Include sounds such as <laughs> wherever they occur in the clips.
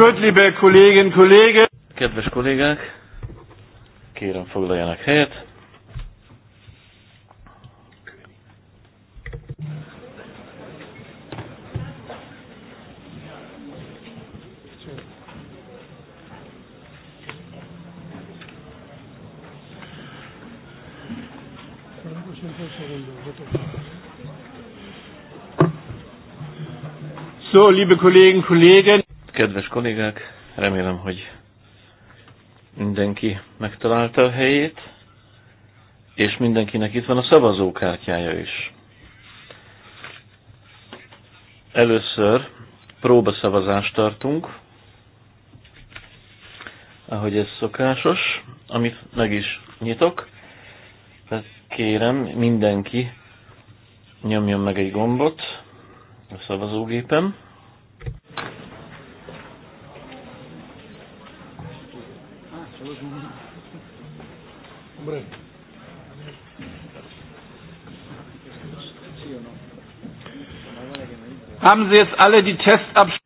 Gut, liebe Kolleginnen, Kollegen. Kedves kollégák, kérem foglaljanak helyet. So, liebe Kollegen, Kollegen, Kedves kollégák, remélem, hogy mindenki megtalálta a helyét, és mindenkinek itt van a szavazókártyája is. Először próbaszavazást tartunk, ahogy ez szokásos, amit meg is nyitok. Tehát kérem, mindenki nyomjon meg egy gombot a szavazógépen. Haben Sie jetzt alle die Testabstimmung?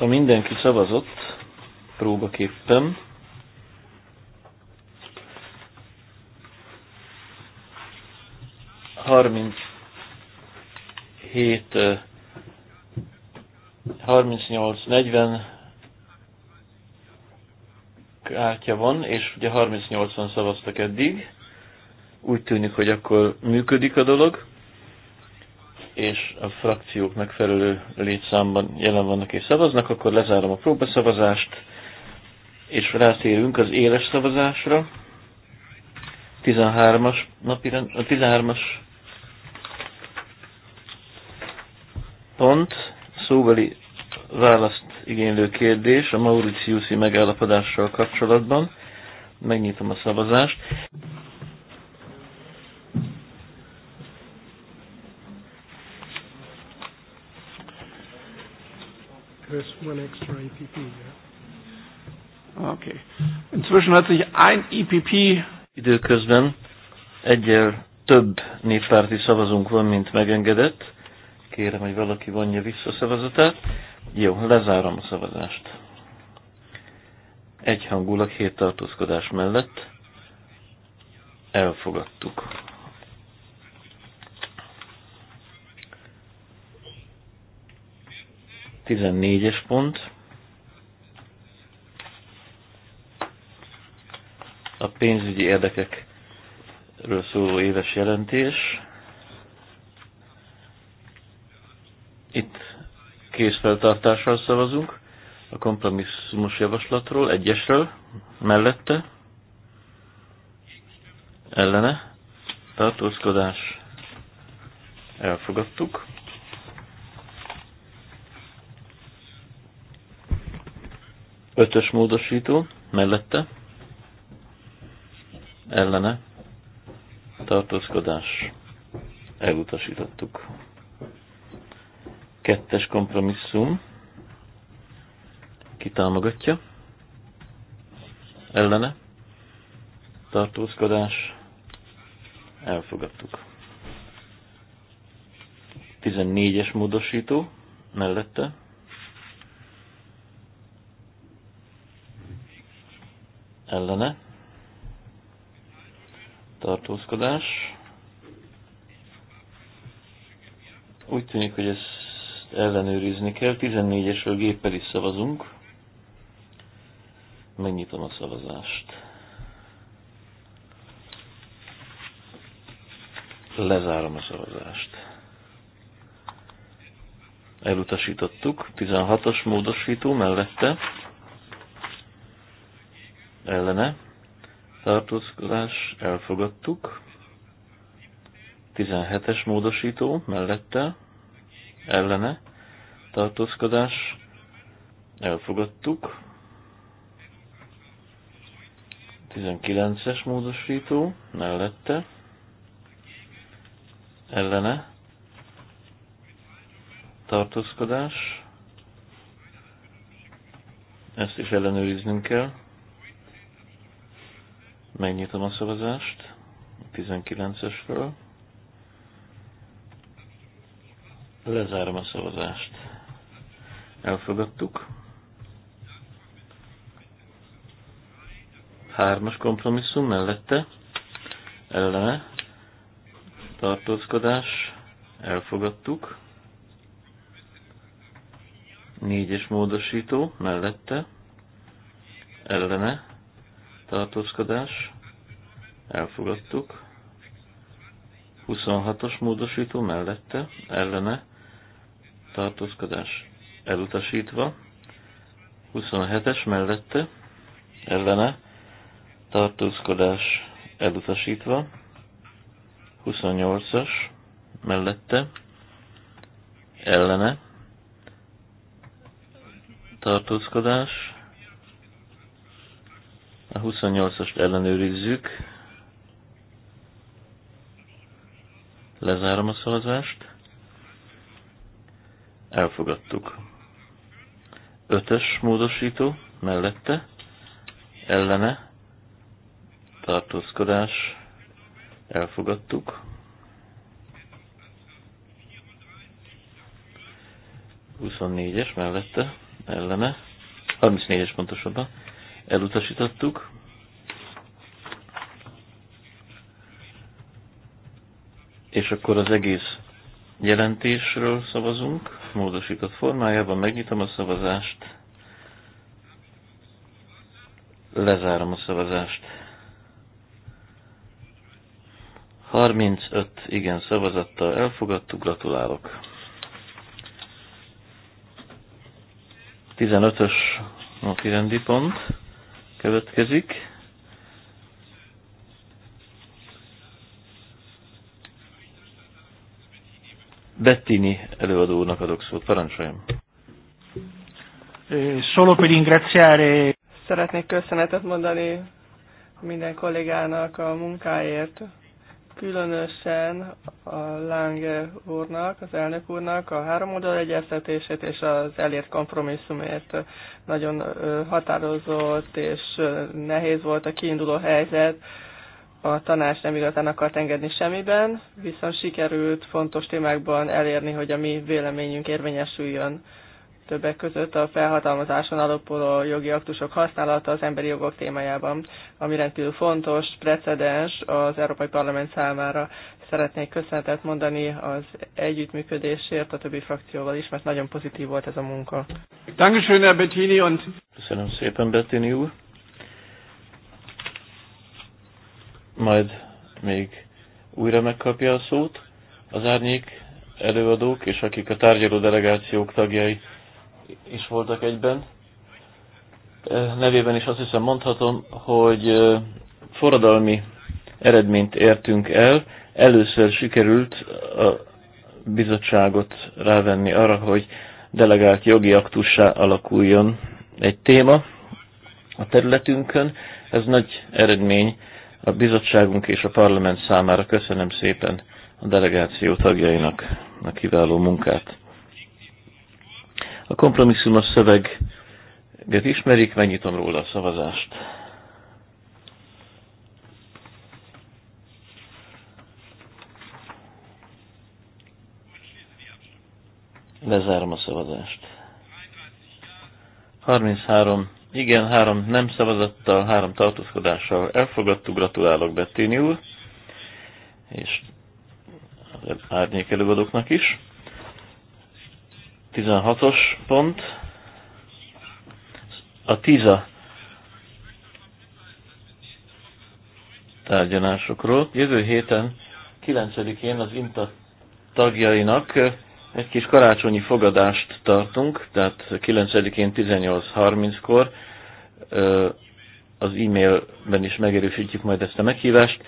Ha mindenki szavazott, próbaképpen, harminc harminc nyolc, negyven, kártya van, és ugye 38-an szavaztak eddig. Úgy tűnik, hogy akkor működik a dolog, és a frakciók megfelelő létszámban jelen vannak és szavaznak, akkor lezárom a próbaszavazást, és rátérünk az éles szavazásra. 13-as napi, a 13-as pont szóbeli választ igénylő kérdés a Mauritiuszi megállapodással kapcsolatban. Megnyitom a szavazást. There's one extra EPP. Yeah. Okay. Inzwischen hat sich ein EPP időközben egyel több néppárti szavazunk van, mint megengedett. Kérem, hogy valaki vonja vissza szavazatát. Jó, lezárom a szavazást. Egyhangulag hét tartózkodás mellett elfogadtuk. Tizennégyes pont. A pénzügyi érdekekről szóló éves jelentés. Itt készfeltartással szavazunk a kompromisszumos javaslatról, egyesről, mellette, ellene, tartózkodás, elfogadtuk. Ötös módosító, mellette, ellene, tartózkodás, elutasítottuk. Kettes kompromisszum. Ki támogatja? Ellene? Tartózkodás? Elfogadtuk. 14-es módosító mellette. Ellene. Tartózkodás. Úgy tűnik, hogy ez ellenőrizni kell. 14-esről géppel is szavazunk. Megnyitom a szavazást. Lezárom a szavazást. Elutasítottuk. 16-os módosító mellette. Ellene. Tartózkodás. Elfogadtuk. 17-es módosító mellette ellene tartózkodás elfogadtuk. 19-es módosító mellette ellene tartózkodás. Ezt is ellenőriznünk kell. Megnyitom a szavazást 19-esről. Lezárom a szavazást. Elfogadtuk. Hármas kompromisszum mellette. Ellene. Tartózkodás. Elfogadtuk. Négyes módosító mellette. Ellene. Tartózkodás. Elfogadtuk. 26-os módosító mellette, ellene tartózkodás elutasítva, 27-es mellette ellene tartózkodás elutasítva, 28-as mellette ellene tartózkodás, a 28-ast ellenőrizzük, lezárom a szavazást, Elfogadtuk. Ötös módosító mellette, ellene, tartózkodás, elfogadtuk. 24-es mellette, ellene, 34-es pontosabban, elutasítottuk. És akkor az egész jelentésről szavazunk módosított formájában. Megnyitom a szavazást. Lezárom a szavazást. 35 igen szavazattal elfogadtuk, gratulálok. 15-ös napirendi pont következik. Bettini előadónak adok szót, Parancsoljam. Eh, solo per ringraziare. Szeretnék köszönetet mondani minden kollégának a munkáért, különösen a Lange úrnak, az elnök úrnak a három oldal egyeztetését és az elért kompromisszumért. Nagyon határozott és nehéz volt a kiinduló helyzet, a tanács nem igazán akart engedni semmiben, viszont sikerült fontos témákban elérni, hogy a mi véleményünk érvényesüljön. Többek között a felhatalmazáson alapuló jogi aktusok használata az emberi jogok témájában, ami rendkívül fontos, precedens az Európai Parlament számára. Szeretnék köszönetet mondani az együttműködésért a többi frakcióval is, mert nagyon pozitív volt ez a munka. Köszönöm szépen, Bettini úr! majd még újra megkapja a szót. Az árnyék előadók és akik a tárgyaló delegációk tagjai is voltak egyben. Nevében is azt hiszem mondhatom, hogy forradalmi eredményt értünk el. Először sikerült a bizottságot rávenni arra, hogy delegált jogi aktussá alakuljon egy téma a területünkön. Ez nagy eredmény a bizottságunk és a parlament számára köszönöm szépen a delegáció tagjainak a kiváló munkát. A kompromisszumos szöveget ismerik, megnyitom róla a szavazást. Lezárom a szavazást. 33 igen, három nem szavazattal, három tartózkodással elfogadtuk. Gratulálok Bettini úr, és árnyék előadóknak is. 16-os pont. A TISA tárgyalásokról. Jövő héten 9-én az INTA tagjainak egy kis karácsonyi fogadást tartunk, tehát 9-én 18.30-kor az e-mailben is megerősítjük majd ezt a meghívást.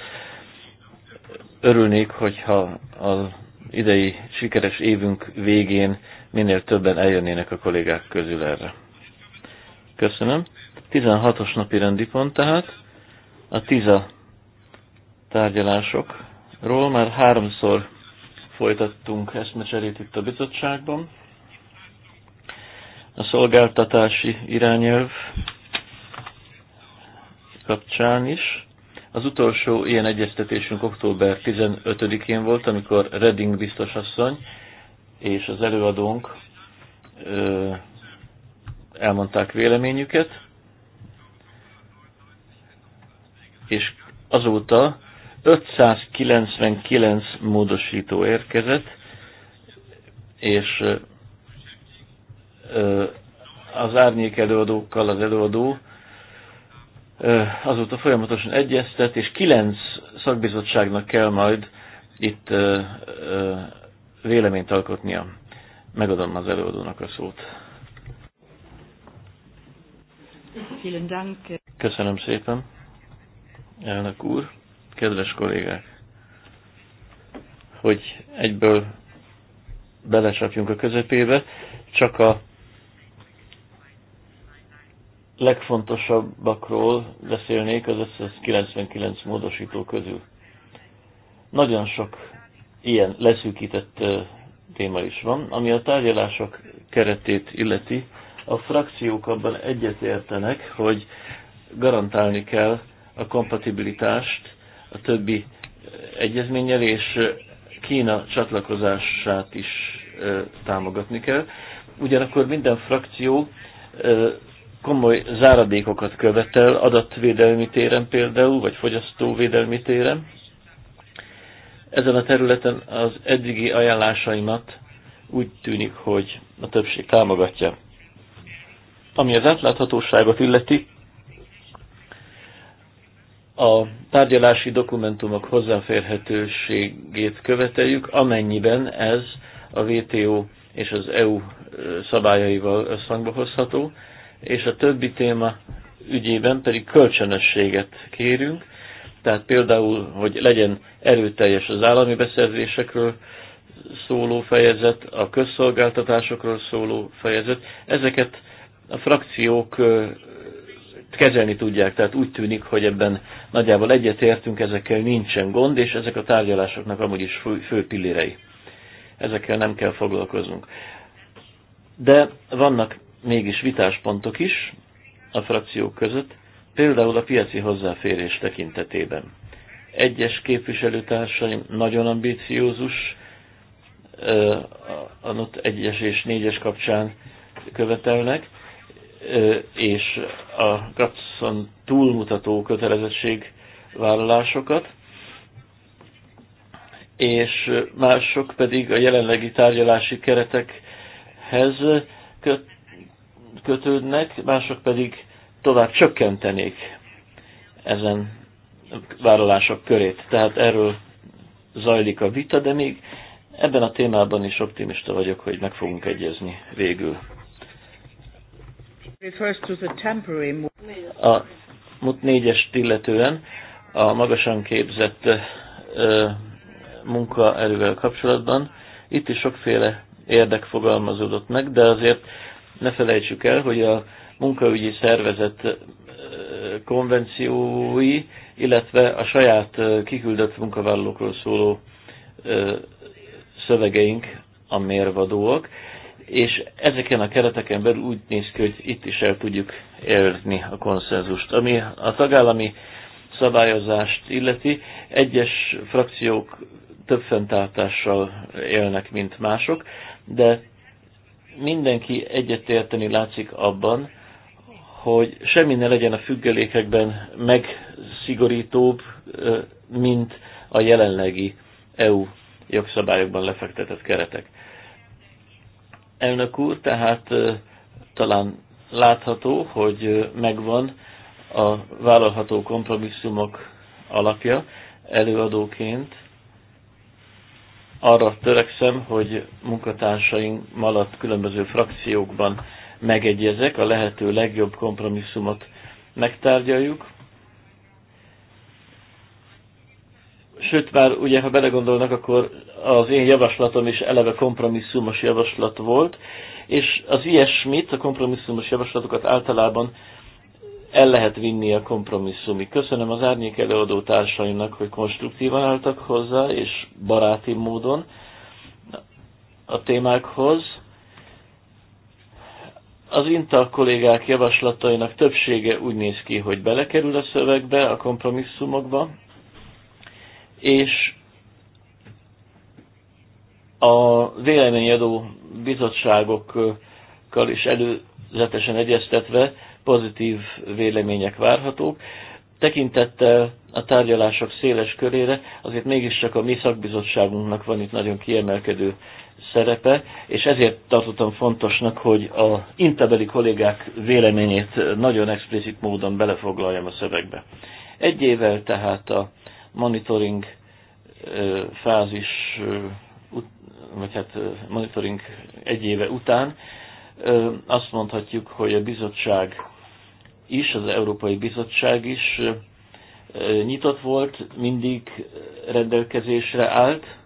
Örülnék, hogyha az idei sikeres évünk végén minél többen eljönnének a kollégák közül erre. Köszönöm. 16-os napi rendi pont tehát. A TISA tárgyalásokról már háromszor folytattunk eszmecserét itt a bizottságban. A szolgáltatási irányelv kapcsán is. Az utolsó ilyen egyeztetésünk október 15-én volt, amikor Redding biztos asszony és az előadónk ö, elmondták véleményüket, és azóta 599 módosító érkezett, és ö, az árnyék előadókkal az előadó azóta folyamatosan egyeztet, és kilenc szakbizottságnak kell majd itt véleményt alkotnia. Megadom az előadónak a szót. Köszönöm szépen, elnök úr, kedves kollégák, hogy egyből belesapjunk a közepébe, csak a legfontosabbakról beszélnék az 99 módosító közül. Nagyon sok ilyen leszűkített téma is van, ami a tárgyalások keretét illeti. A frakciók abban egyetértenek, hogy garantálni kell a kompatibilitást a többi egyezménnyel, és Kína csatlakozását is támogatni kell. Ugyanakkor minden frakció komoly záradékokat követel adatvédelmi téren például, vagy fogyasztóvédelmi téren. Ezen a területen az eddigi ajánlásaimat úgy tűnik, hogy a többség támogatja. Ami az átláthatóságot illeti, a tárgyalási dokumentumok hozzáférhetőségét követeljük, amennyiben ez a WTO és az EU szabályaival összhangba hozható és a többi téma ügyében pedig kölcsönösséget kérünk, tehát például, hogy legyen erőteljes az állami beszerzésekről szóló fejezet, a közszolgáltatásokról szóló fejezet, ezeket a frakciók kezelni tudják, tehát úgy tűnik, hogy ebben nagyjából egyetértünk, ezekkel nincsen gond, és ezek a tárgyalásoknak amúgy is fő, fő pillérei. Ezekkel nem kell foglalkoznunk. De vannak mégis vitáspontok is a frakciók között, például a piaci hozzáférés tekintetében. Egyes képviselőtársaim nagyon ambíciózus, a NOT 1 és 4 kapcsán követelnek, és a GATS-on túlmutató kötelezettség vállalásokat, és mások pedig a jelenlegi tárgyalási keretekhez köt kötődnek, mások pedig tovább csökkentenék ezen vállalások körét. Tehát erről zajlik a vita, de még ebben a témában is optimista vagyok, hogy meg fogunk egyezni végül. A MUT 4 illetően a magasan képzett munkaerővel kapcsolatban itt is sokféle érdek fogalmazódott meg, de azért ne felejtsük el, hogy a munkaügyi szervezet konvenciói, illetve a saját kiküldött munkavállalókról szóló szövegeink a mérvadóak, és ezeken a kereteken belül úgy néz ki, hogy itt is el tudjuk érni a konszenzust. Ami a tagállami szabályozást illeti, egyes frakciók több fenntartással élnek, mint mások, de mindenki egyetérteni látszik abban, hogy semmi ne legyen a függelékekben megszigorítóbb, mint a jelenlegi EU jogszabályokban lefektetett keretek. Elnök úr, tehát talán látható, hogy megvan a vállalható kompromisszumok alapja előadóként, arra törekszem, hogy munkatársaim alatt különböző frakciókban megegyezek, a lehető legjobb kompromisszumot megtárgyaljuk. Sőt, már ugye, ha belegondolnak, akkor az én javaslatom is eleve kompromisszumos javaslat volt, és az ilyesmit, a kompromisszumos javaslatokat általában el lehet vinni a kompromisszumi. Köszönöm az árnyék előadó társaimnak, hogy konstruktívan álltak hozzá, és baráti módon a témákhoz. Az INTA kollégák javaslatainak többsége úgy néz ki, hogy belekerül a szövegbe, a kompromisszumokba, és a véleményadó bizottságokkal is előzetesen egyeztetve pozitív vélemények várhatók. Tekintettel a tárgyalások széles körére, azért mégiscsak a mi szakbizottságunknak van itt nagyon kiemelkedő szerepe, és ezért tartottam fontosnak, hogy a intabeli kollégák véleményét nagyon explicit módon belefoglaljam a szövegbe. Egy évvel tehát a monitoring fázis, vagy hát monitoring egy éve után azt mondhatjuk, hogy a bizottság is, az Európai Bizottság is nyitott volt, mindig rendelkezésre állt.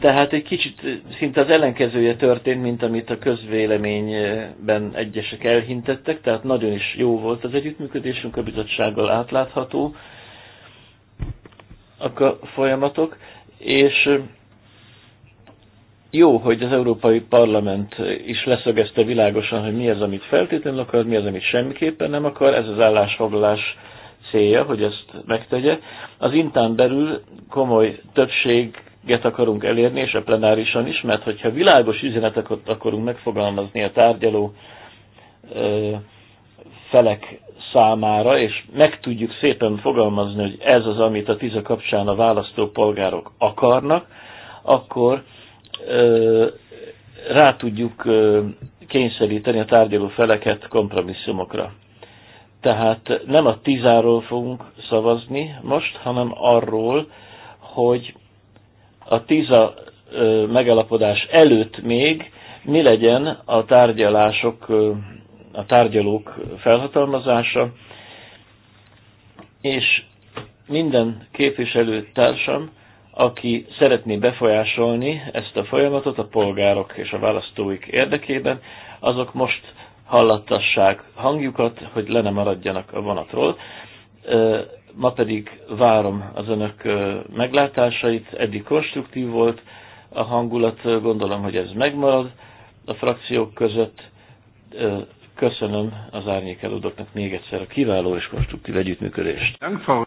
Tehát egy kicsit szinte az ellenkezője történt, mint amit a közvéleményben egyesek elhintettek, tehát nagyon is jó volt az együttműködésünk, a bizottsággal átlátható a folyamatok, és jó, hogy az Európai Parlament is leszögezte világosan, hogy mi az, amit feltétlenül akar, mi az, amit semmiképpen nem akar. Ez az állásfoglalás célja, hogy ezt megtegye. Az intán belül komoly többséget akarunk elérni, és a plenárisan is, mert hogyha világos üzeneteket akarunk megfogalmazni a tárgyaló ö, felek számára, és meg tudjuk szépen fogalmazni, hogy ez az, amit a tiza kapcsán a választópolgárok akarnak, akkor rá tudjuk kényszeríteni a tárgyaló feleket kompromisszumokra. Tehát nem a tízáról fogunk szavazni most, hanem arról, hogy a tíza megalapodás előtt még mi legyen a tárgyalások, a tárgyalók felhatalmazása, és minden képviselő társam aki szeretné befolyásolni ezt a folyamatot a polgárok és a választóik érdekében, azok most hallattassák hangjukat, hogy le ne maradjanak a vonatról. Ma pedig várom az önök meglátásait, eddig konstruktív volt a hangulat, gondolom, hogy ez megmarad a frakciók között. Köszönöm az árnyékelődöknek még egyszer a kiváló és konstruktív együttműködést.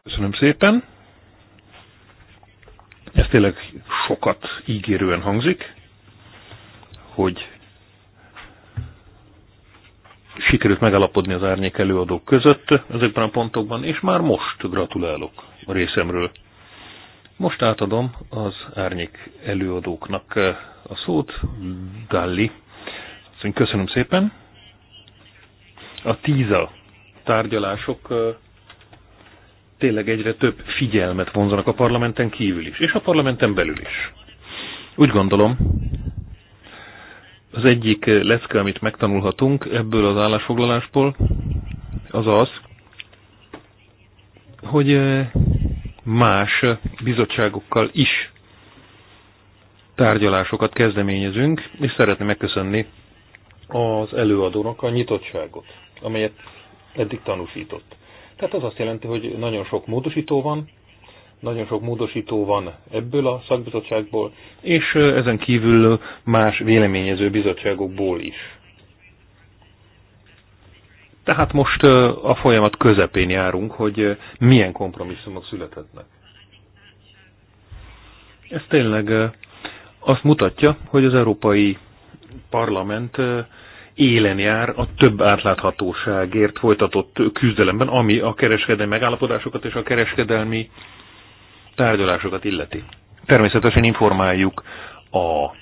Köszönöm szépen! Ez tényleg sokat ígérően hangzik, hogy sikerült megalapodni az árnyék előadók között ezekben a pontokban, és már most gratulálok a részemről. Most átadom az árnyék előadóknak a szót, Galli. Köszönöm szépen. A tíza tárgyalások tényleg egyre több figyelmet vonzanak a parlamenten kívül is, és a parlamenten belül is. Úgy gondolom, az egyik lecke, amit megtanulhatunk ebből az állásfoglalásból, az az, hogy más bizottságokkal is tárgyalásokat kezdeményezünk, és szeretném megköszönni az előadónak a nyitottságot, amelyet eddig tanúsított. Tehát az azt jelenti, hogy nagyon sok módosító van, nagyon sok módosító van ebből a szakbizottságból, és ezen kívül más véleményező bizottságokból is. Tehát most a folyamat közepén járunk, hogy milyen kompromisszumok születhetnek. Ez tényleg azt mutatja, hogy az Európai Parlament élen jár a több átláthatóságért folytatott küzdelemben, ami a kereskedelmi megállapodásokat és a kereskedelmi tárgyalásokat illeti. Természetesen informáljuk a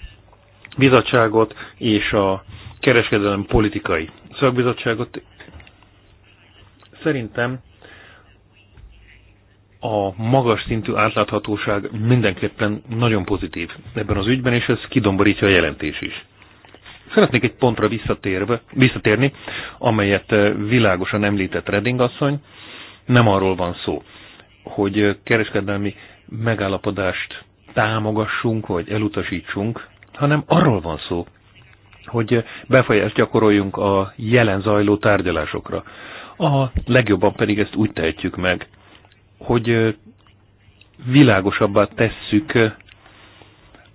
bizottságot és a kereskedelem politikai szakbizottságot. Szerintem a magas szintű átláthatóság mindenképpen nagyon pozitív ebben az ügyben, és ez kidomborítja a jelentés is. Szeretnék egy pontra visszatérve, visszatérni, amelyet eh, világosan említett Redding asszony. Nem arról van szó, hogy eh, kereskedelmi megállapodást támogassunk, vagy elutasítsunk, hanem arról van szó, hogy eh, befolyást gyakoroljunk a jelen zajló tárgyalásokra. A legjobban pedig ezt úgy tehetjük meg, hogy világosabbá tesszük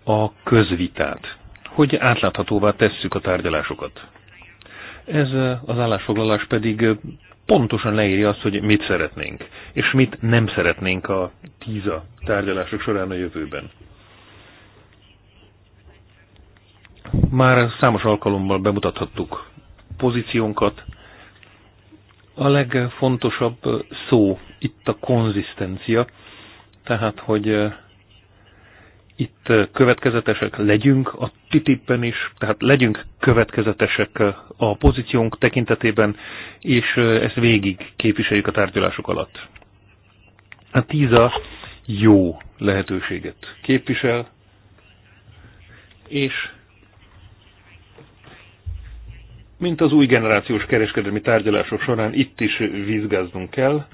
a közvitát hogy átláthatóvá tesszük a tárgyalásokat. Ez eh, az állásfoglalás pedig eh, pontosan leírja azt, hogy mit szeretnénk, és mit nem szeretnénk a TISA tárgyalások során a jövőben. Már számos alkalommal bemutathattuk pozíciónkat. A legfontosabb eh, szó itt a konzisztencia, tehát hogy itt következetesek legyünk a ttip is, tehát legyünk következetesek a pozíciónk tekintetében, és ezt végig képviseljük a tárgyalások alatt. A TISA jó lehetőséget képvisel, és mint az új generációs kereskedelmi tárgyalások során itt is vizgáznunk kell,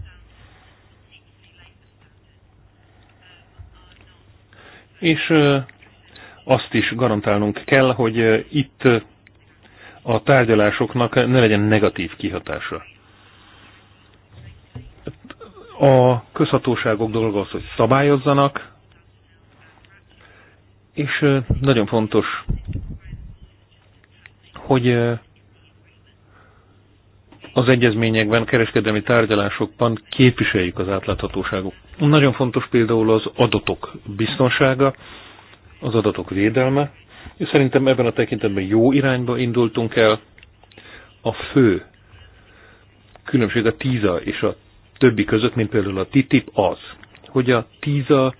és azt is garantálnunk kell, hogy itt a tárgyalásoknak ne legyen negatív kihatása. A közhatóságok dolga az, hogy szabályozzanak, és nagyon fontos, hogy az egyezményekben, kereskedelmi tárgyalásokban képviseljük az átláthatóságot. Nagyon fontos például az adatok biztonsága, az adatok védelme, és szerintem ebben a tekintetben jó irányba indultunk el. A fő különbség a TISA és a többi között, mint például a TTIP az, hogy a TISA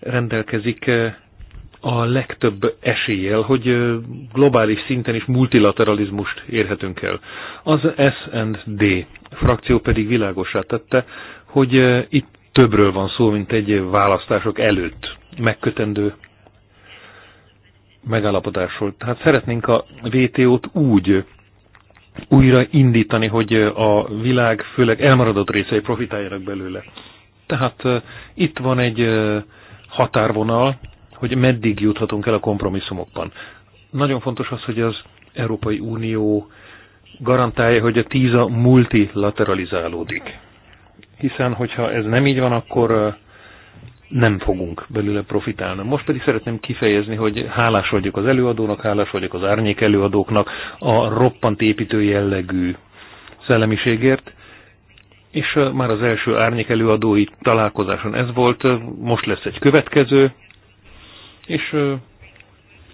rendelkezik a legtöbb eséllyel, hogy globális szinten is multilateralizmust érhetünk el. Az S&D frakció pedig világosá tette, hogy itt többről van szó, mint egy választások előtt megkötendő megállapodásról. Tehát szeretnénk a VTO-t úgy újra indítani, hogy a világ főleg elmaradott részei profitáljanak belőle. Tehát itt van egy határvonal, hogy meddig juthatunk el a kompromisszumokban. Nagyon fontos az, hogy az Európai Unió garantálja, hogy a TISA multilateralizálódik. Hiszen, hogyha ez nem így van, akkor nem fogunk belőle profitálni. Most pedig szeretném kifejezni, hogy hálás vagyok az előadónak, hálás vagyok az árnyék előadóknak a roppant építő jellegű szellemiségért, és már az első árnyék előadói találkozáson ez volt, most lesz egy következő, és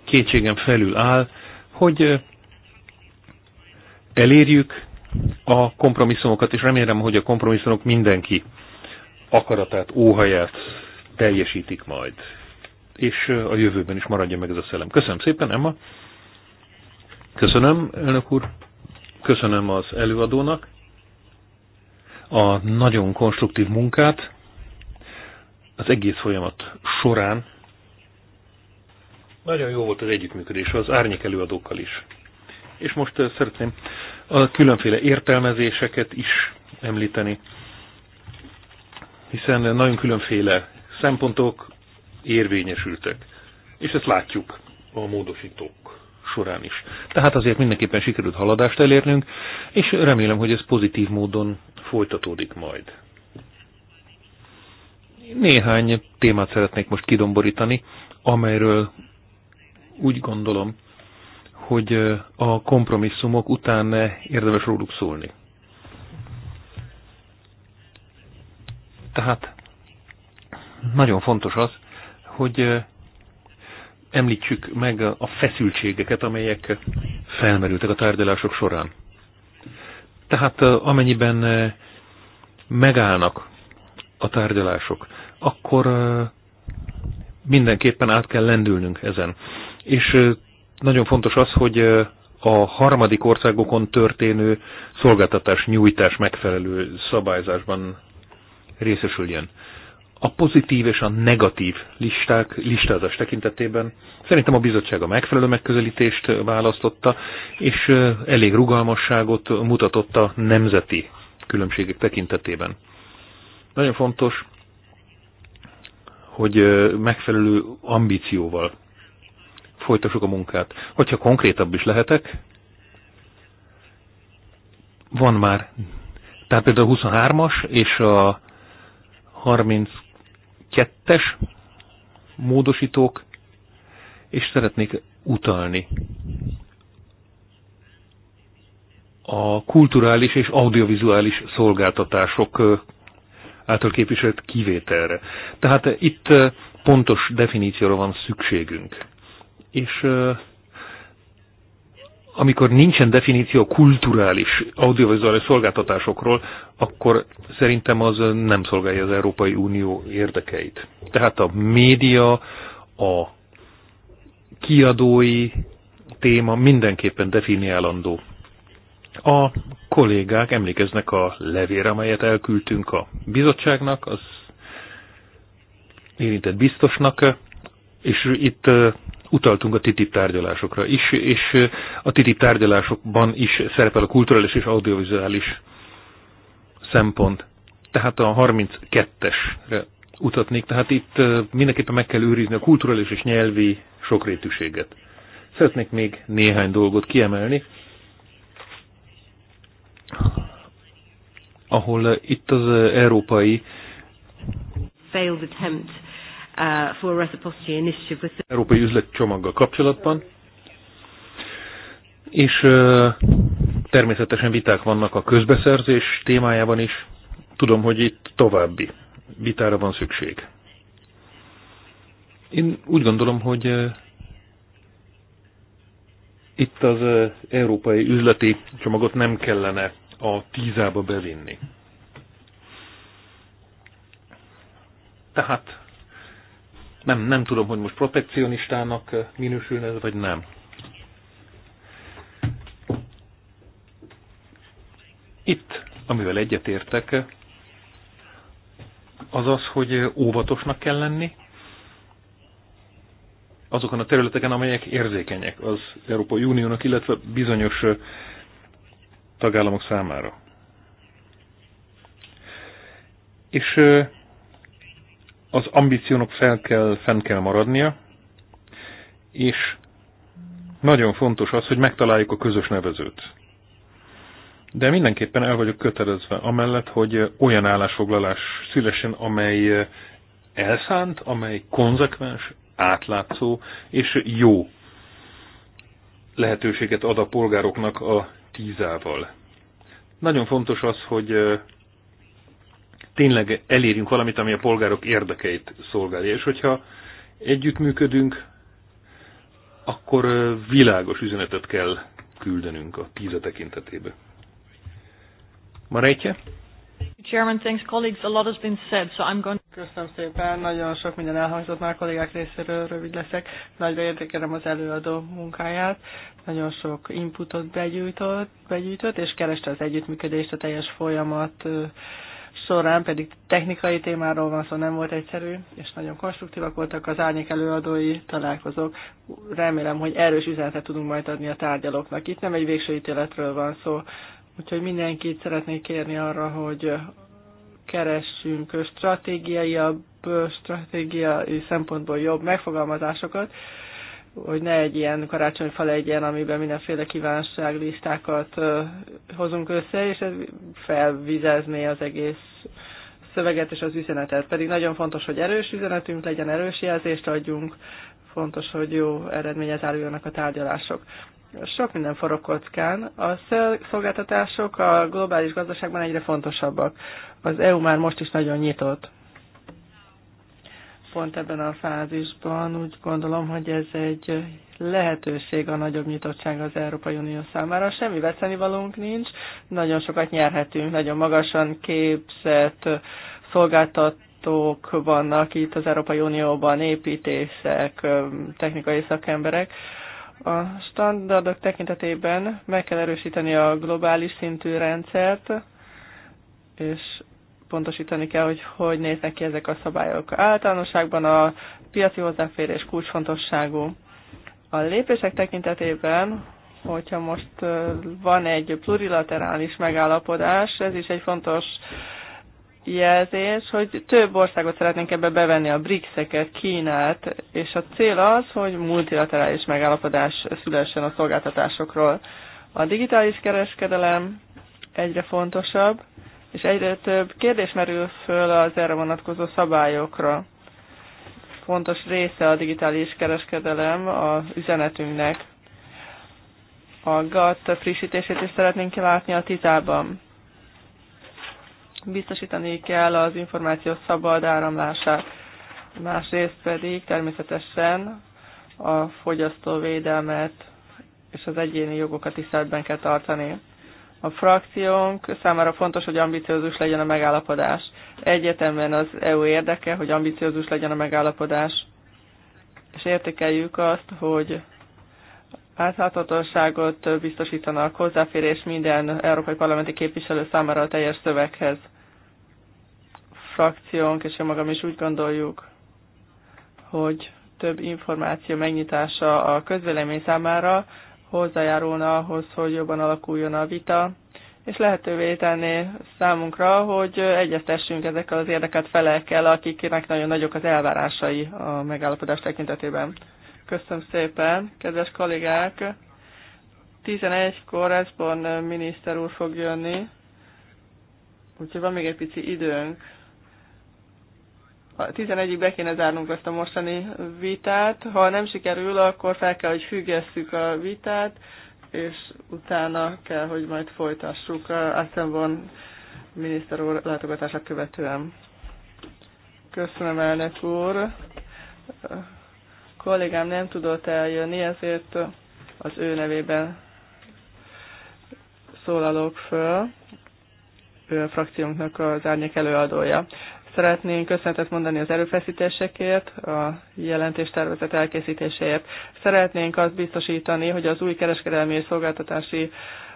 kétségem felül áll, hogy elérjük a kompromisszumokat, és remélem, hogy a kompromisszumok mindenki akaratát, óhaját teljesítik majd. És a jövőben is maradja meg ez a szellem. Köszönöm szépen, Emma. Köszönöm, elnök úr. Köszönöm az előadónak a nagyon konstruktív munkát az egész folyamat során, nagyon jó volt az együttműködés az árnyék előadókkal is. És most szeretném a különféle értelmezéseket is említeni, hiszen nagyon különféle szempontok érvényesültek. És ezt látjuk a módosítók során is. Tehát azért mindenképpen sikerült haladást elérnünk, és remélem, hogy ez pozitív módon folytatódik majd. Néhány témát szeretnék most kidomborítani, amelyről úgy gondolom, hogy a kompromisszumok után érdemes róluk szólni. Tehát nagyon fontos az, hogy említsük meg a feszültségeket, amelyek felmerültek a tárgyalások során. Tehát amennyiben megállnak a tárgyalások, akkor mindenképpen át kell lendülnünk ezen. És nagyon fontos az, hogy a harmadik országokon történő szolgáltatás nyújtás megfelelő szabályzásban részesüljön. A pozitív és a negatív listák listázás tekintetében szerintem a bizottság a megfelelő megközelítést választotta, és elég rugalmasságot mutatott a nemzeti különbségek tekintetében. Nagyon fontos, hogy megfelelő ambícióval folytassuk a munkát. Hogyha konkrétabb is lehetek, van már, tehát például a 23-as és a 32-es módosítók, és szeretnék utalni a kulturális és audiovizuális szolgáltatások által képviselt kivételre. Tehát itt pontos definícióra van szükségünk és amikor nincsen definíció a kulturális audiovizuális szolgáltatásokról, akkor szerintem az nem szolgálja az Európai Unió érdekeit. Tehát a média, a kiadói téma mindenképpen definiálandó. A kollégák emlékeznek a levére, amelyet elküldtünk a bizottságnak, az érintett biztosnak, és itt utaltunk a TTIP tárgyalásokra is, és a TTIP tárgyalásokban is szerepel a kulturális és audiovizuális szempont. Tehát a 32-esre utatnék, tehát itt mindenképpen meg kell őrizni a kulturális és nyelvi sokrétűséget. Szeretnék még néhány dolgot kiemelni, ahol itt az európai failed attempt Uh, for reciprocity initiative with Európai üzletcsomaggal kapcsolatban, és uh, természetesen viták vannak a közbeszerzés témájában is. Tudom, hogy itt további vitára van szükség. Én úgy gondolom, hogy uh, itt az európai üzleti csomagot nem kellene a tízába bevinni. Tehát nem, nem tudom, hogy most protekcionistának eh, minősülne ez, vagy nem. Itt, amivel egyetértek, az az, hogy óvatosnak kell lenni azokon a területeken, amelyek érzékenyek az Európai Uniónak, illetve bizonyos eh, tagállamok számára. És eh, az ambíciónak fel kell, fenn kell maradnia, és nagyon fontos az, hogy megtaláljuk a közös nevezőt. De mindenképpen el vagyok kötelezve amellett, hogy olyan állásfoglalás szülesen, amely elszánt, amely konzekvens, átlátszó és jó lehetőséget ad a polgároknak a tízával. Nagyon fontos az, hogy tényleg elérjünk valamit, ami a polgárok érdekeit szolgálja. És hogyha együttműködünk, akkor világos üzenetet kell küldenünk a PISA tekintetébe. Marejtje? Chairman, thanks colleagues. A lot has been said, so I'm going Köszönöm szépen, nagyon sok minden elhangzott már a kollégák részéről, rövid leszek. Nagyra értékelem az előadó munkáját, nagyon sok inputot begyűjtött, begyűjtött és kereste az együttműködést a teljes folyamat során pedig technikai témáról van szó, nem volt egyszerű, és nagyon konstruktívak voltak az árnyék előadói találkozók. Remélem, hogy erős üzenetet tudunk majd adni a tárgyalóknak. Itt nem egy végső ítéletről van szó, úgyhogy mindenkit szeretnék kérni arra, hogy keressünk stratégiaiabb, stratégiai szempontból jobb megfogalmazásokat, hogy ne egy ilyen karácsonyfa legyen, amiben mindenféle kívánságlistákat hozunk össze, és ez felvizezné az egész szöveget és az üzenetet. Pedig nagyon fontos, hogy erős üzenetünk legyen, erős jelzést adjunk, fontos, hogy jó eredménye záruljanak a tárgyalások. Sok minden forog kockán. A szolgáltatások a globális gazdaságban egyre fontosabbak. Az EU már most is nagyon nyitott pont ebben a fázisban. Úgy gondolom, hogy ez egy lehetőség a nagyobb nyitottság az Európai Unió számára. Semmi veszenivalónk nincs, nagyon sokat nyerhetünk, nagyon magasan képzett szolgáltatók vannak itt az Európai Unióban, építészek, technikai szakemberek. A standardok tekintetében meg kell erősíteni a globális szintű rendszert, és pontosítani kell, hogy hogy néznek ki ezek a szabályok. Általánosságban a piaci hozzáférés kulcsfontosságú. A lépések tekintetében, hogyha most van egy plurilaterális megállapodás, ez is egy fontos jelzés, hogy több országot szeretnénk ebbe bevenni, a BRICS-eket, Kínát, és a cél az, hogy multilaterális megállapodás szülessen a szolgáltatásokról. A digitális kereskedelem egyre fontosabb, és egyre több kérdés merül föl az erre vonatkozó szabályokra. Fontos része a digitális kereskedelem a üzenetünknek. A GATT frissítését is szeretnénk látni a titában. Biztosítani kell az információ szabad áramlását. Másrészt pedig természetesen a fogyasztóvédelmet és az egyéni jogokat tiszteletben kell tartani a frakciónk számára fontos, hogy ambiciózus legyen a megállapodás. Egyetemben az EU érdeke, hogy ambiciózus legyen a megállapodás, és értékeljük azt, hogy átláthatóságot biztosítanak hozzáférés minden európai parlamenti képviselő számára a teljes szöveghez. Frakciónk és én magam is úgy gondoljuk, hogy több információ megnyitása a közvélemény számára hozzájárulna ahhoz, hogy jobban alakuljon a vita, és lehetővé tenné számunkra, hogy egyeztessünk ezekkel az érdekelt felekkel, akiknek nagyon nagyok az elvárásai a megállapodás tekintetében. Köszönöm szépen, kedves kollégák! 11-kor Eszborn miniszter úr fog jönni, úgyhogy van még egy pici időnk. 11-ig be kéne zárnunk ezt a mostani vitát. Ha nem sikerül, akkor fel kell, hogy függesszük a vitát, és utána kell, hogy majd folytassuk aztán van miniszter úr látogatását követően. Köszönöm, elnök úr. A kollégám nem tudott eljönni, ezért az ő nevében szólalok föl. Ő a frakciónknak az árnyék előadója. Szeretnénk köszönetet mondani az erőfeszítésekért, a jelentéstervezet elkészítéséért. Szeretnénk azt biztosítani, hogy az új kereskedelmi és szolgáltatási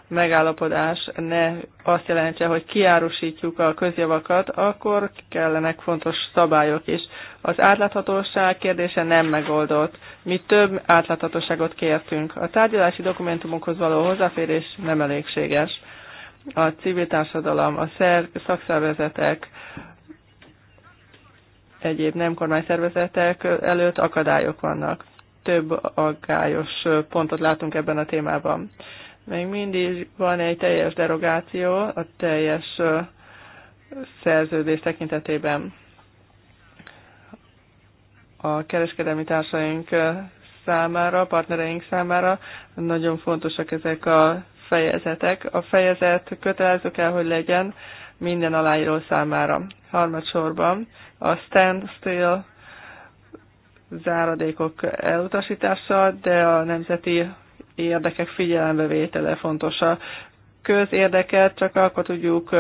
megállapodás ne azt jelentse, hogy kiárusítjuk a közjavakat, akkor kellenek fontos szabályok is. Az átláthatóság kérdése nem megoldott. Mi több átláthatóságot kértünk. A tárgyalási dokumentumokhoz való hozzáférés nem elégséges. A civil társadalom, a szakszervezetek, egyéb nem kormányszervezetek előtt akadályok vannak. Több aggályos pontot látunk ebben a témában. Még mindig van egy teljes derogáció a teljes szerződés tekintetében. A kereskedelmi társaink számára, partnereink számára nagyon fontosak ezek a fejezetek. A fejezet kötelező kell, hogy legyen minden aláíró számára. Harmadsorban a standstill záradékok elutasítása, de a nemzeti érdekek figyelembevétele fontos. A közérdeket csak akkor tudjuk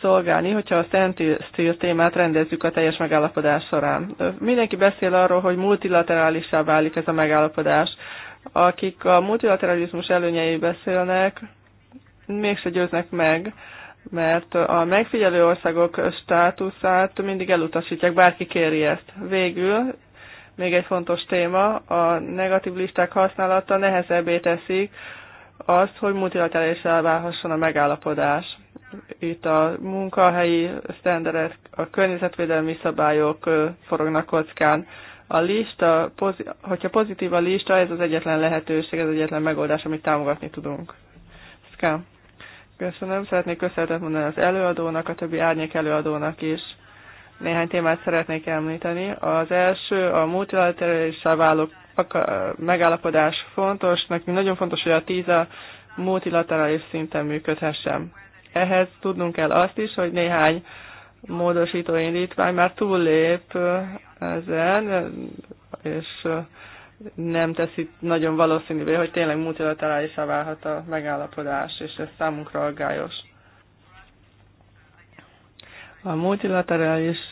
szolgálni, hogyha a standstill témát rendezzük a teljes megállapodás során. Mindenki beszél arról, hogy multilaterálisá válik ez a megállapodás. Akik a multilateralizmus előnyei beszélnek, mégse győznek meg mert a megfigyelő országok státuszát mindig elutasítják, bárki kéri ezt. Végül még egy fontos téma, a negatív listák használata nehezebbé teszik azt, hogy multilaterális elválhasson a megállapodás. Itt a munkahelyi sztenderek, a környezetvédelmi szabályok forognak kockán. A lista, hogyha pozitív a lista, ez az egyetlen lehetőség, ez az egyetlen megoldás, amit támogatni tudunk. Szkám. Köszönöm, szeretnék köszönetet mondani az előadónak, a többi árnyék előadónak is. Néhány témát szeretnék említeni. Az első, a multilaterálissal váló megállapodás fontos. Nekünk nagyon fontos, hogy a TISA multilaterális szinten működhessen. Ehhez tudnunk kell azt is, hogy néhány módosító indítvány már túllép ezen, és nem teszi nagyon valószínűvé, hogy tényleg multilaterálisá válhat a megállapodás, és ez számunkra aggályos. A multilaterális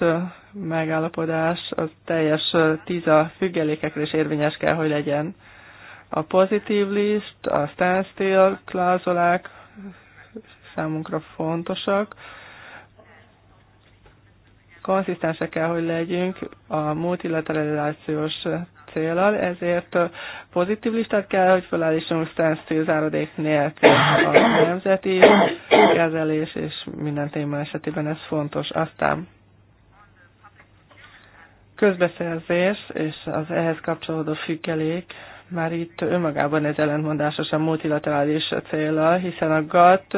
megállapodás az teljes tíza függelékekre is érvényes kell, hogy legyen. A pozitív list, a standstill klázolák számunkra fontosak. Konszisztensek kell, hogy legyünk a multilaterációs célral, ezért pozitív listát kell, hogy felállítsunk standstill záradék nélkül a nemzeti kezelés, és minden téma esetében ez fontos. Aztán közbeszerzés és az ehhez kapcsolódó függelék, már itt önmagában ez ellentmondásos a multilaterális célra, hiszen a GATT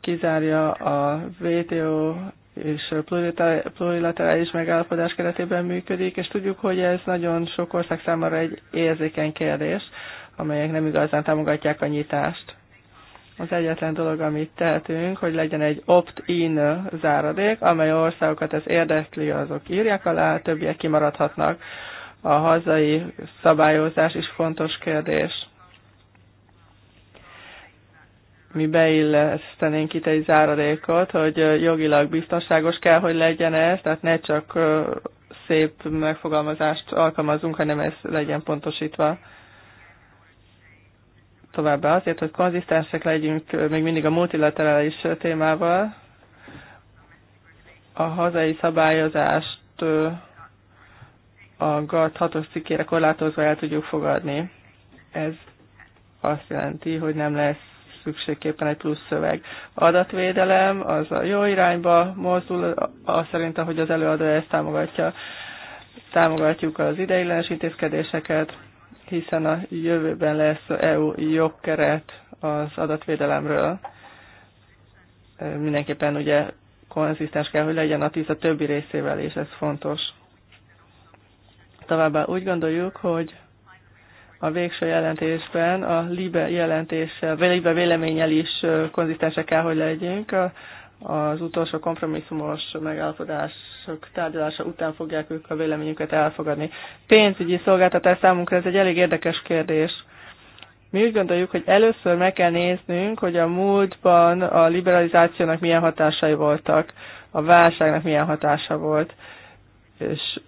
kizárja a WTO és plurilaterális megállapodás keretében működik, és tudjuk, hogy ez nagyon sok ország számára egy érzékeny kérdés, amelyek nem igazán támogatják a nyitást. Az egyetlen dolog, amit tehetünk, hogy legyen egy opt-in záradék, amely országokat ez érdekli, azok írják alá, többiek kimaradhatnak. A hazai szabályozás is fontos kérdés mi beillesztenénk itt egy záradékot, hogy jogilag biztonságos kell, hogy legyen ez, tehát ne csak szép megfogalmazást alkalmazunk, hanem ez legyen pontosítva. Továbbá azért, hogy konzisztensek legyünk még mindig a multilaterális témával, a hazai szabályozást a GATT 6 cikkére korlátozva el tudjuk fogadni. Ez azt jelenti, hogy nem lesz szükségképpen egy plusz szöveg. Adatvédelem az a jó irányba mozdul, az szerint, ahogy az előadó ezt támogatja. Támogatjuk az ideiglenes intézkedéseket, hiszen a jövőben lesz EU jogkeret az adatvédelemről. Mindenképpen ugye konzisztens kell, hogy legyen a tíz a többi részével, és ez fontos. Továbbá úgy gondoljuk, hogy a végső jelentésben, a LIBE jelentéssel, vagy LIBE véleménnyel is konzisztensek kell, hogy legyünk. Az utolsó kompromisszumos megállapodások tárgyalása után fogják ők a véleményüket elfogadni. Pénzügyi szolgáltatás számunkra ez egy elég érdekes kérdés. Mi úgy gondoljuk, hogy először meg kell néznünk, hogy a múltban a liberalizációnak milyen hatásai voltak, a válságnak milyen hatása volt, és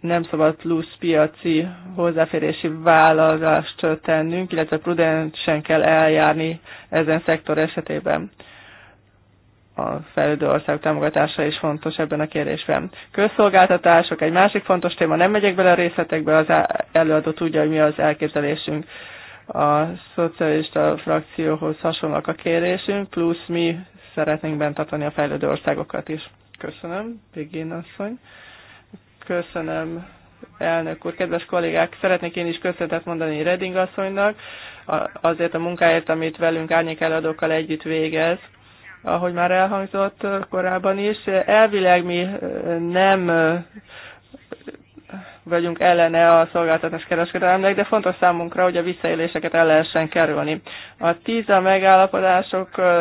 nem szabad plusz piaci hozzáférési vállalást tennünk, illetve prudensen kell eljárni ezen szektor esetében. A fejlődő ország támogatása is fontos ebben a kérdésben. Közszolgáltatások egy másik fontos téma, nem megyek bele a részletekbe, az előadó tudja, hogy mi az elképzelésünk. A szocialista frakcióhoz hasonlók a kérésünk, plusz mi szeretnénk bent tartani a fejlődő országokat is. Köszönöm, Végén asszony. Köszönöm, elnök úr, kedves kollégák! Szeretnék én is köszönetet mondani Reding asszonynak azért a munkáért, amit velünk árnyék előadókkal együtt végez. Ahogy már elhangzott korábban is, elvileg mi eh, nem eh, vagyunk ellene a szolgáltatás kereskedelemnek, de fontos számunkra, hogy a visszaéléseket el lehessen kerülni. A TISA megállapodások eh,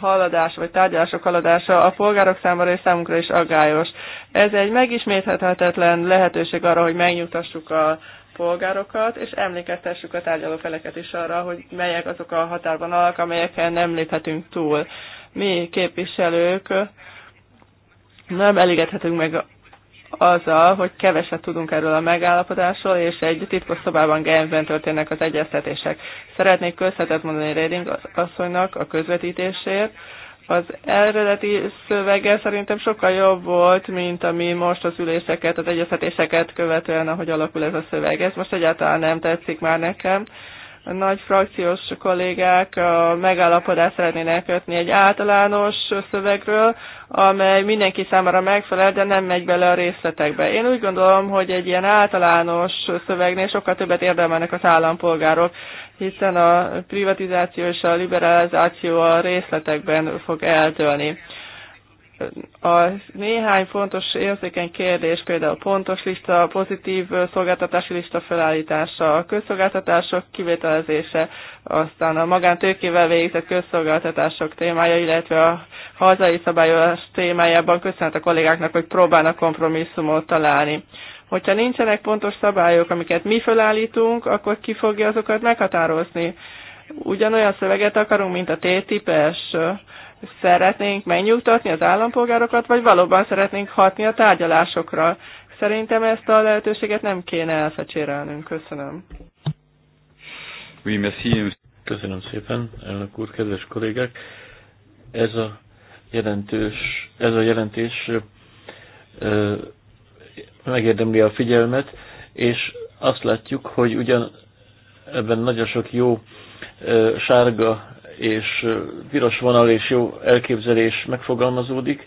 haladása, vagy tárgyalások haladása a polgárok számára és számunkra is aggályos. Ez egy megismételhetetlen lehetőség arra, hogy megnyugtassuk a polgárokat, és emlékeztessük a tárgyaló feleket is arra, hogy melyek azok a határban alak, amelyeken nem léphetünk túl. Mi képviselők nem elégedhetünk meg azzal, hogy keveset tudunk erről a megállapodásról, és egy titkos szobában Genfben történnek az egyeztetések. Szeretnék köszönetet mondani Reding asszonynak a közvetítésért. Az eredeti szövege szerintem sokkal jobb volt, mint ami most az üléseket, az egyeztetéseket követően, ahogy alakul ez a szöveg. Ez most egyáltalán nem tetszik már nekem a nagy frakciós kollégák a megállapodást szeretnének kötni egy általános szövegről, amely mindenki számára megfelel, de nem megy bele a részletekbe. Én úgy gondolom, hogy egy ilyen általános szövegnél sokkal többet érdemelnek az állampolgárok, hiszen a privatizáció és a liberalizáció a részletekben fog eltölni a néhány fontos érzékeny kérdés, például pontos lista, pozitív szolgáltatási lista felállítása, a közszolgáltatások kivételezése, aztán a magántőkével végzett közszolgáltatások témája, illetve a hazai szabályozás témájában köszönhet a kollégáknak, hogy próbálnak kompromisszumot találni. Hogyha nincsenek pontos szabályok, amiket mi felállítunk, akkor ki fogja azokat meghatározni? Ugyanolyan szöveget akarunk, mint a t es szeretnénk megnyugtatni az állampolgárokat, vagy valóban szeretnénk hatni a tárgyalásokra. Szerintem ezt a lehetőséget nem kéne elfecsérelnünk. Köszönöm. Köszönöm szépen, elnök úr, kedves kollégák. Ez a jelentős, ez a jelentés ö, megérdemli a figyelmet, és azt látjuk, hogy ugyan ebben nagyon sok jó ö, sárga és piros vonal és jó elképzelés megfogalmazódik.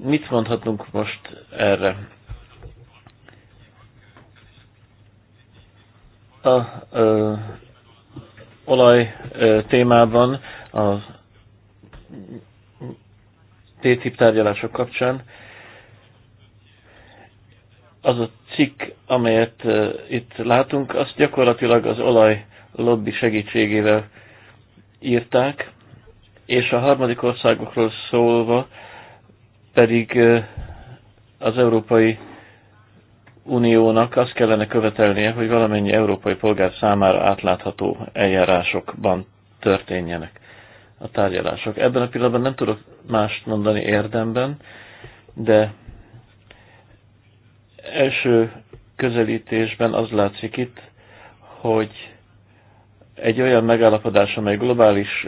Mit mondhatunk most erre? A ö, olaj ö, témában a TTIP tárgyalások kapcsán az a cikk, amelyet ö, itt látunk, azt gyakorlatilag az olaj lobby segítségével írták, és a harmadik országokról szólva pedig az Európai Uniónak azt kellene követelnie, hogy valamennyi európai polgár számára átlátható eljárásokban történjenek a tárgyalások. Ebben a pillanatban nem tudok mást mondani érdemben, de első közelítésben az látszik itt, hogy egy olyan megállapodás, amely globális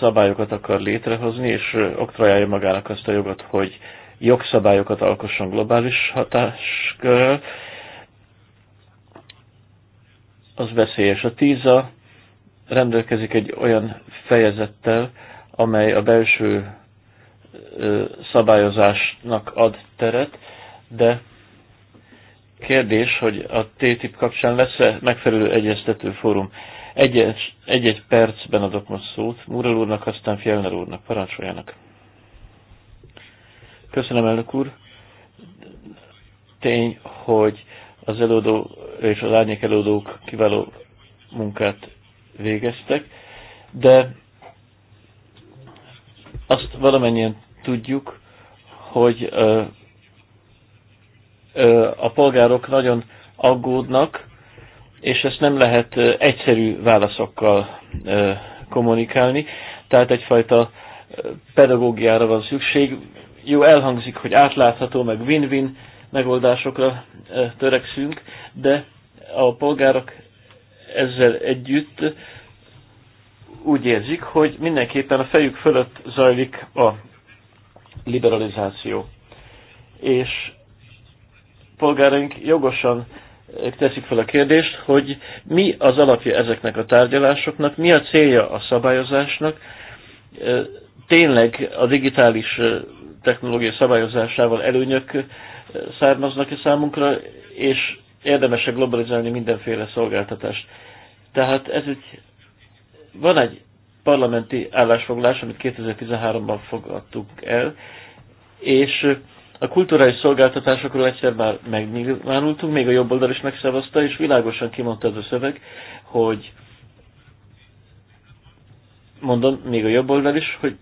szabályokat akar létrehozni, és oktrajálja magának azt a jogot, hogy jogszabályokat alkosson globális hatáskörrel, az veszélyes. A TISA rendelkezik egy olyan fejezettel, amely a belső szabályozásnak ad teret, de kérdés, hogy a TTIP kapcsán lesz-e megfelelő egyeztető fórum. Egy-egy percben adok most szót Murel úrnak, aztán Fjellner úrnak, parancsoljanak. Köszönöm, elnök úr. Tény, hogy az előadó és az árnyék előadók kiváló munkát végeztek, de azt valamennyien tudjuk, hogy a polgárok nagyon aggódnak, és ezt nem lehet egyszerű válaszokkal kommunikálni, tehát egyfajta pedagógiára van szükség. Jó, elhangzik, hogy átlátható, meg win-win megoldásokra törekszünk, de a polgárok ezzel együtt úgy érzik, hogy mindenképpen a fejük fölött zajlik a liberalizáció. És polgáraink jogosan teszik fel a kérdést, hogy mi az alapja ezeknek a tárgyalásoknak, mi a célja a szabályozásnak, tényleg a digitális technológia szabályozásával előnyök származnak-e számunkra, és érdemes-e globalizálni mindenféle szolgáltatást. Tehát ez egy, van egy parlamenti állásfoglalás, amit 2013-ban fogadtuk el, és a kulturális szolgáltatásokról egyszer már megnyilvánultunk, még a jobb oldal is megszavazta, és világosan kimondta ez a szöveg, hogy mondom, még a jobb oldal is, hogy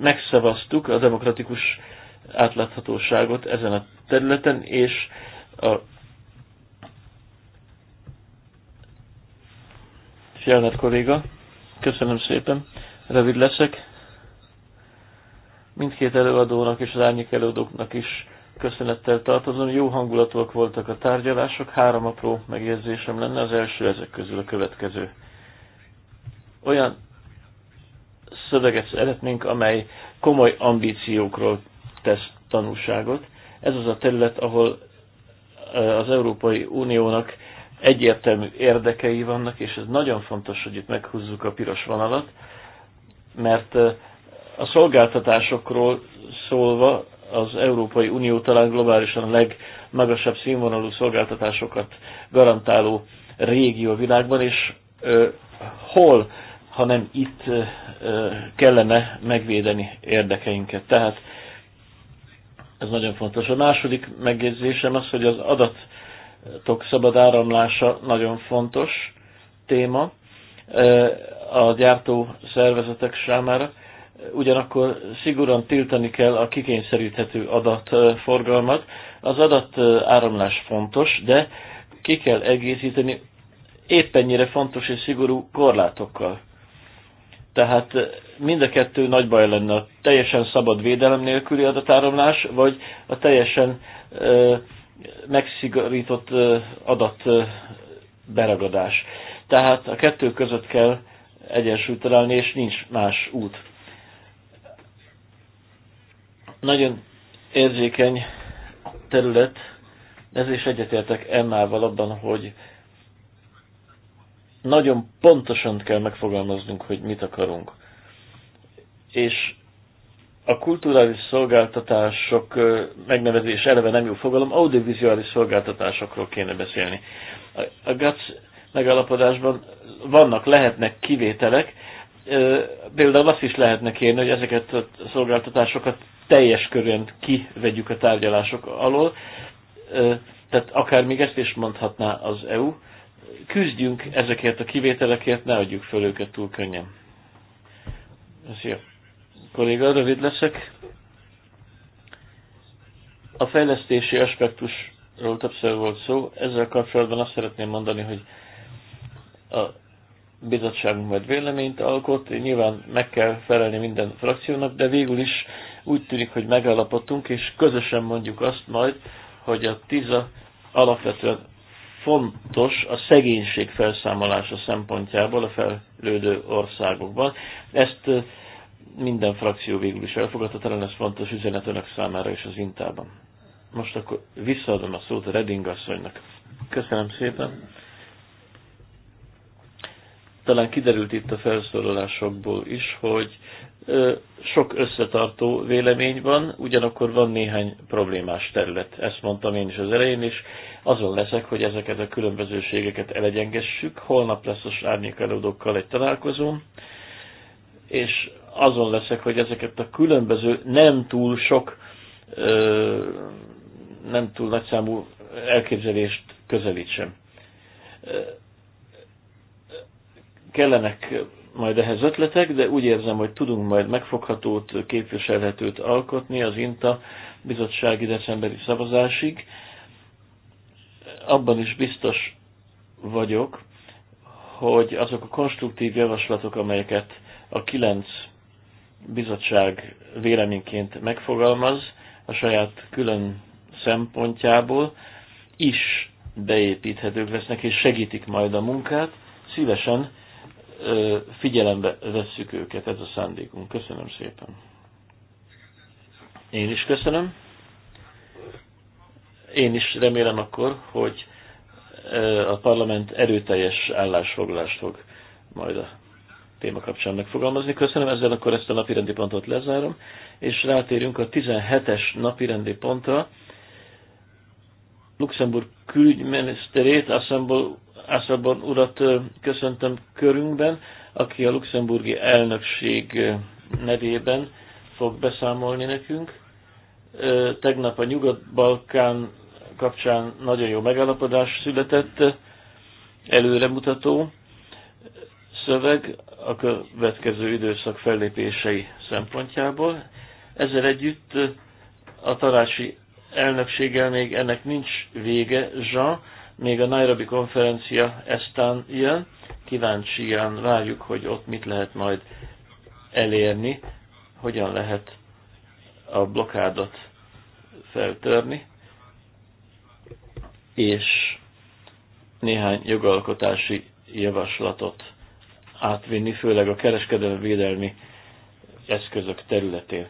megszavaztuk a demokratikus átláthatóságot ezen a területen, és a Jelenet kolléga, köszönöm szépen, rövid leszek. Mindkét előadónak és az árnyék előadóknak is köszönettel tartozom. Jó hangulatúak voltak a tárgyalások. Három apró megjegyzésem lenne, az első ezek közül a következő. Olyan szöveget szeretnénk, amely komoly ambíciókról tesz tanúságot. Ez az a terület, ahol az Európai Uniónak egyértelmű érdekei vannak, és ez nagyon fontos, hogy itt meghúzzuk a piros vonalat, mert a szolgáltatásokról szólva az Európai Unió talán globálisan a legmagasabb színvonalú szolgáltatásokat garantáló régió a világban, és ö, hol, ha nem itt ö, kellene megvédeni érdekeinket. Tehát ez nagyon fontos. A második megjegyzésem az, hogy az adatok szabad áramlása nagyon fontos téma a gyártó szervezetek számára ugyanakkor szigorúan tiltani kell a kikényszeríthető adatforgalmat. Az adat áramlás fontos, de ki kell egészíteni éppennyire fontos és szigorú korlátokkal. Tehát mind a kettő nagy baj lenne a teljesen szabad védelem nélküli adatáramlás, vagy a teljesen ö, megszigorított ö, adat ö, beragadás. Tehát a kettő között kell egyensúlyt találni, és nincs más út nagyon érzékeny terület, ez is egyetértek Emmával abban, hogy nagyon pontosan kell megfogalmaznunk, hogy mit akarunk. És a kulturális szolgáltatások megnevezés eleve nem jó fogalom, audiovizuális szolgáltatásokról kéne beszélni. A GATS megállapodásban vannak, lehetnek kivételek, például azt is lehetne kérni, hogy ezeket a szolgáltatásokat teljes körön kivegyük a tárgyalások alól, tehát akár még ezt is mondhatná az EU, küzdjünk ezekért a kivételekért, ne adjuk föl őket túl könnyen. Szia, kolléga, rövid leszek. A fejlesztési aspektusról többször volt szó, ezzel kapcsolatban azt szeretném mondani, hogy a bizottságunk majd véleményt alkot, nyilván meg kell felelni minden frakciónak, de végül is úgy tűnik, hogy megállapodtunk, és közösen mondjuk azt majd, hogy a TISA alapvetően fontos a szegénység felszámolása szempontjából a fejlődő országokban. Ezt minden frakció végül is elfogadta, talán ez fontos üzenet önök számára is az intában. Most akkor visszaadom a szót a Reding asszonynak. Köszönöm szépen talán kiderült itt a felszólalásokból is, hogy sok összetartó vélemény van, ugyanakkor van néhány problémás terület. Ezt mondtam én is az elején, és azon leszek, hogy ezeket a különbözőségeket elegyengessük. Holnap lesz a sárnyékelődókkal egy találkozó, és azon leszek, hogy ezeket a különböző nem túl sok, nem túl nagyszámú elképzelést közelítsem kellenek majd ehhez ötletek, de úgy érzem, hogy tudunk majd megfoghatót, képviselhetőt alkotni az INTA bizottsági decemberi szavazásig. Abban is biztos vagyok, hogy azok a konstruktív javaslatok, amelyeket a kilenc bizottság véleményként megfogalmaz a saját külön szempontjából, is beépíthetők lesznek és segítik majd a munkát. Szívesen figyelembe vesszük őket, ez a szándékunk. Köszönöm szépen. Én is köszönöm. Én is remélem akkor, hogy a parlament erőteljes állásfoglalást fog majd a téma kapcsán megfogalmazni. Köszönöm, ezzel akkor ezt a napirendi pontot lezárom, és rátérünk a 17-es napirendi pontra. Luxemburg külügyminiszterét, Assemble Asszabon urat köszöntöm körünkben, aki a luxemburgi elnökség nevében fog beszámolni nekünk. Tegnap a Nyugat-Balkán kapcsán nagyon jó megállapodás született, előremutató szöveg a következő időszak fellépései szempontjából. Ezzel együtt a tanácsi elnökséggel még ennek nincs vége, Jean, még a Nairobi konferencia eztán jön, kíváncsian várjuk, hogy ott mit lehet majd elérni, hogyan lehet a blokádot feltörni, és néhány jogalkotási javaslatot átvinni, főleg a kereskedelmi védelmi eszközök területén.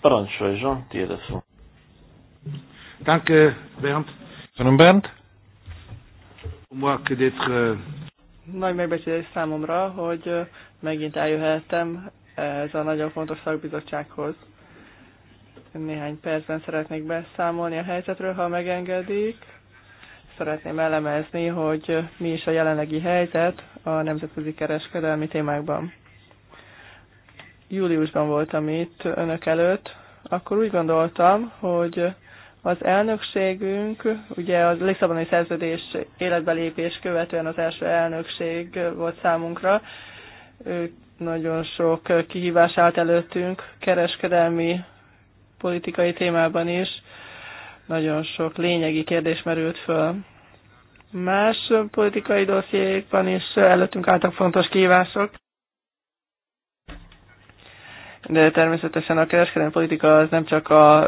Parancsolj, Jean, tiéd a szó. Köszönöm, Bernd. Nagy megbecsülés számomra, hogy megint eljöhettem ez a nagyon fontos szakbizottsághoz. Néhány percben szeretnék beszámolni a helyzetről, ha megengedik. Szeretném elemezni, hogy mi is a jelenlegi helyzet a nemzetközi kereskedelmi témákban. Júliusban voltam itt önök előtt, akkor úgy gondoltam, hogy az elnökségünk, ugye a Lisszaboni szerződés életbelépés követően az első elnökség volt számunkra, nagyon sok kihívás állt előttünk, kereskedelmi, politikai témában is, nagyon sok lényegi kérdés merült föl. Más politikai dossziékban is előttünk álltak fontos kihívások de természetesen a kereskedelmi politika az nem csak a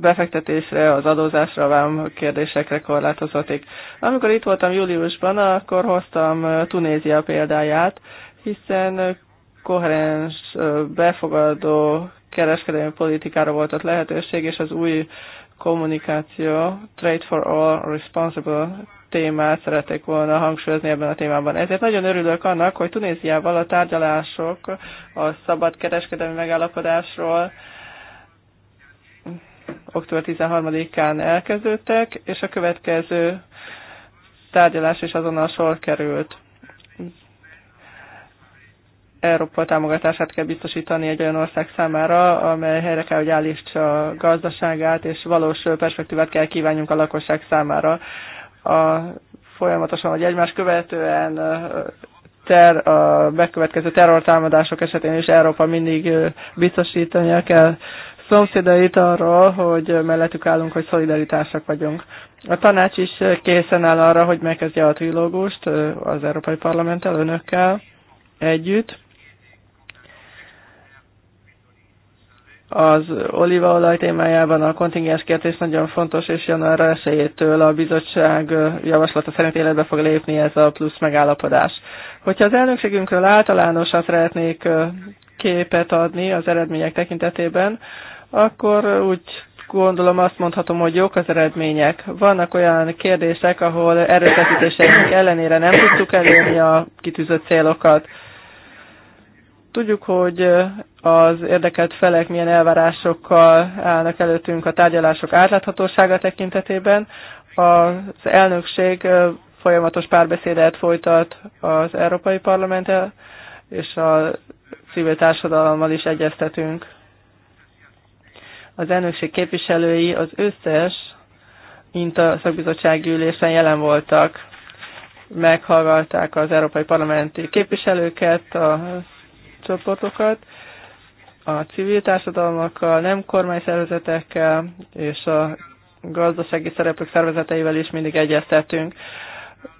befektetésre, az adózásra, vám kérdésekre korlátozhatik. Amikor itt voltam júliusban, akkor hoztam Tunézia példáját, hiszen koherens, befogadó kereskedelmi politikára volt ott lehetőség, és az új kommunikáció, Trade for All Responsible témát szeretek volna hangsúlyozni ebben a témában. Ezért nagyon örülök annak, hogy Tunéziával a tárgyalások a szabad kereskedelmi megállapodásról október 13-án elkezdődtek, és a következő tárgyalás is azonnal sor került. Európa támogatását kell biztosítani egy olyan ország számára, amely helyre kell, hogy állítsa a gazdaságát, és valós perspektívát kell kívánjunk a lakosság számára a folyamatosan vagy egymás követően ter, a bekövetkező terrortámadások esetén is Európa mindig biztosítania kell szomszédait arról, hogy mellettük állunk, hogy szolidaritásak vagyunk. A tanács is készen áll arra, hogy megkezdje a trilógust az Európai Parlamenttel önökkel együtt. Az olívaolaj témájában a kontingens kérdés nagyon fontos, és január 1-től a bizottság javaslata szerint életbe fog lépni ez a plusz megállapodás. Hogyha az elnökségünkről általánosan szeretnék képet adni az eredmények tekintetében, akkor úgy gondolom azt mondhatom, hogy jók az eredmények. Vannak olyan kérdések, ahol erőfeszítéseink ellenére nem tudtuk elérni a kitűzött célokat. Tudjuk, hogy az érdekelt felek milyen elvárásokkal állnak előttünk a tárgyalások átláthatósága tekintetében. Az elnökség folyamatos párbeszédet folytat az Európai Parlamenttel, és a civil társadalommal is egyeztetünk. Az elnökség képviselői az összes mint a szakbizottsági ülésen jelen voltak. Meghallgatták az európai parlamenti képviselőket, a csoportokat, a civil társadalmakkal, nem kormányszervezetekkel és a gazdasági szereplők szervezeteivel is mindig egyeztetünk.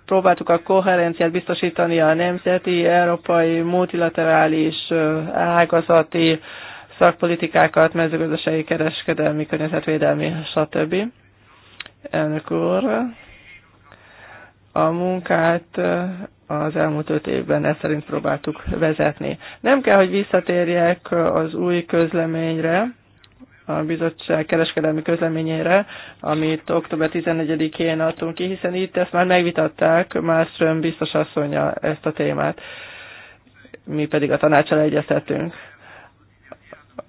Próbáltuk a koherenciát biztosítani a nemzeti, európai, multilaterális, ágazati szakpolitikákat, mezőgazdasági, kereskedelmi, környezetvédelmi, stb. Elnök úr, a munkát az elmúlt öt évben ezt szerint próbáltuk vezetni. Nem kell, hogy visszatérjek az új közleményre, a bizottság kereskedelmi közleményére, amit október 14-én adtunk ki, hiszen itt ezt már megvitatták, Máström biztos asszonya ezt a témát, mi pedig a tanácsal egyeztetünk.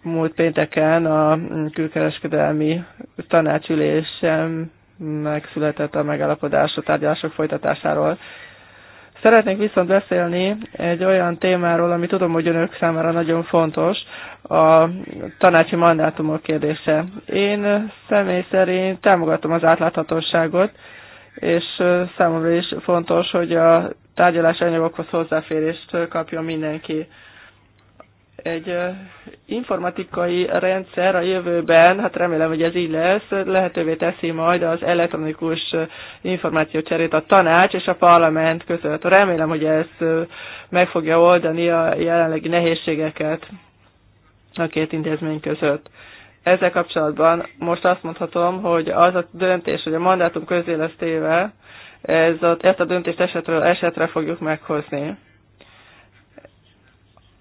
Múlt pénteken a külkereskedelmi tanácsülésem megszületett a megállapodás a tárgyalások folytatásáról, Szeretnék viszont beszélni egy olyan témáról, ami tudom, hogy önök számára nagyon fontos, a tanácsi mandátumok kérdése. Én személy szerint támogatom az átláthatóságot, és számomra is fontos, hogy a tárgyalási anyagokhoz hozzáférést kapjon mindenki egy informatikai rendszer a jövőben, hát remélem, hogy ez így lesz, lehetővé teszi majd az elektronikus információcserét a tanács és a parlament között. Remélem, hogy ez meg fogja oldani a jelenlegi nehézségeket a két intézmény között. Ezzel kapcsolatban most azt mondhatom, hogy az a döntés, hogy a mandátum közé lesz téve, ez a, ezt a döntést esetről esetre fogjuk meghozni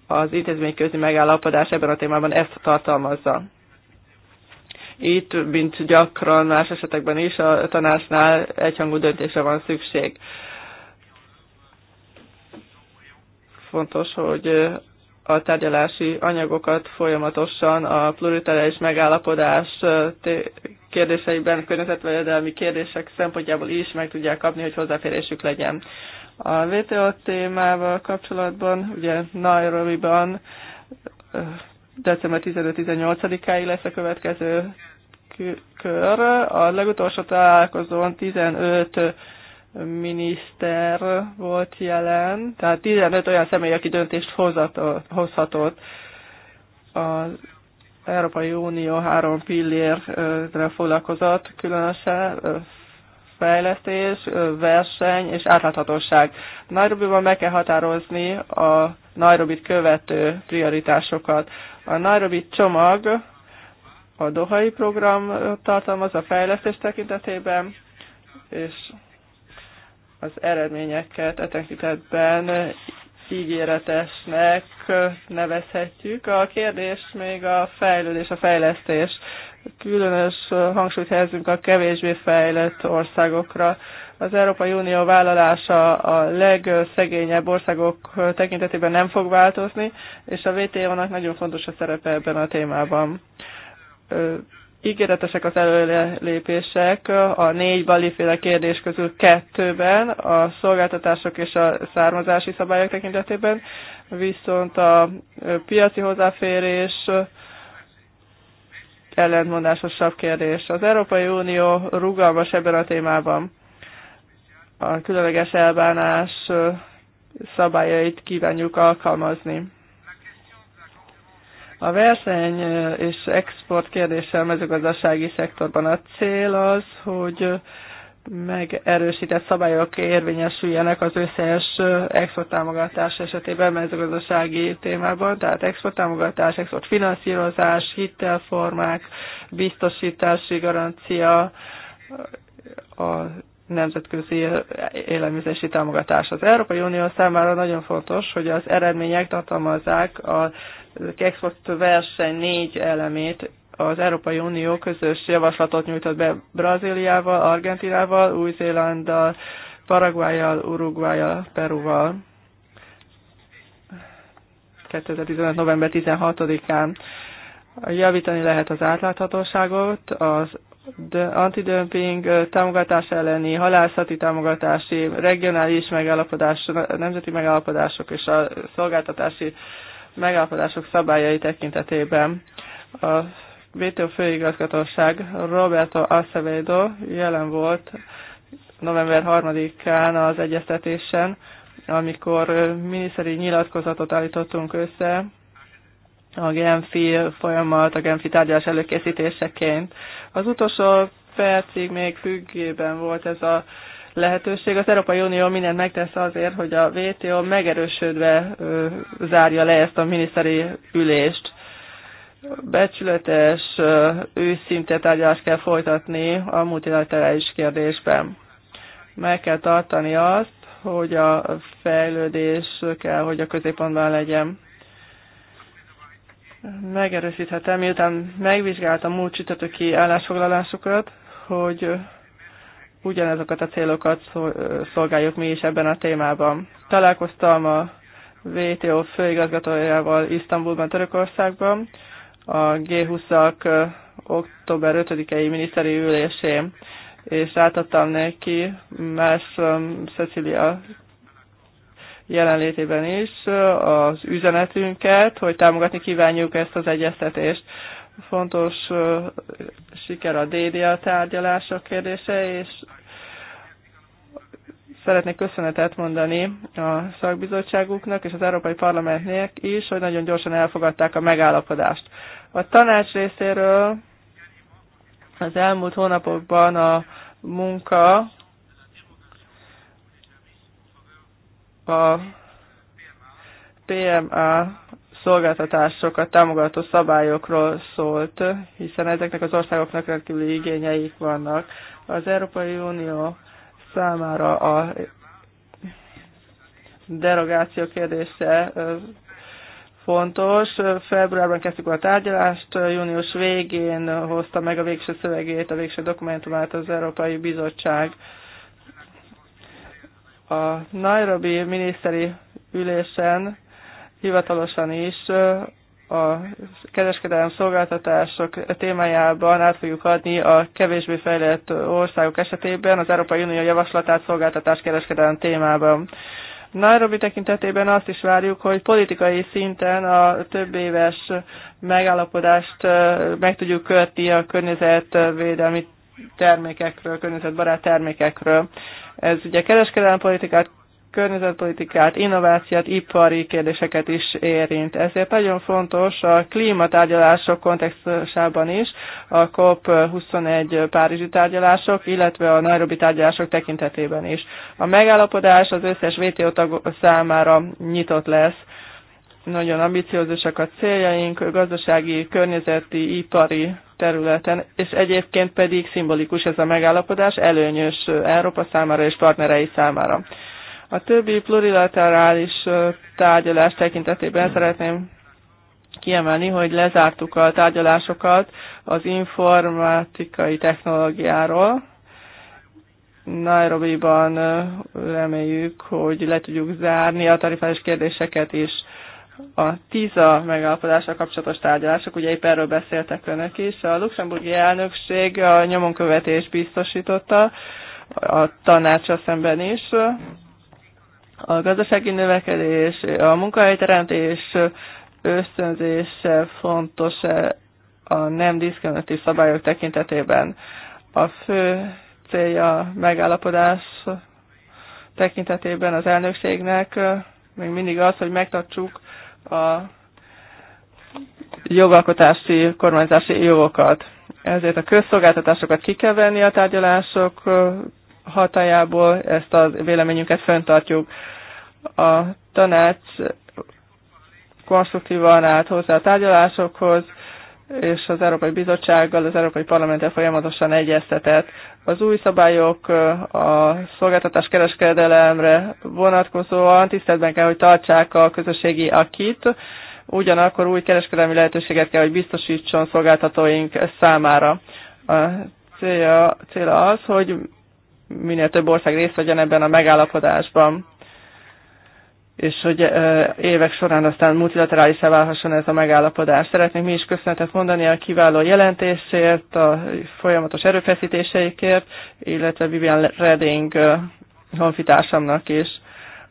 az intézményközi megállapodás ebben a témában ezt tartalmazza. Itt, mint gyakran más esetekben is, a tanácsnál egyhangú döntésre van szükség. Fontos, hogy a tárgyalási anyagokat folyamatosan a pluriteles megállapodás kérdéseiben, környezetvédelmi kérdések szempontjából is meg tudják kapni, hogy hozzáférésük legyen. A VTO témával kapcsolatban, ugye Nairobi-ban december 15-18-áig lesz a következő kör. A legutolsó találkozón 15 miniszter volt jelen, tehát 15 olyan személy, aki döntést hozhatott. Az Európai Unió három pillérre foglalkozott, különösen fejlesztés, verseny és átláthatóság. Nairobiban meg kell határozni a Nairobit követő prioritásokat. A Nairobi csomag a Dohai program tartalmaz a fejlesztés tekintetében, és az eredményeket e tekintetben ígéretesnek nevezhetjük. A kérdés még a fejlődés, a fejlesztés különös hangsúlyt helyezünk a kevésbé fejlett országokra. Az Európai Unió vállalása a legszegényebb országok tekintetében nem fog változni, és a WTO-nak nagyon fontos a szerepe ebben a témában. Ígéretesek az előlépések a négy baliféle kérdés közül kettőben, a szolgáltatások és a származási szabályok tekintetében, viszont a piaci hozzáférés, ellentmondásosabb kérdés. Az Európai Unió rugalmas ebben a témában. A különleges elbánás szabályait kívánjuk alkalmazni. A verseny és export kérdése a mezőgazdasági szektorban a cél az, hogy megerősített szabályok érvényesüljenek az összes exporttámogatás esetében mezőgazdasági témában, tehát exporttámogatás, exportfinanszírozás, hitelformák, biztosítási garancia, a nemzetközi élelmezési támogatás. Az Európai Unió számára nagyon fontos, hogy az eredmények tartalmazzák az export verseny négy elemét, az Európai Unió közös javaslatot nyújtott be Brazíliával, Argentinával, Új-Zélanddal, Paraguayjal, Uruguayjal, Peruval. 2015. november 16-án javítani lehet az átláthatóságot, az antidömping támogatás elleni, halászati támogatási, regionális megállapodás, nemzeti megállapodások és a szolgáltatási megállapodások szabályai tekintetében. A VTO főigazgatóság Roberto Acevedo jelen volt november 3-án az egyeztetésen, amikor miniszteri nyilatkozatot állítottunk össze a Genfi folyamat, a Genfi tárgyalás előkészítéseként. Az utolsó percig még függében volt ez a lehetőség. Az Európai Unió mindent megtesz azért, hogy a VTO megerősödve zárja le ezt a miniszteri ülést becsületes, őszinte tárgyalást kell folytatni a multilaterális kérdésben. Meg kell tartani azt, hogy a fejlődés kell, hogy a középpontban legyen. Megerősíthetem, miután megvizsgáltam múlt csütörtöki állásfoglalásokat, hogy ugyanazokat a célokat szolgáljuk mi is ebben a témában. Találkoztam a WTO főigazgatójával Isztambulban, Törökországban, a G20-ak október 5-i miniszteri ülésén, és átadtam neki más Cecilia jelenlétében is az üzenetünket, hogy támogatni kívánjuk ezt az egyeztetést. Fontos siker a DDA tárgyalások kérdése, és szeretnék köszönetet mondani a szakbizottságuknak és az Európai Parlamentnek is, hogy nagyon gyorsan elfogadták a megállapodást. A tanács részéről az elmúlt hónapokban a munka a PMA szolgáltatásokat támogató szabályokról szólt, hiszen ezeknek az országoknak rendkívüli igényeik vannak. Az Európai Unió számára a derogáció kérdése fontos. Februárban kezdtük a tárgyalást, június végén hozta meg a végső szövegét, a végső dokumentumát az Európai Bizottság. A Nairobi miniszteri ülésen hivatalosan is a kereskedelem szolgáltatások témájában át fogjuk adni a kevésbé fejlett országok esetében az Európai Unió javaslatát szolgáltatás kereskedelem témában. Nairobi tekintetében azt is várjuk, hogy politikai szinten a több éves megállapodást meg tudjuk kötni a környezetvédelmi termékekről, környezetbarát termékekről. Ez ugye kereskedelmi politikát környezetpolitikát, innovációt, ipari kérdéseket is érint. Ezért nagyon fontos a klímatárgyalások kontextusában is a COP21 párizsi tárgyalások, illetve a Nairobi tárgyalások tekintetében is. A megállapodás az összes WTO tag számára nyitott lesz nagyon ambiciózusak a céljaink gazdasági, környezeti, ipari területen, és egyébként pedig szimbolikus ez a megállapodás előnyös Európa számára és partnerei számára. A többi plurilaterális tárgyalás tekintetében szeretném kiemelni, hogy lezártuk a tárgyalásokat az informatikai technológiáról. Nairobi-ban reméljük, hogy le tudjuk zárni a tarifális kérdéseket is. A TISA megállapodásra kapcsolatos tárgyalások, ugye épp erről beszéltek önök is, a luxemburgi elnökség a nyomonkövetés biztosította, a tanácsa szemben is. A gazdasági növekedés, a munkahelyteremtés ösztönzése fontos a nem diszkriminatív szabályok tekintetében. A fő célja megállapodás tekintetében az elnökségnek még mindig az, hogy megtartsuk a jogalkotási, kormányzási jogokat. Ezért a közszolgáltatásokat ki kell venni a tárgyalások hatájából, ezt a véleményünket fenntartjuk. A tanács konstruktívan állt hozzá a tárgyalásokhoz, és az Európai Bizottsággal, az Európai Parlamenttel folyamatosan egyeztetett. Az új szabályok a szolgáltatás kereskedelemre vonatkozóan tiszteletben kell, hogy tartsák a közösségi akit, ugyanakkor új kereskedelmi lehetőséget kell, hogy biztosítson szolgáltatóink számára. A célja, célja az, hogy minél több ország részt vegyen ebben a megállapodásban, és hogy évek során aztán multilaterális -e válhasson ez a megállapodás. Szeretnénk mi is köszönetet mondani a kiváló jelentésért, a folyamatos erőfeszítéseikért, illetve Vivian Reding honfitársamnak is.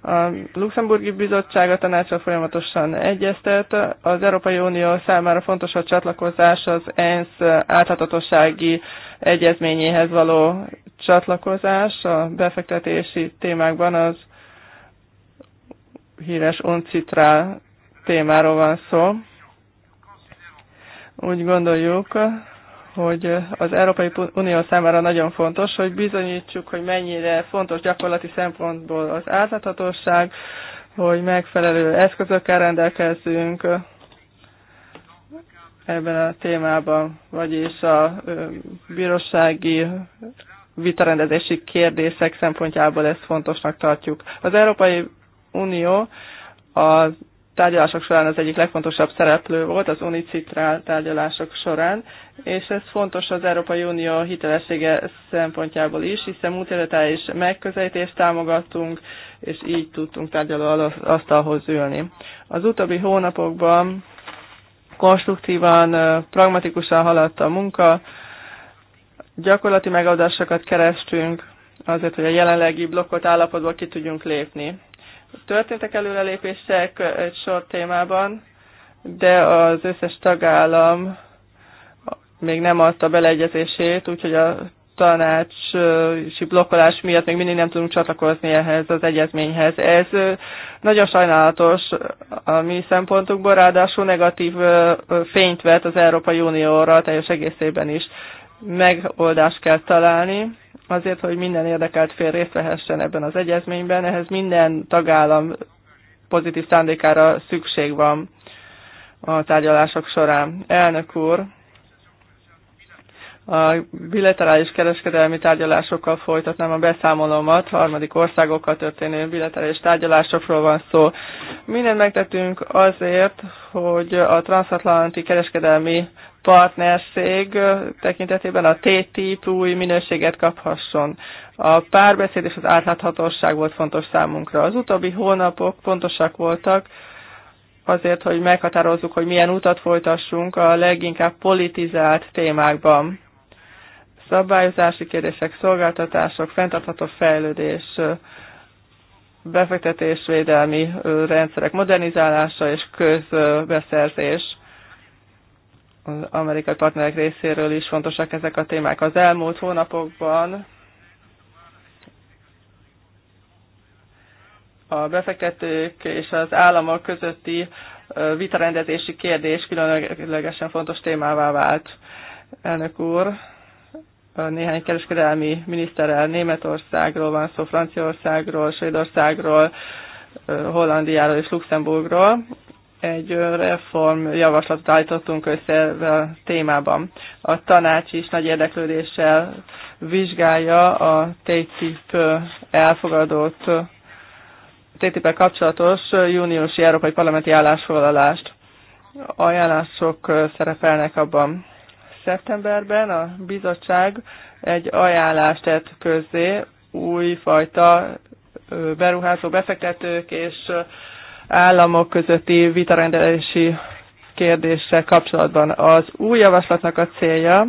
A Luxemburgi Bizottság a tanácsra folyamatosan egyeztet. Az Európai Unió számára fontos a csatlakozás az ENSZ áthatatossági egyezményéhez való csatlakozás a befektetési témákban az híres uncitrál témáról van szó. Úgy gondoljuk, hogy az Európai Unió számára nagyon fontos, hogy bizonyítsuk, hogy mennyire fontos gyakorlati szempontból az átláthatóság, hogy megfelelő eszközökkel rendelkezzünk ebben a témában, vagyis a bírósági vitarendezési kérdések szempontjából ezt fontosnak tartjuk. Az Európai Unió a tárgyalások során az egyik legfontosabb szereplő volt az UNICITRÁL tárgyalások során, és ez fontos az Európai Unió hitelessége szempontjából is, hiszen multilaterális megközelítést támogattunk, és így tudtunk tárgyaló asztalhoz ülni. Az utóbbi hónapokban konstruktívan, pragmatikusan haladt a munka, Gyakorlati megoldásokat kerestünk azért, hogy a jelenlegi blokkot állapotból ki tudjunk lépni. Történtek előrelépések egy sor témában, de az összes tagállam még nem adta beleegyezését, úgyhogy a tanácsi blokkolás miatt még mindig nem tudunk csatlakozni ehhez az egyezményhez. Ez nagyon sajnálatos a mi szempontunkból, ráadásul negatív fényt vet az Európai Unióra teljes egészében is megoldást kell találni, azért, hogy minden érdekelt fél részt vehessen ebben az egyezményben. Ehhez minden tagállam pozitív szándékára szükség van a tárgyalások során. Elnök úr, a bilaterális kereskedelmi tárgyalásokkal folytatnám a beszámolómat, harmadik országokkal történő bilaterális tárgyalásokról van szó. Mindent megtettünk azért, hogy a transatlanti kereskedelmi partnerség tekintetében a TTIP új minőséget kaphasson. A párbeszéd és az átláthatóság volt fontos számunkra. Az utóbbi hónapok fontosak voltak azért, hogy meghatározzuk, hogy milyen utat folytassunk a leginkább politizált témákban. Szabályozási kérdések, szolgáltatások, fenntartható fejlődés, befektetésvédelmi rendszerek modernizálása és közbeszerzés az amerikai partnerek részéről is fontosak ezek a témák. Az elmúlt hónapokban a befektetők és az államok közötti vitarendezési kérdés különlegesen fontos témává vált. Elnök úr, néhány kereskedelmi miniszterrel Németországról van szó, Franciaországról, Svédországról, Hollandiáról és Luxemburgról egy javaslatot állítottunk össze a témában. A tanács is nagy érdeklődéssel vizsgálja a TTIP elfogadott ttip kapcsolatos júniusi európai parlamenti állásfoglalást. Ajánlások szerepelnek abban. Szeptemberben a bizottság egy ajánlást tett közzé újfajta beruházó befektetők és államok közötti vitarendelési kérdéssel kapcsolatban. Az új javaslatnak a célja,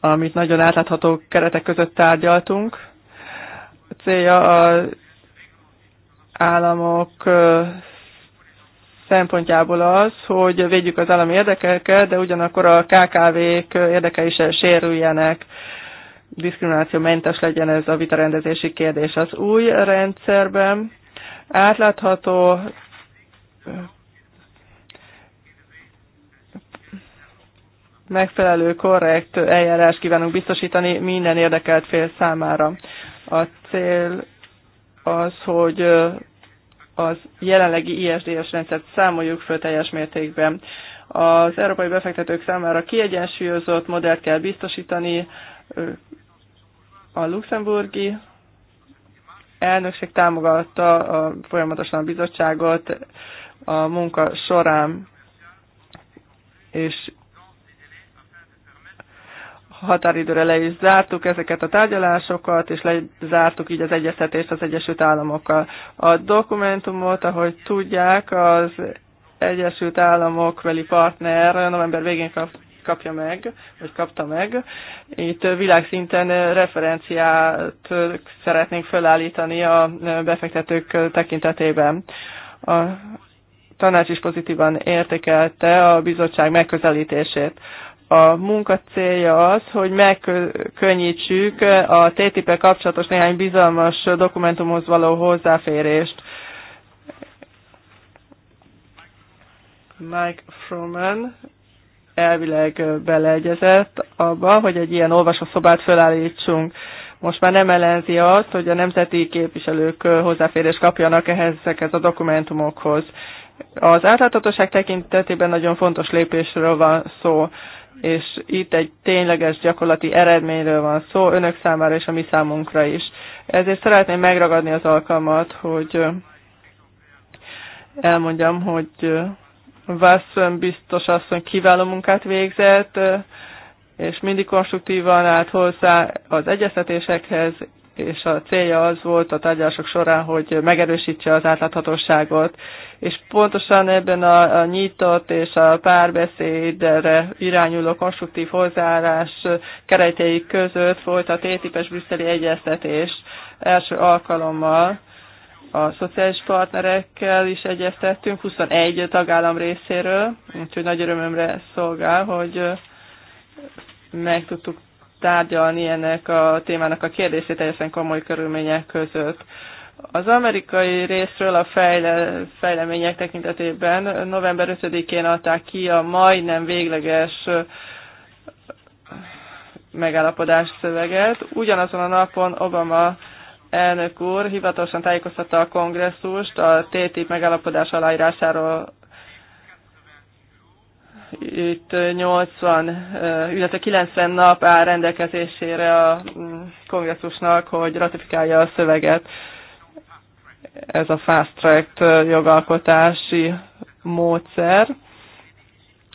amit nagyon átlátható keretek között tárgyaltunk, a célja az államok szempontjából az, hogy védjük az állami érdekeket, de ugyanakkor a KKV-k érdekei is sérüljenek, diszkriminációmentes legyen ez a vitarendezési kérdés. Az új rendszerben átlátható megfelelő, korrekt eljárás kívánunk biztosítani minden érdekelt fél számára. A cél az, hogy az jelenlegi ISDS rendszert számoljuk föl teljes mértékben. Az európai befektetők számára kiegyensúlyozott modellt kell biztosítani, a luxemburgi elnökség támogatta a, folyamatosan a bizottságot a munka során, és határidőre le is zártuk ezeket a tárgyalásokat, és lezártuk így az egyeztetést az Egyesült Államokkal. A dokumentumot, ahogy tudják, az Egyesült Államok veli partner november végén kap, kapja meg, vagy kapta meg. Itt világszinten referenciát szeretnénk felállítani a befektetők tekintetében. A tanács is pozitívan értékelte a bizottság megközelítését. A munka célja az, hogy megkönnyítsük a ttip kapcsolatos néhány bizalmas dokumentumhoz való hozzáférést. Mike Froman elvileg beleegyezett abba, hogy egy ilyen olvasószobát felállítsunk. Most már nem ellenzi azt, hogy a nemzeti képviselők hozzáférés kapjanak ehhez ezekhez a dokumentumokhoz. Az átláthatóság tekintetében nagyon fontos lépésről van szó, és itt egy tényleges gyakorlati eredményről van szó, önök számára és a mi számunkra is. Ezért szeretném megragadni az alkalmat, hogy elmondjam, hogy Vászön biztos asszony kiváló munkát végzett, és mindig konstruktívan állt hozzá az egyeztetésekhez, és a célja az volt a tárgyalások során, hogy megerősítse az átláthatóságot. És pontosan ebben a, a nyitott és a párbeszédre irányuló konstruktív hozzáállás keretei között folyt a TTIP-es brüsszeli egyeztetés első alkalommal, a szociális partnerekkel is egyeztettünk, 21 tagállam részéről, úgyhogy nagy örömömre szolgál, hogy meg tudtuk tárgyalni ennek a témának a kérdését teljesen komoly körülmények között. Az amerikai részről a fejle, fejlemények tekintetében november 5-én adták ki a majdnem végleges megállapodás szöveget. Ugyanazon a napon Obama elnök úr hivatalosan tájékoztatta a kongresszust a TTIP megállapodás aláírásáról itt 80, illetve 90 nap áll rendelkezésére a mm, kongresszusnak, hogy ratifikálja a szöveget. Ez a fast track jogalkotási módszer.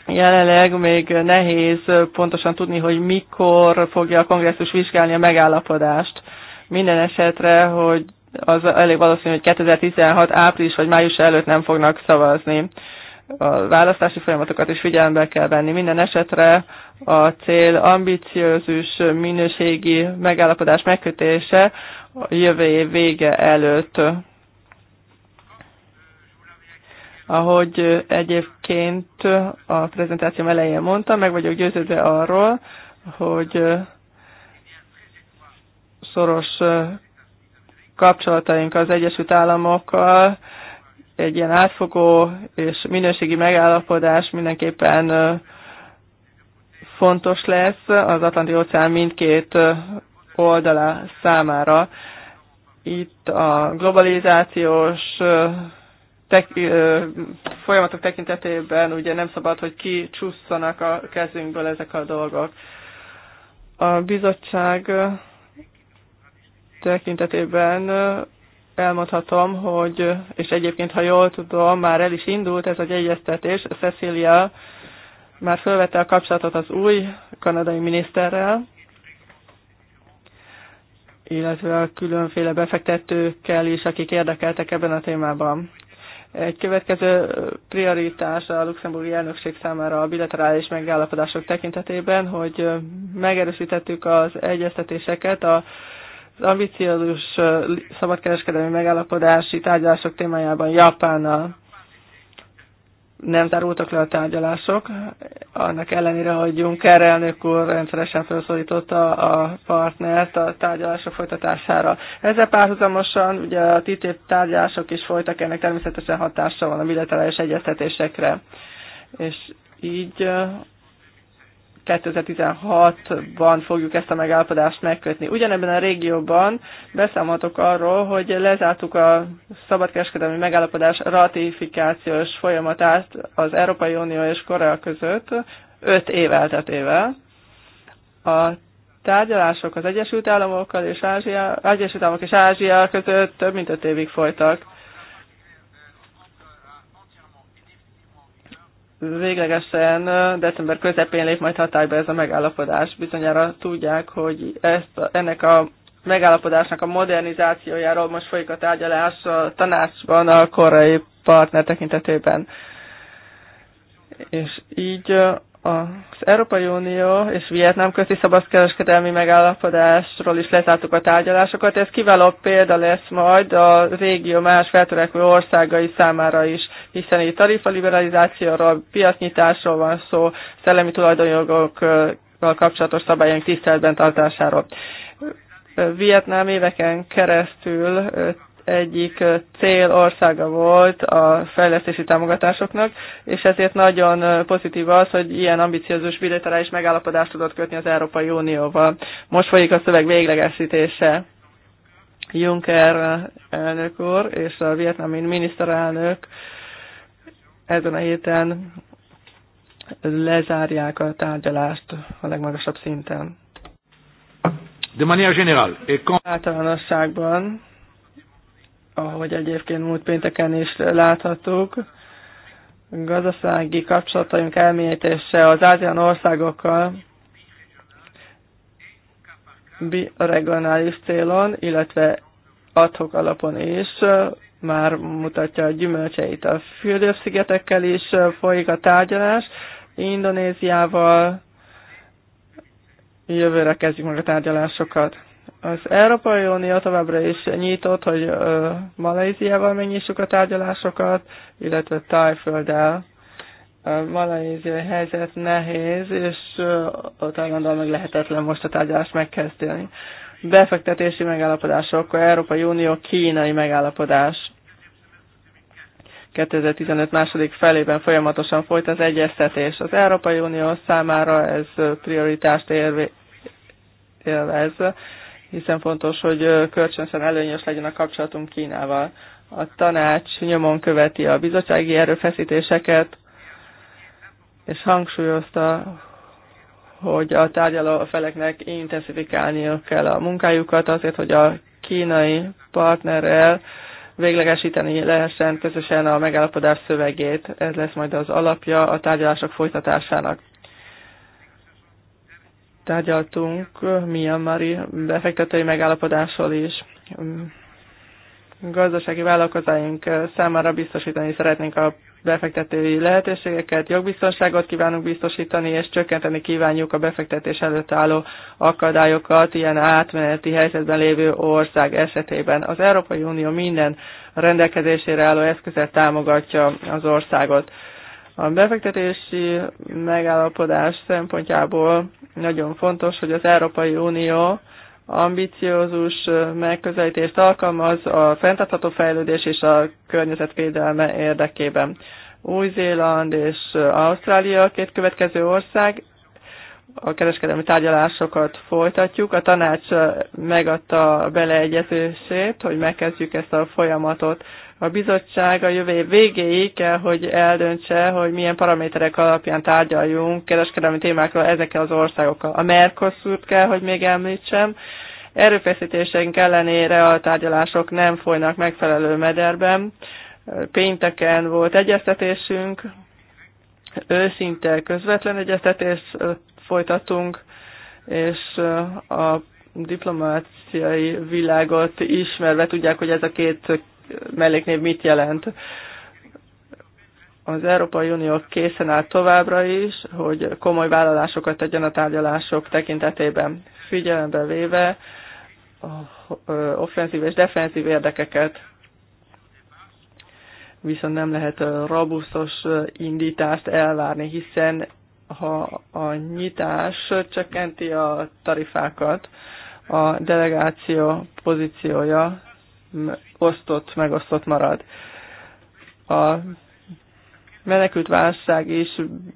Jelenleg még nehéz pontosan tudni, hogy mikor fogja a kongresszus vizsgálni a megállapodást minden esetre, hogy az elég valószínű, hogy 2016 április vagy május előtt nem fognak szavazni. A választási folyamatokat is figyelembe kell venni. Minden esetre a cél ambiciózus minőségi megállapodás megkötése a jövő év vége előtt. Ahogy egyébként a prezentációm elején mondtam, meg vagyok győződve arról, hogy szoros kapcsolataink az Egyesült Államokkal, egy ilyen átfogó és minőségi megállapodás mindenképpen fontos lesz az Atlanti-óceán mindkét oldala számára. Itt a globalizációs tek, folyamatok tekintetében ugye nem szabad, hogy kicsusszanak a kezünkből ezek a dolgok. A bizottság tekintetében elmondhatom, hogy, és egyébként, ha jól tudom, már el is indult ez az egyeztetés. Cecilia már felvette a kapcsolatot az új kanadai miniszterrel, illetve a különféle befektetőkkel is, akik érdekeltek ebben a témában. Egy következő prioritás a luxemburgi elnökség számára a bilaterális megállapodások tekintetében, hogy megerősítettük az egyeztetéseket a az ambiciózus szabadkereskedelmi megállapodási tárgyalások témájában Japánnal nem tárultak le a tárgyalások, annak ellenére, hogy Juncker elnök úr rendszeresen felszólította a partnert a tárgyalások folytatására. Ezzel párhuzamosan ugye a TTIP tárgyalások is folytak, ennek természetesen hatása van a bilaterális egyeztetésekre. És így 2016-ban fogjuk ezt a megállapodást megkötni. Ugyanebben a régióban beszámoltok arról, hogy lezártuk a szabadkereskedelmi megállapodás ratifikációs folyamatát az Európai Unió és Korea között 5 év elteltével. A tárgyalások az Egyesült Államokkal és Ázsia, Egyesült Államok és Ázsia között több mint 5 évig folytak véglegesen december közepén lép majd hatályba ez a megállapodás. Bizonyára tudják, hogy ezt, ennek a megállapodásnak a modernizációjáról most folyik a tárgyalás a tanácsban a korai partner tekintetében. És így az Európai Unió és Vietnám közti szabadkereskedelmi megállapodásról is lezártuk a tárgyalásokat. Ez kiváló példa lesz majd a régió más feltörekvő országai számára is, hiszen itt liberalizációról, piacnyitásról van szó, szellemi tulajdonjogokkal kapcsolatos szabályok tiszteletben tartásáról. Vietnám éveken keresztül egyik cél országa volt a fejlesztési támogatásoknak, és ezért nagyon pozitív az, hogy ilyen ambiciózus bilaterális megállapodást tudott kötni az Európai Unióval. Most folyik a szöveg véglegesítése. Juncker elnök úr és a vietnami miniszterelnök ezen a héten lezárják a tárgyalást a legmagasabb szinten. De manière générale. Et quand... Általánosságban ahogy egyébként múlt pénteken is láthattuk, gazdasági kapcsolataink elmélyítése az ázsian országokkal regionális célon, illetve adhok alapon is már mutatja a gyümölcseit. A Fülöp-szigetekkel is folyik a tárgyalás, Indonéziával jövőre kezdjük meg a tárgyalásokat. Az Európai Unió továbbra is nyitott, hogy Malajziával megnyissuk a tárgyalásokat, illetve Tájfölddel. A malajziai helyzet nehéz, és uh, a Tajlandal meg lehetetlen most a tárgyalást megkezdeni. Befektetési megállapodások, Európai Unió kínai megállapodás. 2015 második felében folyamatosan folyt az egyeztetés. Az Európai Unió számára ez prioritást érve, élvez hiszen fontos, hogy kölcsönösen előnyös legyen a kapcsolatunk Kínával. A tanács nyomon követi a bizottsági erőfeszítéseket, és hangsúlyozta, hogy a tárgyaló feleknek intenzifikálniuk kell a munkájukat azért, hogy a kínai partnerrel véglegesíteni lehessen közösen a megállapodás szövegét. Ez lesz majd az alapja a tárgyalások folytatásának tárgyaltunk Myanmari befektetői megállapodásról is. Gazdasági vállalkozáink számára biztosítani szeretnénk a befektetői lehetőségeket, jogbiztonságot kívánunk biztosítani, és csökkenteni kívánjuk a befektetés előtt álló akadályokat ilyen átmeneti helyzetben lévő ország esetében. Az Európai Unió minden rendelkezésére álló eszközet támogatja az országot. A befektetési megállapodás szempontjából nagyon fontos, hogy az Európai Unió ambiciózus megközelítést alkalmaz a fenntartható fejlődés és a környezetvédelme érdekében. Új-Zéland és Ausztrália két következő ország, a kereskedelmi tárgyalásokat folytatjuk. A tanács megadta beleegyezését, hogy megkezdjük ezt a folyamatot. A bizottság a jövő év végéig kell, hogy eldöntse, hogy milyen paraméterek alapján tárgyaljunk kereskedelmi témákról ezekkel az országokkal. A mercosur kell, hogy még említsem. Erőfeszítéseink ellenére a tárgyalások nem folynak megfelelő mederben. Pénteken volt egyeztetésünk, őszinte közvetlen egyeztetést folytatunk, és a diplomáciai világot ismerve tudják, hogy ez a két melléknév mit jelent. Az Európai Unió készen áll továbbra is, hogy komoly vállalásokat tegyen a tárgyalások tekintetében, figyelembe véve offenzív és defenzív érdekeket viszont nem lehet rabuszos indítást elvárni, hiszen ha a nyitás csökkenti a tarifákat, a delegáció pozíciója osztott, megosztott marad. A menekült válság is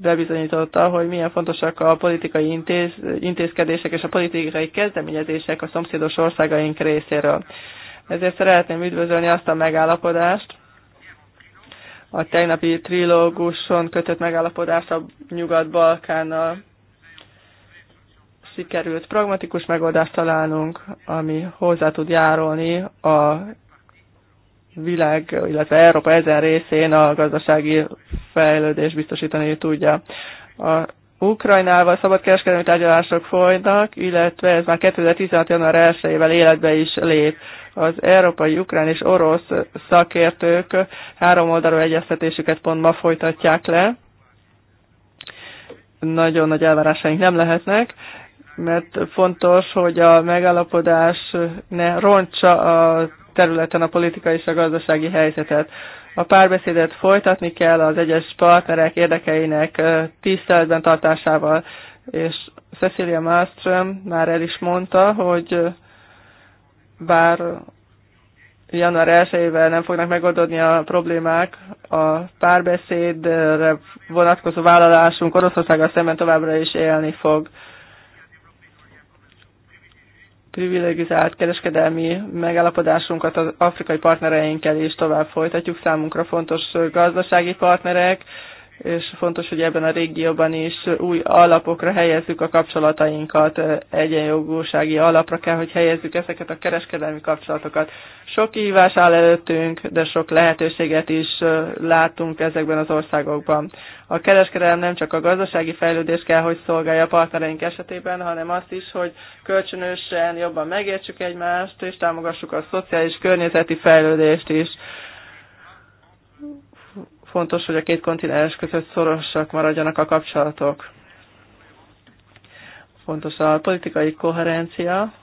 bebizonyította, hogy milyen fontosak a politikai intéz, intézkedések és a politikai kezdeményezések a szomszédos országaink részéről. Ezért szeretném üdvözölni azt a megállapodást, a tegnapi trilóguson kötött megállapodást a Nyugat-Balkánnal sikerült pragmatikus megoldást találnunk, ami hozzá tud járulni a világ, illetve Európa ezen részén a gazdasági fejlődés biztosítani tudja. A Ukrajnával szabadkereskedelmi tárgyalások folynak, illetve ez már 2016. január 1-ével életbe is lép. Az európai, ukrán és orosz szakértők három oldalú egyeztetésüket pont ma folytatják le. Nagyon nagy elvárásaink nem lehetnek, mert fontos, hogy a megállapodás ne rontsa a területen a politikai és a gazdasági helyzetet. A párbeszédet folytatni kell az egyes partnerek érdekeinek tiszteletben tartásával, és Cecilia Malmström már el is mondta, hogy bár január 1-ével nem fognak megoldódni a problémák, a párbeszédre vonatkozó vállalásunk Oroszországgal szemben továbbra is élni fog privilegizált kereskedelmi megállapodásunkat az afrikai partnereinkkel is tovább folytatjuk. Számunkra fontos gazdasági partnerek, és fontos, hogy ebben a régióban is új alapokra helyezzük a kapcsolatainkat, egyenjogúsági alapra kell, hogy helyezzük ezeket a kereskedelmi kapcsolatokat. Sok kihívás áll előttünk, de sok lehetőséget is látunk ezekben az országokban. A kereskedelem nem csak a gazdasági fejlődés kell, hogy szolgálja a partnereink esetében, hanem azt is, hogy kölcsönösen jobban megértsük egymást, és támogassuk a szociális környezeti fejlődést is Fontos, hogy a két kontinens között szorosak maradjanak a kapcsolatok. Fontos a politikai koherencia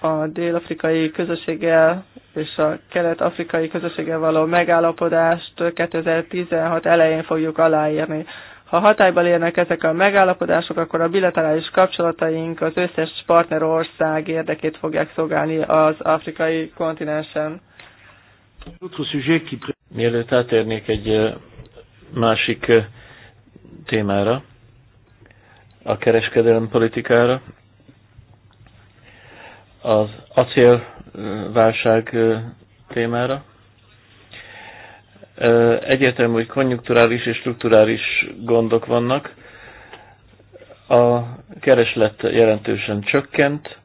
a dél-afrikai közösséggel és a kelet-afrikai közösséggel való megállapodást 2016 elején fogjuk aláírni. Ha hatályba érnek ezek a megállapodások, akkor a bilaterális kapcsolataink az összes partnerország érdekét fogják szolgálni az afrikai kontinensen. Mielőtt átérnék egy másik témára, a kereskedelem politikára, az acélválság témára. Egyértelmű, hogy konjunkturális és strukturális gondok vannak. A kereslet jelentősen csökkent,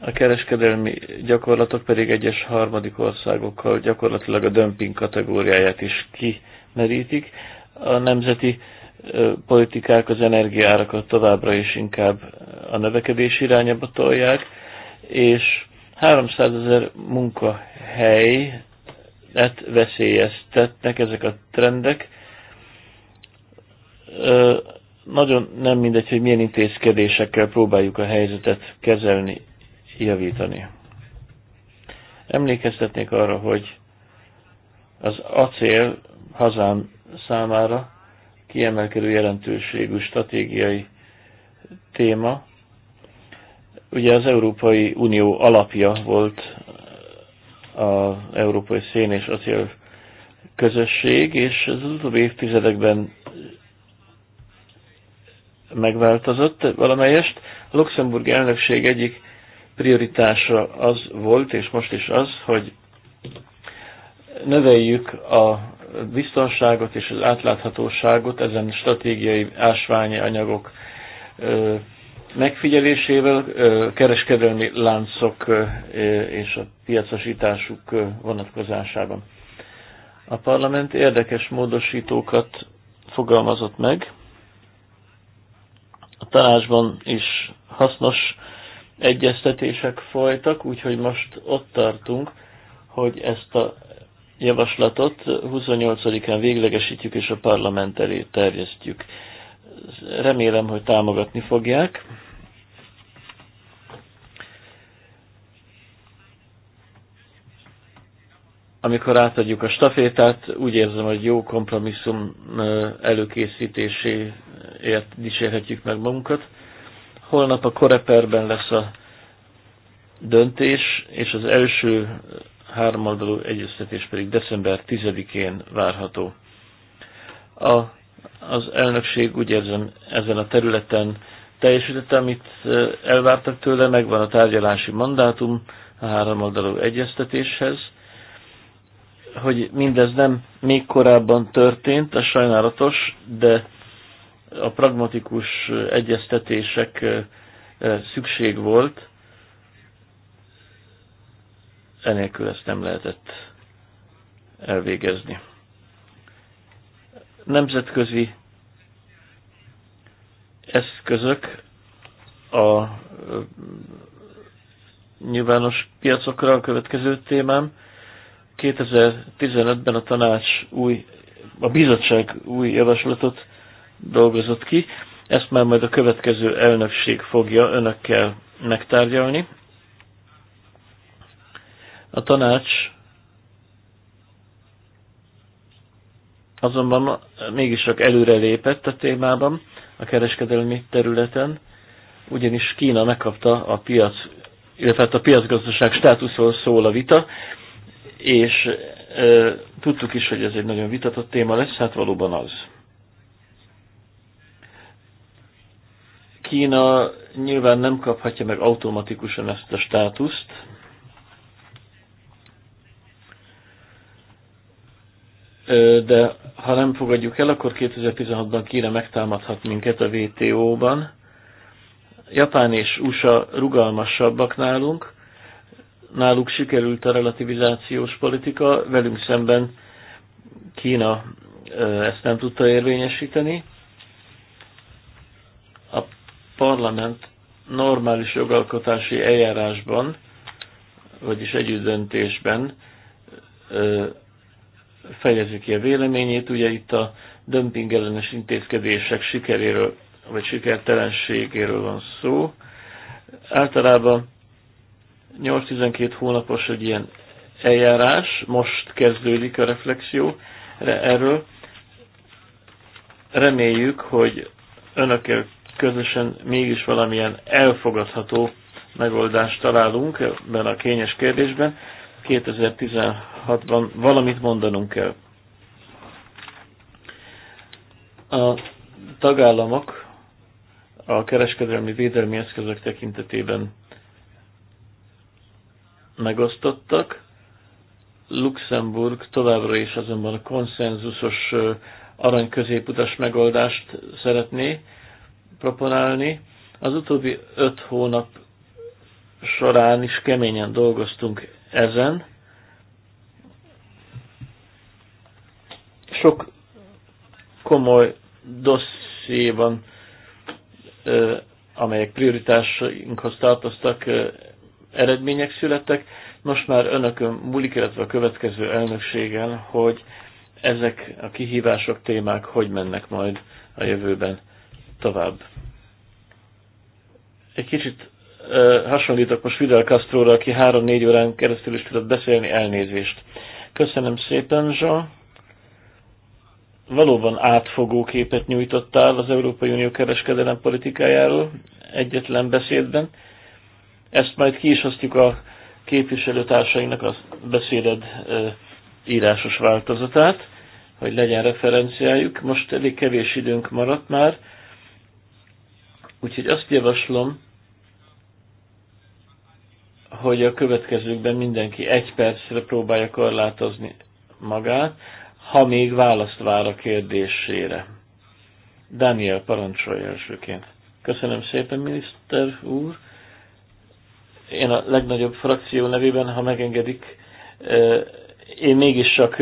a kereskedelmi gyakorlatok pedig egyes harmadik országokkal gyakorlatilag a dömping kategóriáját is kimerítik. A nemzeti politikák az energiárakat továbbra is inkább a növekedés irányába tolják, és 300 ezer munkahelyet veszélyeztetnek ezek a trendek. Nagyon nem mindegy, hogy milyen intézkedésekkel próbáljuk a helyzetet kezelni javítani. Emlékeztetnék arra, hogy az acél hazám számára kiemelkedő jelentőségű stratégiai téma. Ugye az Európai Unió alapja volt az Európai Szén és Acél közösség, és az utóbbi évtizedekben megváltozott valamelyest. A Luxemburg elnökség egyik prioritása az volt, és most is az, hogy növeljük a biztonságot és az átláthatóságot ezen stratégiai ásványi anyagok megfigyelésével, kereskedelmi láncok és a piacosításuk vonatkozásában. A parlament érdekes módosítókat fogalmazott meg, a tanácsban is hasznos egyeztetések folytak, úgyhogy most ott tartunk, hogy ezt a javaslatot 28-án véglegesítjük és a parlament elé terjesztjük. Remélem, hogy támogatni fogják. Amikor átadjuk a stafétát, úgy érzem, hogy jó kompromisszum előkészítéséért dicsérhetjük meg magunkat. Holnap a Koreperben lesz a döntés, és az első háromoldalú egyeztetés pedig december 10-én várható. A, az elnökség úgy érzem ezen a területen teljesítette, amit elvártak tőle, megvan a tárgyalási mandátum a háromoldalú egyeztetéshez. Hogy mindez nem még korábban történt, a sajnálatos, de a pragmatikus egyeztetések szükség volt, enélkül ezt nem lehetett elvégezni. Nemzetközi eszközök a nyilvános piacokra a következő témám. 2015-ben a tanács új, a bizottság új javaslatot dolgozott ki. Ezt már majd a következő elnökség fogja önökkel megtárgyalni. A tanács azonban mégiscsak előrelépett a témában, a kereskedelmi területen, ugyanis Kína megkapta a piac, illetve hát a piacgazdaság státuszról szól a vita, és e, tudtuk is, hogy ez egy nagyon vitatott téma lesz, hát valóban az. Kína nyilván nem kaphatja meg automatikusan ezt a státuszt. De ha nem fogadjuk el, akkor 2016-ban Kína megtámadhat minket a WTO-ban. Japán és USA rugalmasabbak nálunk, náluk sikerült a relativizációs politika, velünk szemben Kína ezt nem tudta érvényesíteni parlament normális jogalkotási eljárásban, vagyis együttdöntésben fejezi ki a véleményét. Ugye itt a dömping ellenes intézkedések sikeréről vagy sikertelenségéről van szó. Általában 8-12 hónapos egy ilyen eljárás, most kezdődik a reflexió erről. Reméljük, hogy önökkel közösen mégis valamilyen elfogadható megoldást találunk ebben a kényes kérdésben. 2016-ban valamit mondanunk kell. A tagállamok a kereskedelmi védelmi eszközök tekintetében megosztottak. Luxemburg továbbra is azonban a konszenzusos arany középutas megoldást szeretné, proponálni. Az utóbbi öt hónap során is keményen dolgoztunk ezen. Sok komoly dossziéban, amelyek prioritásainkhoz tartoztak, eredmények születtek. Most már önökön múlik, illetve a következő elnökségen, hogy ezek a kihívások, témák hogy mennek majd a jövőben tovább. Egy kicsit ö, hasonlítok most Fidel castro aki három-négy órán keresztül is tudott beszélni elnézést. Köszönöm szépen, Zsa. Valóban átfogó képet nyújtottál az Európai Unió kereskedelem politikájáról egyetlen beszédben. Ezt majd ki is osztjuk a képviselőtársainak a beszéded ö, írásos változatát, hogy legyen referenciájuk. Most elég kevés időnk maradt már, Úgyhogy azt javaslom, hogy a következőkben mindenki egy percre próbálja korlátozni magát, ha még választ vár a kérdésére. Daniel parancsolja elsőként. Köszönöm szépen, miniszter úr. Én a legnagyobb frakció nevében, ha megengedik, én mégis csak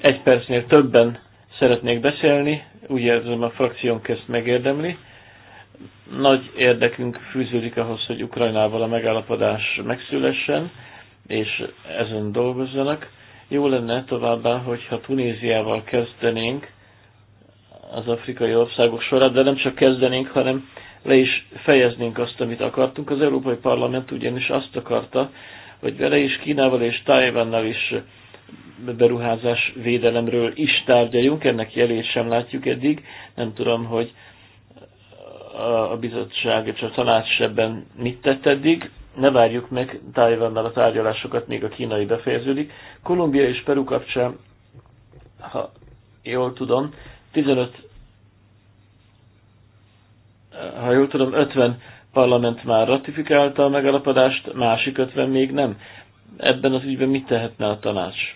egy percnél többen szeretnék beszélni, úgy érzem a frakciónk ezt megérdemli nagy érdekünk fűződik ahhoz, hogy Ukrajnával a megállapodás megszülessen, és ezen dolgozzanak. Jó lenne továbbá, hogyha Tunéziával kezdenénk az afrikai országok sorát, de nem csak kezdenénk, hanem le is fejeznénk azt, amit akartunk. Az Európai Parlament ugyanis azt akarta, hogy vele is Kínával és Tájvánnal is beruházás védelemről is tárgyaljunk, ennek jelét sem látjuk eddig. Nem tudom, hogy a bizottság és a tanács ebben mit tett eddig. Ne várjuk meg Tájvannal a tárgyalásokat, még a kínai befejeződik. Kolumbia és Peru kapcsán, ha jól tudom, 15 ha jól tudom, 50 parlament már ratifikálta a megalapodást, másik 50 még nem. Ebben az ügyben mit tehetne a tanács?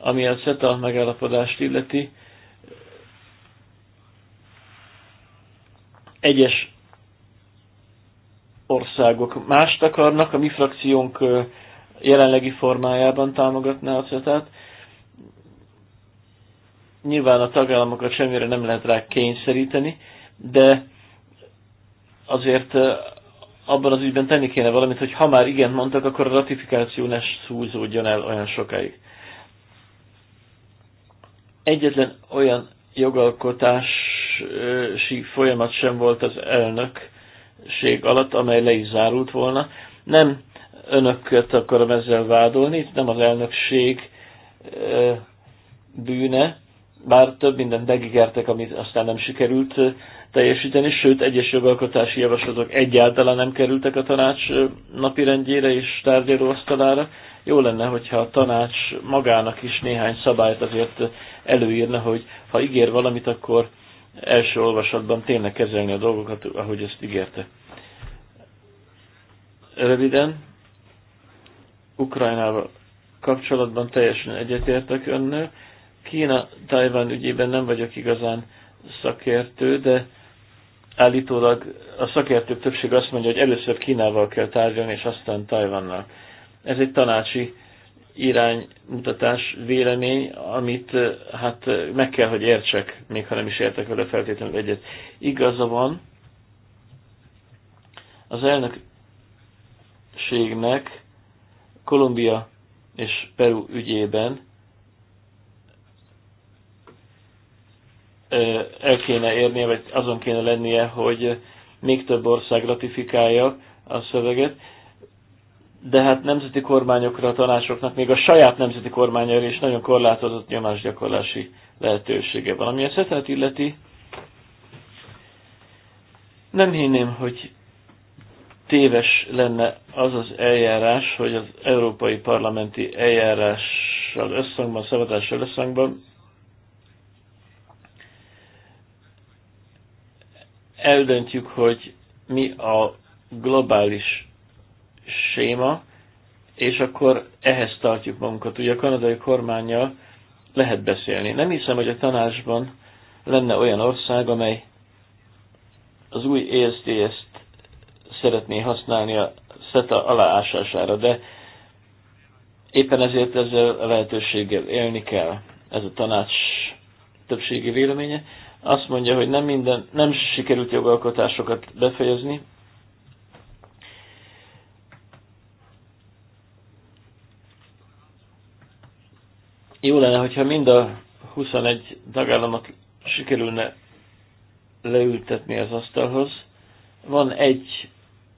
Ami a CETA megállapodást illeti, Egyes országok mást akarnak, a mi frakciónk jelenlegi formájában támogatná a CETA-t. Nyilván a tagállamokat semmire nem lehet rá kényszeríteni, de azért abban az ügyben tenni kéne valamit, hogy ha már igen mondtak, akkor a ratifikáció ne szúzódjon el olyan sokáig. Egyetlen olyan jogalkotás választási folyamat sem volt az elnökség alatt, amely le is zárult volna. Nem önöket akarom ezzel vádolni, itt nem az elnökség bűne, bár több minden megígértek, amit aztán nem sikerült teljesíteni, sőt egyes jogalkotási javaslatok egyáltalán nem kerültek a tanács napirendjére és tárgyalóasztalára. Jó lenne, hogyha a tanács magának is néhány szabályt azért előírna, hogy ha ígér valamit, akkor első olvasatban tényleg kezelni a dolgokat, ahogy ezt ígérte. Röviden, Ukrajnával kapcsolatban teljesen egyetértek önnel. Kína Tajván ügyében nem vagyok igazán szakértő, de állítólag a szakértők többség azt mondja, hogy először Kínával kell tárgyalni, és aztán Tajvannal. Ez egy tanácsi iránymutatás, vélemény, amit hát meg kell, hogy értsek, még ha nem is értek vele feltétlenül egyet. Igaza van, az elnökségnek Kolumbia és Peru ügyében el kéne érnie, vagy azon kéne lennie, hogy még több ország ratifikálja a szöveget, de hát nemzeti kormányokra, a tanácsoknak még a saját nemzeti kormányára is nagyon korlátozott nyomásgyakorlási lehetősége van. Ami a szetenet illeti, nem hinném, hogy téves lenne az az eljárás, hogy az európai parlamenti eljárással összhangban, szavazással összhangban eldöntjük, hogy mi a globális séma, és akkor ehhez tartjuk magunkat. Ugye a kanadai kormányjal lehet beszélni. Nem hiszem, hogy a tanácsban lenne olyan ország, amely az új ESDS-t szeretné használni a SETA aláásására, de éppen ezért ezzel a lehetőséggel élni kell. Ez a tanács többségi véleménye. Azt mondja, hogy nem, minden, nem sikerült jogalkotásokat befejezni, Jó lenne, hogyha mind a 21 tagállamot sikerülne leültetni az asztalhoz. Van egy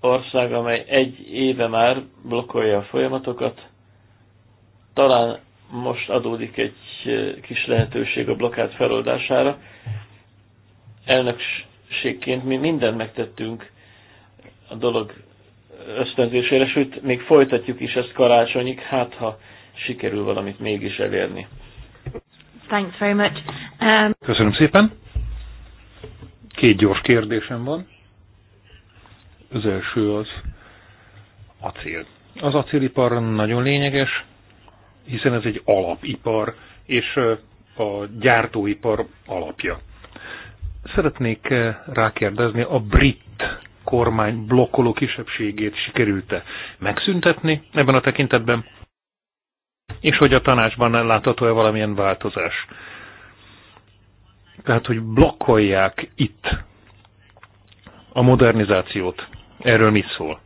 ország, amely egy éve már blokkolja a folyamatokat. Talán most adódik egy eh, kis lehetőség a blokkád feloldására. Elnökségként mi mindent megtettünk a dolog ösztönzésére, sőt, még folytatjuk is ezt karácsonyig, hát ha sikerül valamit mégis elérni. Thanks very much. Um... Köszönöm szépen. Két gyors kérdésem van. Az első az acél. Az acélipar nagyon lényeges, hiszen ez egy alapipar, és a gyártóipar alapja. Szeretnék rákérdezni, a brit kormány blokkoló kisebbségét sikerült-e megszüntetni ebben a tekintetben, és hogy a tanácsban látható-e valamilyen változás. Tehát, hogy blokkolják itt a modernizációt. Erről mit szól?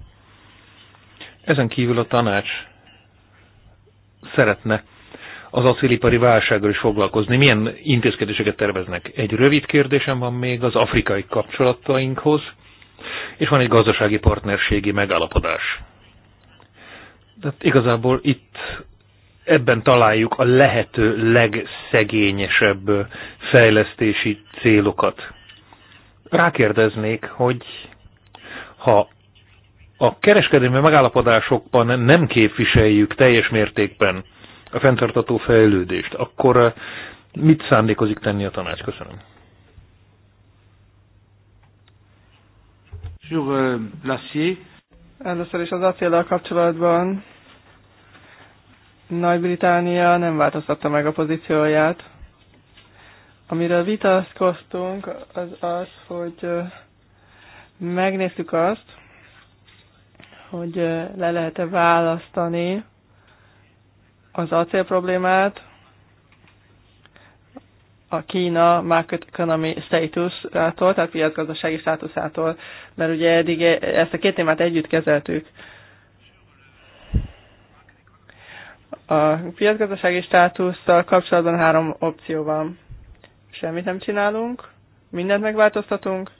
Ezen kívül a tanács szeretne az acélipari válsággal is foglalkozni. Milyen intézkedéseket terveznek? Egy rövid kérdésem van még az afrikai kapcsolatainkhoz, és van egy gazdasági partnerségi megállapodás. Tehát igazából itt ebben találjuk a lehető legszegényesebb fejlesztési célokat. Rákérdeznék, hogy ha a kereskedelmi megállapodásokban nem képviseljük teljes mértékben a fenntartató fejlődést, akkor mit szándékozik tenni a tanács? Köszönöm. Sur uh, Először is az acéllal kapcsolatban nagy-Británia nem változtatta meg a pozícióját. Amiről vitaszkoztunk, az az, hogy megnéztük azt, hogy le lehet-e választani az acél problémát a Kína market economy status tehát piacgazdasági státuszától, mert ugye eddig e- ezt a két témát együtt kezeltük. A piacgazdasági státusszal kapcsolatban három opció van. Semmit nem csinálunk, mindent megváltoztatunk,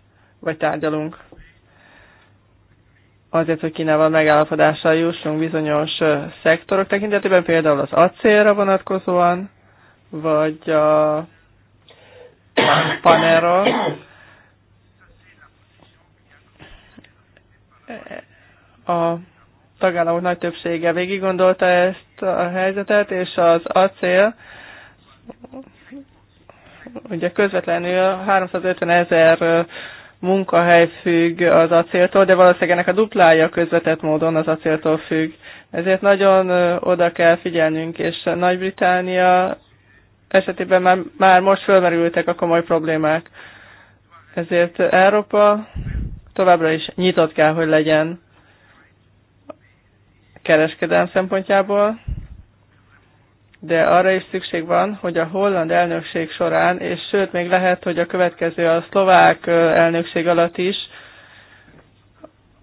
vagy tárgyalunk. Azért, hogy Kínával megállapodással jussunk bizonyos szektorok tekintetében, például az acélra vonatkozóan, vagy a panera. A tagállamok nagy többsége végig gondolta ezt, a helyzetet, és az acél ugye közvetlenül 350 ezer munkahely függ az acéltól, de valószínűleg ennek a duplája közvetett módon az acéltól függ. Ezért nagyon oda kell figyelnünk, és Nagy-Británia esetében már, már most fölmerültek a komoly problémák. Ezért Európa továbbra is nyitott kell, hogy legyen kereskedelm szempontjából, de arra is szükség van, hogy a holland elnökség során, és sőt, még lehet, hogy a következő a szlovák elnökség alatt is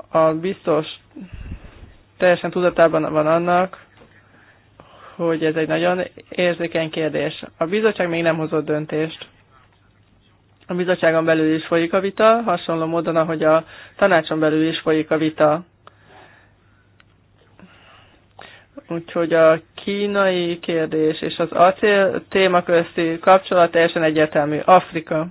a biztos teljesen tudatában van annak, hogy ez egy nagyon érzékeny kérdés. A bizottság még nem hozott döntést. A bizottságon belül is folyik a vita, hasonló módon, ahogy a tanácson belül is folyik a vita. Úgyhogy a kínai kérdés és az acél téma közti kapcsolat teljesen egyértelmű. Afrika.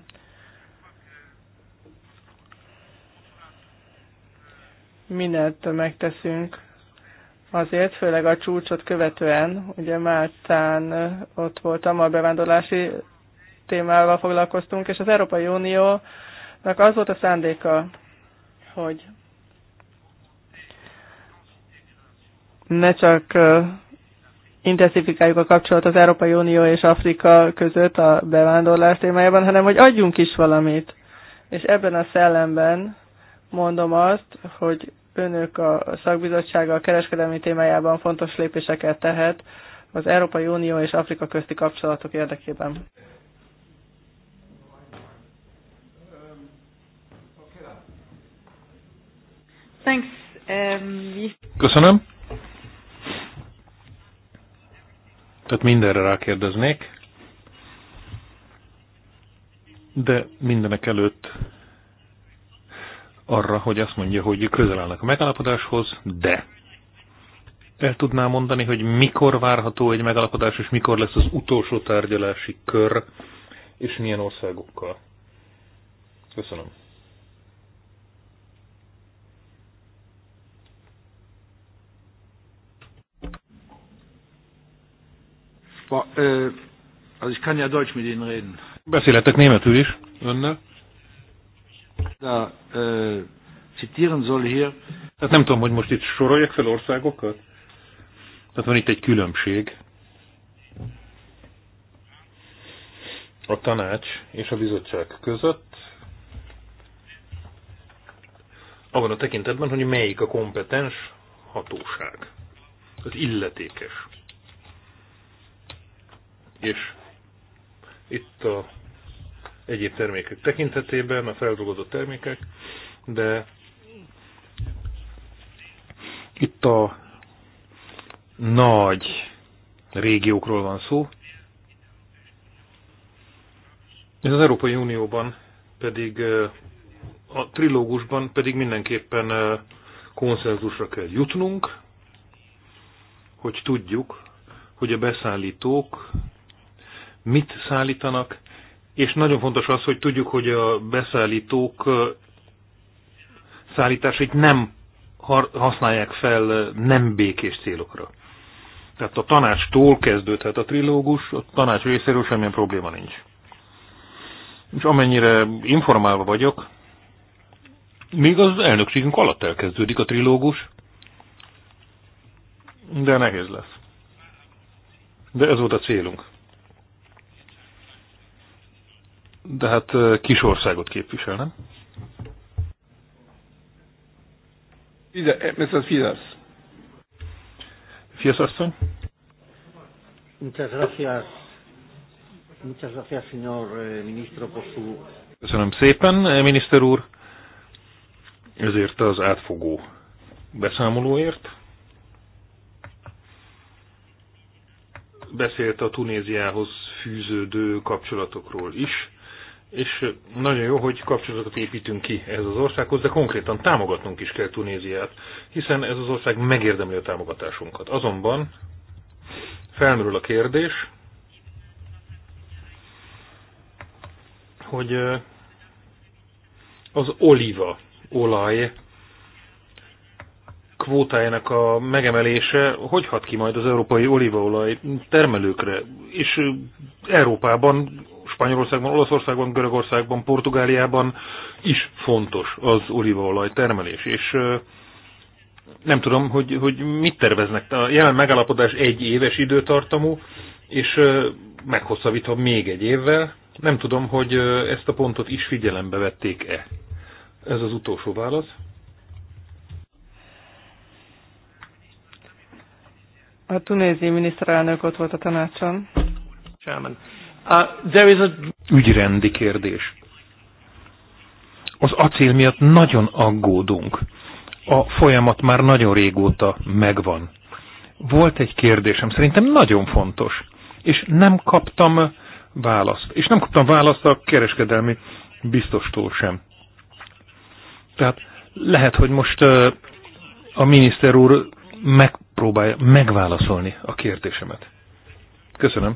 Mindent megteszünk azért, főleg a csúcsot követően, ugye Máltán ott voltam, a bevándorlási témával foglalkoztunk, és az Európai Uniónak az volt a szándéka, hogy ne csak intenzifikáljuk a kapcsolat az Európai Unió és Afrika között a bevándorlás témájában, hanem hogy adjunk is valamit. És ebben a szellemben mondom azt, hogy önök a szakbizottsága a kereskedelmi témájában fontos lépéseket tehet az Európai Unió és Afrika közti kapcsolatok érdekében. Thanks. Um, Köszönöm. Tehát mindenre rákérdeznék, de mindenek előtt arra, hogy azt mondja, hogy közel állnak a megállapodáshoz, de el tudná mondani, hogy mikor várható egy megalapodás, és mikor lesz az utolsó tárgyalási kör, és milyen országokkal? Köszönöm. Also ich kann ja Deutsch mit Ihnen reden. Beszéletek németül is önnel. Da, äh, zitieren soll hier. Hát nem tudom, hogy most itt soroljak fel országokat? Tehát van itt egy különbség. A tanács és a bizottság között. Abban a tekintetben, hogy melyik a kompetens hatóság. Az illetékes. És itt a egyéb termékek tekintetében, a feldolgozott termékek, de itt a nagy régiókról van szó. Ez az Európai Unióban pedig eh, a trilógusban pedig mindenképpen eh, konszenzusra kell jutnunk, hogy tudjuk, hogy a beszállítók mit szállítanak, és nagyon fontos az, hogy tudjuk, hogy a beszállítók szállításait nem használják fel nem békés célokra. Tehát a tanácstól kezdődhet a trilógus, a tanács részéről semmilyen probléma nincs. És amennyire informálva vagyok, még az elnökségünk alatt elkezdődik a trilógus, de nehéz lesz. De ez volt a célunk. de hát kis országot képvisel, nem? Mrs. Fidesz. Fidesz asszony. Muchas gracias. Muchas gracias, señor eh, ministro, por su... Köszönöm szépen, eh, miniszter úr, ezért az átfogó beszámolóért. Beszélt a Tunéziához fűződő kapcsolatokról is és nagyon jó, hogy kapcsolatokat építünk ki ez az országhoz, de konkrétan támogatnunk is kell Tunéziát, hiszen ez az ország megérdemli a támogatásunkat. Azonban felmerül a kérdés, hogy az oliva olaj kvótájának a megemelése hogy hat ki majd az európai olívaolaj termelőkre, és Európában Spanyolországban, Olaszországban, Görögországban, Portugáliában is fontos az olívaolaj termelés, és nem tudom, hogy, hogy mit terveznek. A jelen megállapodás egy éves időtartamú, és meghosszabbítva még egy évvel. Nem tudom, hogy ezt a pontot is figyelembe vették-e. Ez az utolsó válasz. A tunézi miniszterelnök ott volt a tanácson. Uh, there is a... Ügyrendi kérdés. Az acél miatt nagyon aggódunk. A folyamat már nagyon régóta megvan. Volt egy kérdésem, szerintem nagyon fontos, és nem kaptam választ. És nem kaptam választ a kereskedelmi biztostól sem. Tehát lehet, hogy most a miniszter úr megpróbálja megválaszolni a kérdésemet. Köszönöm.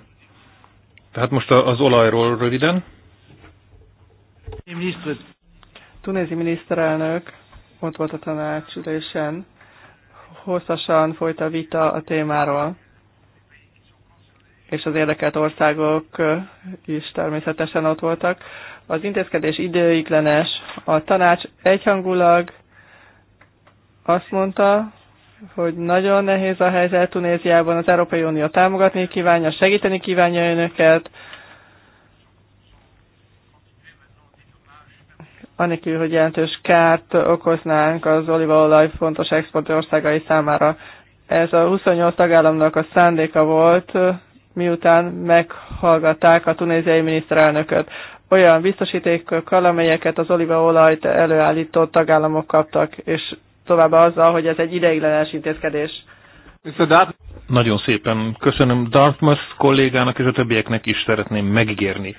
Tehát most az olajról röviden. Tunézi miniszterelnök ott volt a tanácsülésen, hosszasan folyt a vita a témáról, és az érdekelt országok is természetesen ott voltak. Az intézkedés időiglenes. A tanács egyhangulag azt mondta, hogy nagyon nehéz a helyzet Tunéziában, az Európai Unió támogatni kívánja, segíteni kívánja önöket, anélkül, hogy jelentős kárt okoznánk az olívaolaj fontos export országai számára. Ez a 28 tagállamnak a szándéka volt, miután meghallgatták a tunéziai miniszterelnököt. Olyan biztosítékkal, amelyeket az olívaolajt előállító tagállamok kaptak, és továbbá azzal, hogy ez egy ideiglenes intézkedés. Nagyon szépen köszönöm Dartmouth kollégának és a többieknek is szeretném megígérni.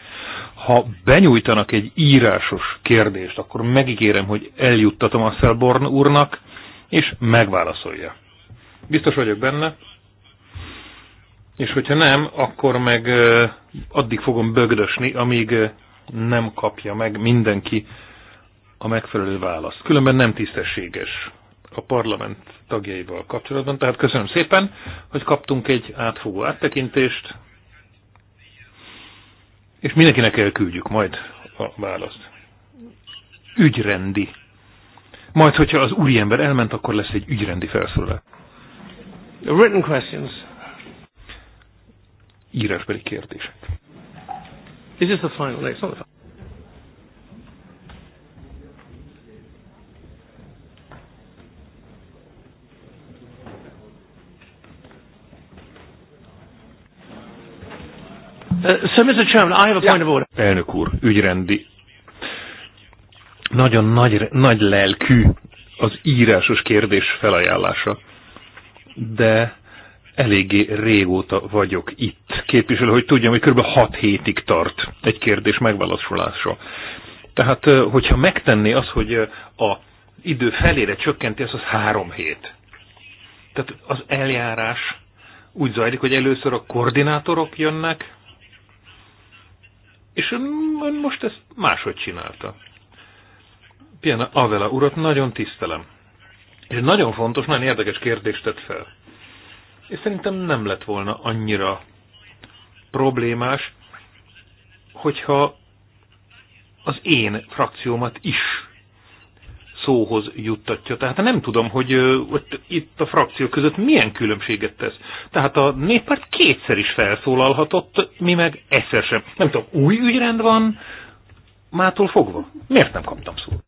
Ha benyújtanak egy írásos kérdést, akkor megígérem, hogy eljuttatom a Szelborn úrnak, és megválaszolja. Biztos vagyok benne. És hogyha nem, akkor meg addig fogom bögdösni, amíg nem kapja meg mindenki a megfelelő választ. Különben nem tisztességes a parlament tagjaival kapcsolatban. Tehát köszönöm szépen, hogy kaptunk egy átfogó áttekintést, és mindenkinek elküldjük majd a választ. Ügyrendi. Majd, hogyha az úriember elment, akkor lesz egy ügyrendi felszólalás. Written questions. Írásbeli kérdések. Is a the final? No, Uh, so, Mr. Chairman, I have a point of order. Elnök úr, ügyrendi. Nagyon nagy, nagy lelkű az írásos kérdés felajánlása, de eléggé régóta vagyok itt képviselő, hogy tudjam, hogy kb. 6 hétig tart egy kérdés megválaszolása. Tehát, uh, hogyha megtenné az, hogy uh, a idő felére csökkenti, az az három hét. Tehát az eljárás úgy zajlik, hogy először a koordinátorok jönnek, és ön, ön most ezt máshogy csinálta. Piana Avela urat nagyon tisztelem. És nagyon fontos, nagyon érdekes kérdést tett fel. És szerintem nem lett volna annyira problémás, hogyha az én frakciómat is szóhoz juttatja. Tehát nem tudom, hogy ott, itt a frakció között milyen különbséget tesz. Tehát a néppárt kétszer is felszólalhatott, mi meg egyszer sem. Nem tudom, új ügyrend van, mától fogva. Miért nem kaptam szót?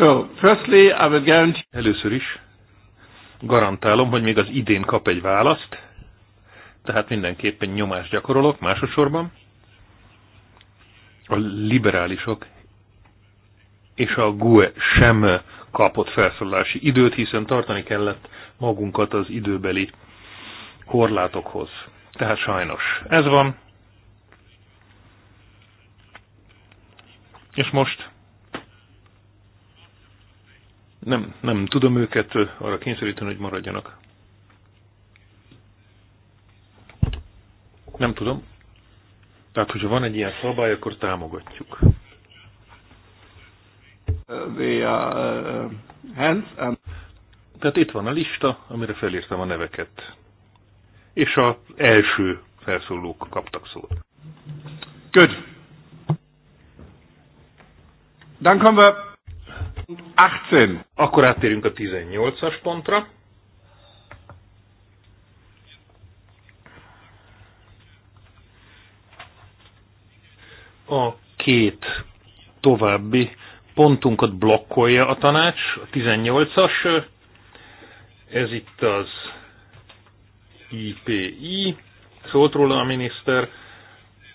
So, firstly, I will guarantee... Először is garantálom, hogy még az idén kap egy választ, tehát mindenképpen nyomást gyakorolok másodszorban. A liberálisok és a GUE sem kapott felszólalási időt, hiszen tartani kellett magunkat az időbeli korlátokhoz. Tehát sajnos ez van. És most nem, nem tudom őket arra kényszeríteni, hogy maradjanak. Nem tudom. Tehát, hogyha van egy ilyen szabály, akkor támogatjuk the uh, uh, uh, hands. And... Um, Tehát itt van a lista, amire felírtam a neveket. És az első felszólók kaptak szót. Good. Dann kommen wir 18. Akkor áttérünk a 18-as pontra. A két további pontunkat blokkolja a tanács, a 18-as, ez itt az IPI, szólt róla a miniszter,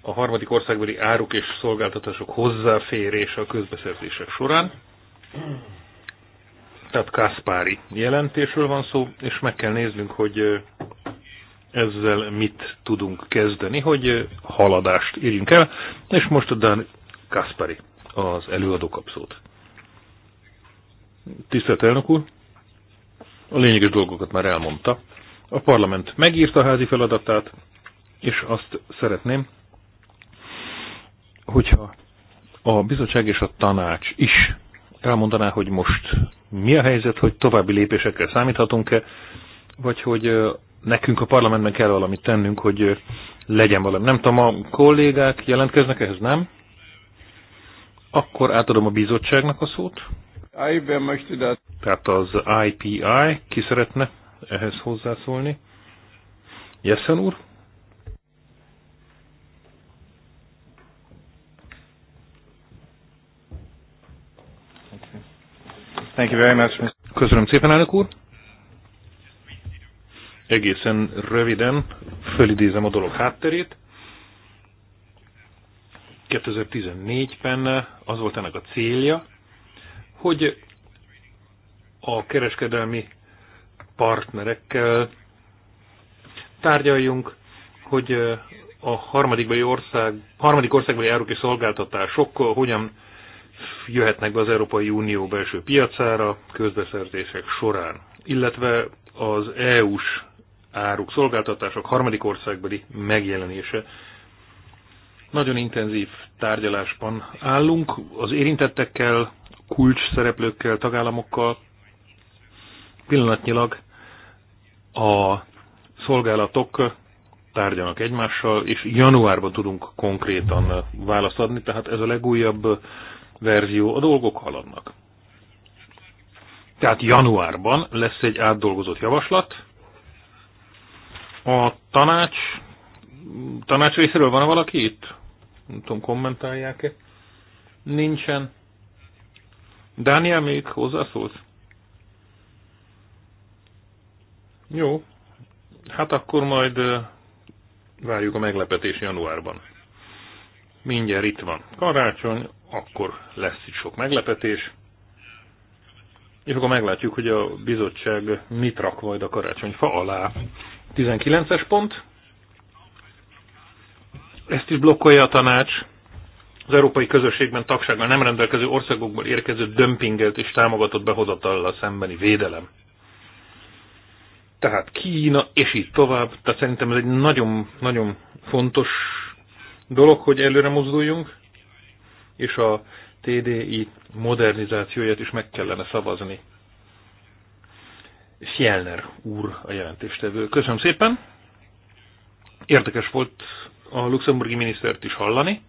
a harmadik országbeli áruk és szolgáltatások hozzáférése a közbeszerzések során. Tehát Kaspári jelentésről van szó, és meg kell néznünk, hogy ezzel mit tudunk kezdeni, hogy haladást írjunk el, és most a Dan Kaspari az előadó kapszót. Tisztelt elnök úr! A lényeges dolgokat már elmondta. A parlament megírta a házi feladatát, és azt szeretném, hogyha a bizottság és a tanács is elmondaná, hogy most mi a helyzet, hogy további lépésekkel számíthatunk-e, vagy hogy nekünk a parlamentben kell valamit tennünk, hogy legyen valami. Nem tudom, a kollégák jelentkeznek ehhez, nem? Akkor átadom a bizottságnak a szót. Tehát az IPI, ki szeretne ehhez hozzászólni? Jessen úr? Thank you very much, Mr. Köszönöm szépen, elnök úr. Egészen röviden fölidézem a dolog hátterét. 2014-ben az volt ennek a célja, hogy a kereskedelmi partnerekkel tárgyaljunk, hogy a harmadik, ország, harmadik országbeli áruk és szolgáltatások hogyan jöhetnek be az Európai Unió belső piacára közbeszerzések során, illetve az EU-s áruk, szolgáltatások harmadik országbeli megjelenése nagyon intenzív tárgyalásban állunk az érintettekkel, kulcs szereplőkkel, tagállamokkal. Pillanatnyilag a szolgálatok tárgyalnak egymással, és januárban tudunk konkrétan választ adni, tehát ez a legújabb verzió, a dolgok haladnak. Tehát januárban lesz egy átdolgozott javaslat. A tanács, tanács részéről van -e valaki itt? Nem tudom, kommentálják-e? Nincsen. Dániel, még hozzászólsz? Jó. Hát akkor majd várjuk a meglepetés januárban. Mindjárt itt van karácsony, akkor lesz itt sok meglepetés. És akkor meglátjuk, hogy a bizottság mit rak majd a karácsonyfa alá. 19-es pont. Ezt is blokkolja a tanács. Az európai közösségben tagsággal nem rendelkező országokból érkező dömpingelt és támogatott behozatallal szembeni védelem. Tehát Kína, és így tovább. Tehát szerintem ez egy nagyon-nagyon fontos dolog, hogy előre mozduljunk, és a TDI modernizációját is meg kellene szavazni. Sjelner úr a jelentéstevő. Köszönöm szépen! Érdekes volt a luxemburgi minisztert is hallani,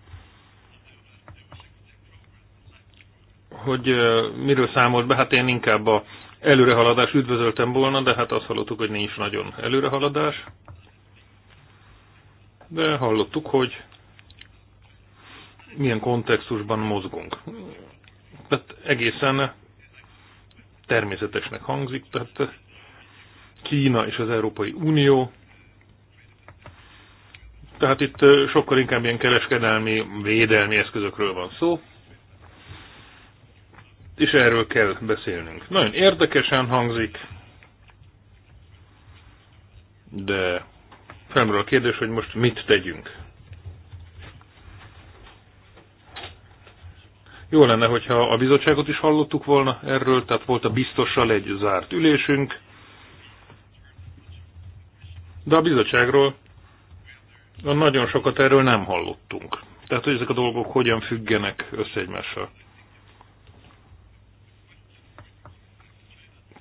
hogy miről számolt be, hát én inkább a előrehaladás üdvözöltem volna, de hát azt hallottuk, hogy nincs nagyon előrehaladás. De hallottuk, hogy milyen kontextusban mozgunk. Tehát egészen természetesnek hangzik, tehát Kína és az Európai Unió tehát itt sokkal inkább ilyen kereskedelmi, védelmi eszközökről van szó, és erről kell beszélnünk. Nagyon érdekesen hangzik, de felmerül a kérdés, hogy most mit tegyünk. Jó lenne, hogyha a bizottságot is hallottuk volna erről, tehát volt a biztossal egy zárt ülésünk, de a bizottságról nagyon sokat erről nem hallottunk. Tehát, hogy ezek a dolgok hogyan függenek össze egymással.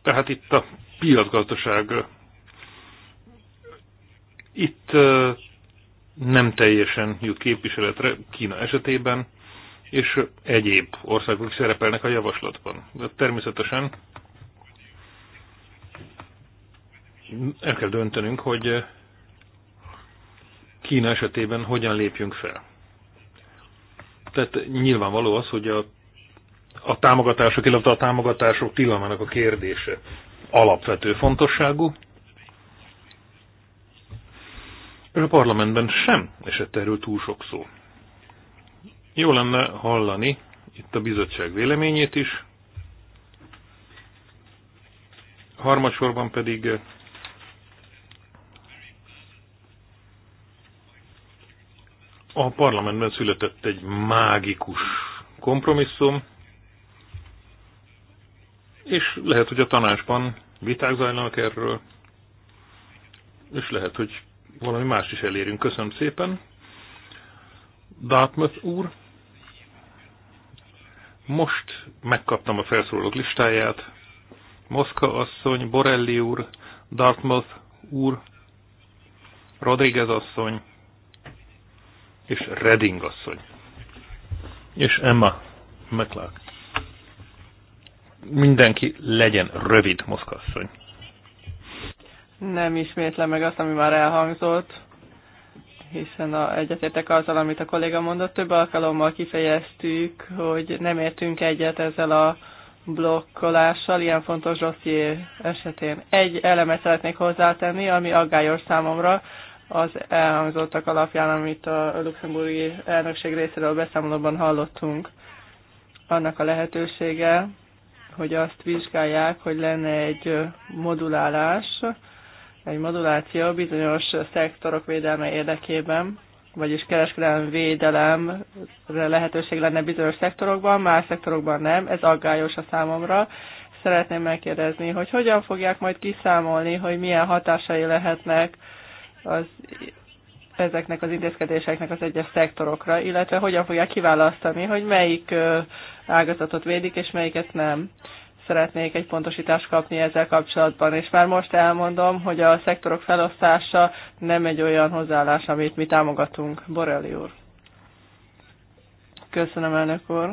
Tehát itt a piacgazdaság itt nem teljesen jut képviseletre Kína esetében, és egyéb országok is szerepelnek a javaslatban. De természetesen el kell döntenünk, hogy Kína esetében hogyan lépjünk fel. Tehát nyilvánvaló az, hogy a, a támogatások, illetve a támogatások tilalmának a kérdése alapvető fontosságú, és a parlamentben sem esett erről túl sok szó. Jó lenne hallani itt a bizottság véleményét is, harmadsorban pedig A parlamentben született egy mágikus kompromisszum, és lehet, hogy a tanácsban viták zajlanak erről, és lehet, hogy valami más is elérünk. Köszönöm szépen. Dartmouth úr, most megkaptam a felszólalók listáját. Moszka asszony, Borelli úr, Dartmouth úr, Rodriguez asszony, és Redding asszony. És Emma McClark. Mindenki legyen rövid, mozgasszony. Nem ismétlem meg azt, ami már elhangzott, hiszen a, egyetértek azzal, amit a kolléga mondott. Több alkalommal kifejeztük, hogy nem értünk egyet ezzel a blokkolással ilyen fontos dosszié esetén. Egy elemet szeretnék hozzátenni, ami aggályos számomra, az elhangzottak alapján, amit a luxemburgi elnökség részéről beszámolóban hallottunk. Annak a lehetősége, hogy azt vizsgálják, hogy lenne egy modulálás, egy moduláció bizonyos szektorok védelme érdekében, vagyis kereskedelmi védelemre lehetőség lenne bizonyos szektorokban, más szektorokban nem, ez aggályos a számomra. Szeretném megkérdezni, hogy hogyan fogják majd kiszámolni, hogy milyen hatásai lehetnek az, ezeknek az intézkedéseknek az egyes szektorokra, illetve hogyan fogják kiválasztani, hogy melyik ágazatot védik és melyiket nem. Szeretnék egy pontosítást kapni ezzel kapcsolatban, és már most elmondom, hogy a szektorok felosztása nem egy olyan hozzáállás, amit mi támogatunk. Borelli úr. Köszönöm, elnök úr.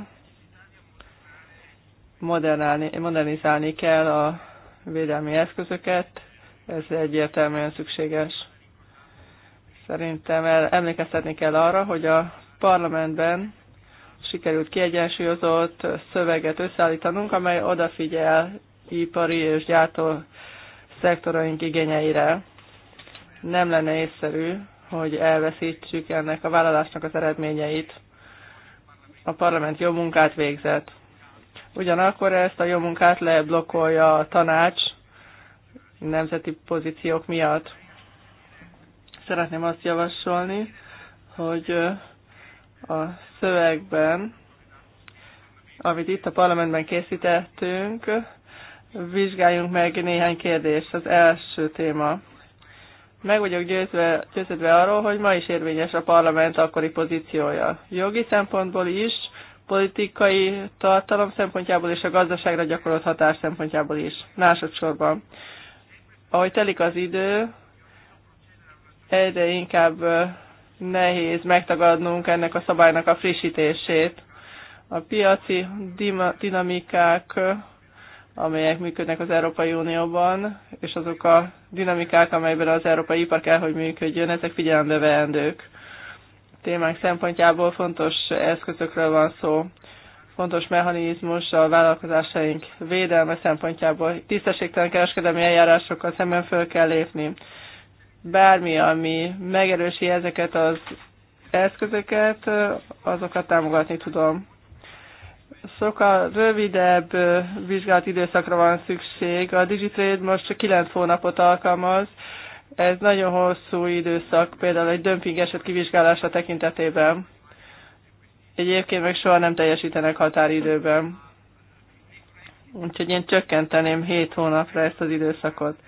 modernizálni kell a védelmi eszközöket, ez egyértelműen szükséges. Szerintem el, emlékeztetni kell arra, hogy a parlamentben sikerült kiegyensúlyozott szöveget összeállítanunk, amely odafigyel ipari és gyártó szektoraink igényeire. Nem lenne észszerű, hogy elveszítsük ennek a vállalásnak az eredményeit. A parlament jó munkát végzett. Ugyanakkor ezt a jó munkát leblokkolja a tanács nemzeti pozíciók miatt szeretném azt javasolni, hogy a szövegben, amit itt a parlamentben készítettünk, vizsgáljunk meg néhány kérdést. Az első téma. Meg vagyok győzve, győződve arról, hogy ma is érvényes a parlament akkori pozíciója. Jogi szempontból is, politikai tartalom szempontjából és a gazdaságra gyakorolt hatás szempontjából is. Másodszorban. Ahogy telik az idő, egyre inkább nehéz megtagadnunk ennek a szabálynak a frissítését. A piaci dinamikák, amelyek működnek az Európai Unióban, és azok a dinamikák, amelyben az európai ipar kell, hogy működjön, ezek figyelembe veendők. Témánk szempontjából fontos eszközökről van szó fontos mechanizmus a vállalkozásaink védelme szempontjából. Tisztességtelen kereskedelmi eljárásokkal szemben föl kell lépni bármi, ami megerősi ezeket az eszközöket, azokat támogatni tudom. Sokkal rövidebb vizsgálati időszakra van szükség. A Digitrade most csak 9 hónapot alkalmaz. Ez nagyon hosszú időszak, például egy dömping eset kivizsgálása tekintetében. Egyébként meg soha nem teljesítenek határidőben. Úgyhogy én csökkenteném 7 hónapra ezt az időszakot.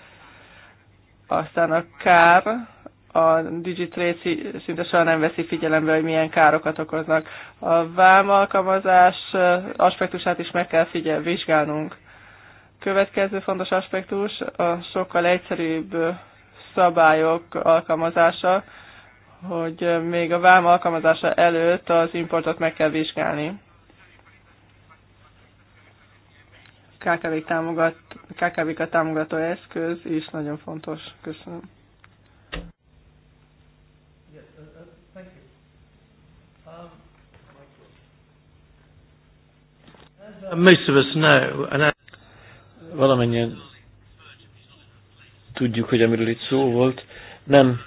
Aztán a kár, a Digitrace szinte soha nem veszi figyelembe, hogy milyen károkat okoznak. A vámalkalmazás aspektusát is meg kell figyel, vizsgálnunk. Következő fontos aspektus a sokkal egyszerűbb szabályok alkalmazása, hogy még a vám alkalmazása előtt az importot meg kell vizsgálni. KKV-kat támogat, KKV támogató eszköz és nagyon fontos. Köszönöm. Uh, uh, um, uh, most of us know, and I... Valamennyien tudjuk, hogy amiről itt szó volt, nem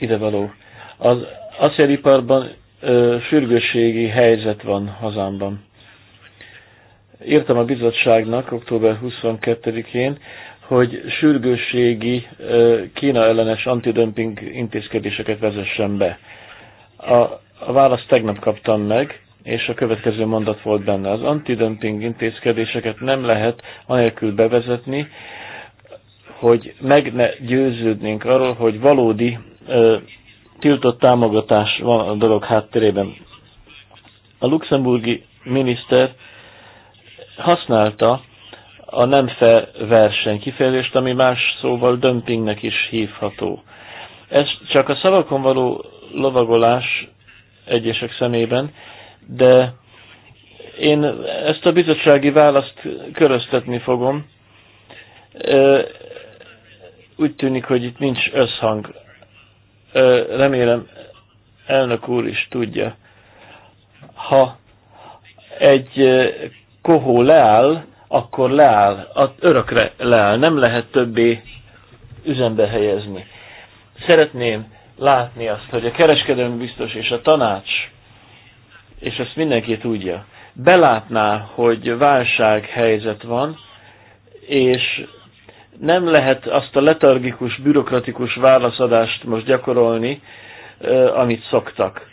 idevaló. Az acéliparban sürgősségi helyzet van hazámban írtam a bizottságnak október 22-én, hogy sürgősségi Kína ellenes antidömping intézkedéseket vezessen be. A, a választ tegnap kaptam meg, és a következő mondat volt benne. Az antidömping intézkedéseket nem lehet anélkül bevezetni, hogy meg ne győződnénk arról, hogy valódi ö, tiltott támogatás van a dolog hátterében. A luxemburgi miniszter használta a nem fair verseny kifejezést, ami más szóval dömpingnek is hívható. Ez csak a szavakon való lovagolás egyesek szemében, de én ezt a bizottsági választ köröztetni fogom. Úgy tűnik, hogy itt nincs összhang. Remélem, elnök úr is tudja. Ha egy kohó leáll, akkor leáll, örökre leáll, nem lehet többé üzembe helyezni. Szeretném látni azt, hogy a kereskedelmi biztos és a tanács, és ezt mindenki tudja, belátná, hogy válsághelyzet van, és nem lehet azt a letargikus, bürokratikus válaszadást most gyakorolni, amit szoktak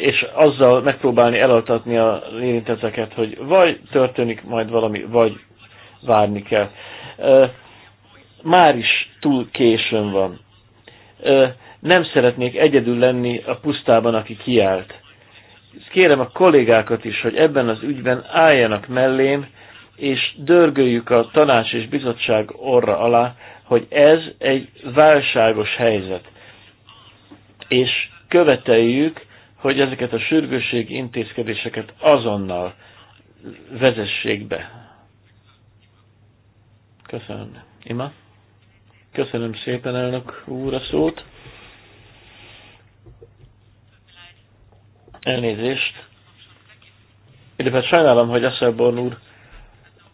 és azzal megpróbálni elaltatni a érintetteket, hogy vagy történik majd valami, vagy várni kell. Már is túl későn van. Nem szeretnék egyedül lenni a pusztában, aki kiállt. Kérem a kollégákat is, hogy ebben az ügyben álljanak mellém, és dörgöljük a tanács és bizottság orra alá, hogy ez egy válságos helyzet. És követeljük hogy ezeket a sürgőség intézkedéseket azonnal vezessék be. Köszönöm. Ima? Köszönöm szépen, elnök úr, a szót. Elnézést. Illetve sajnálom, hogy Eszelborn úr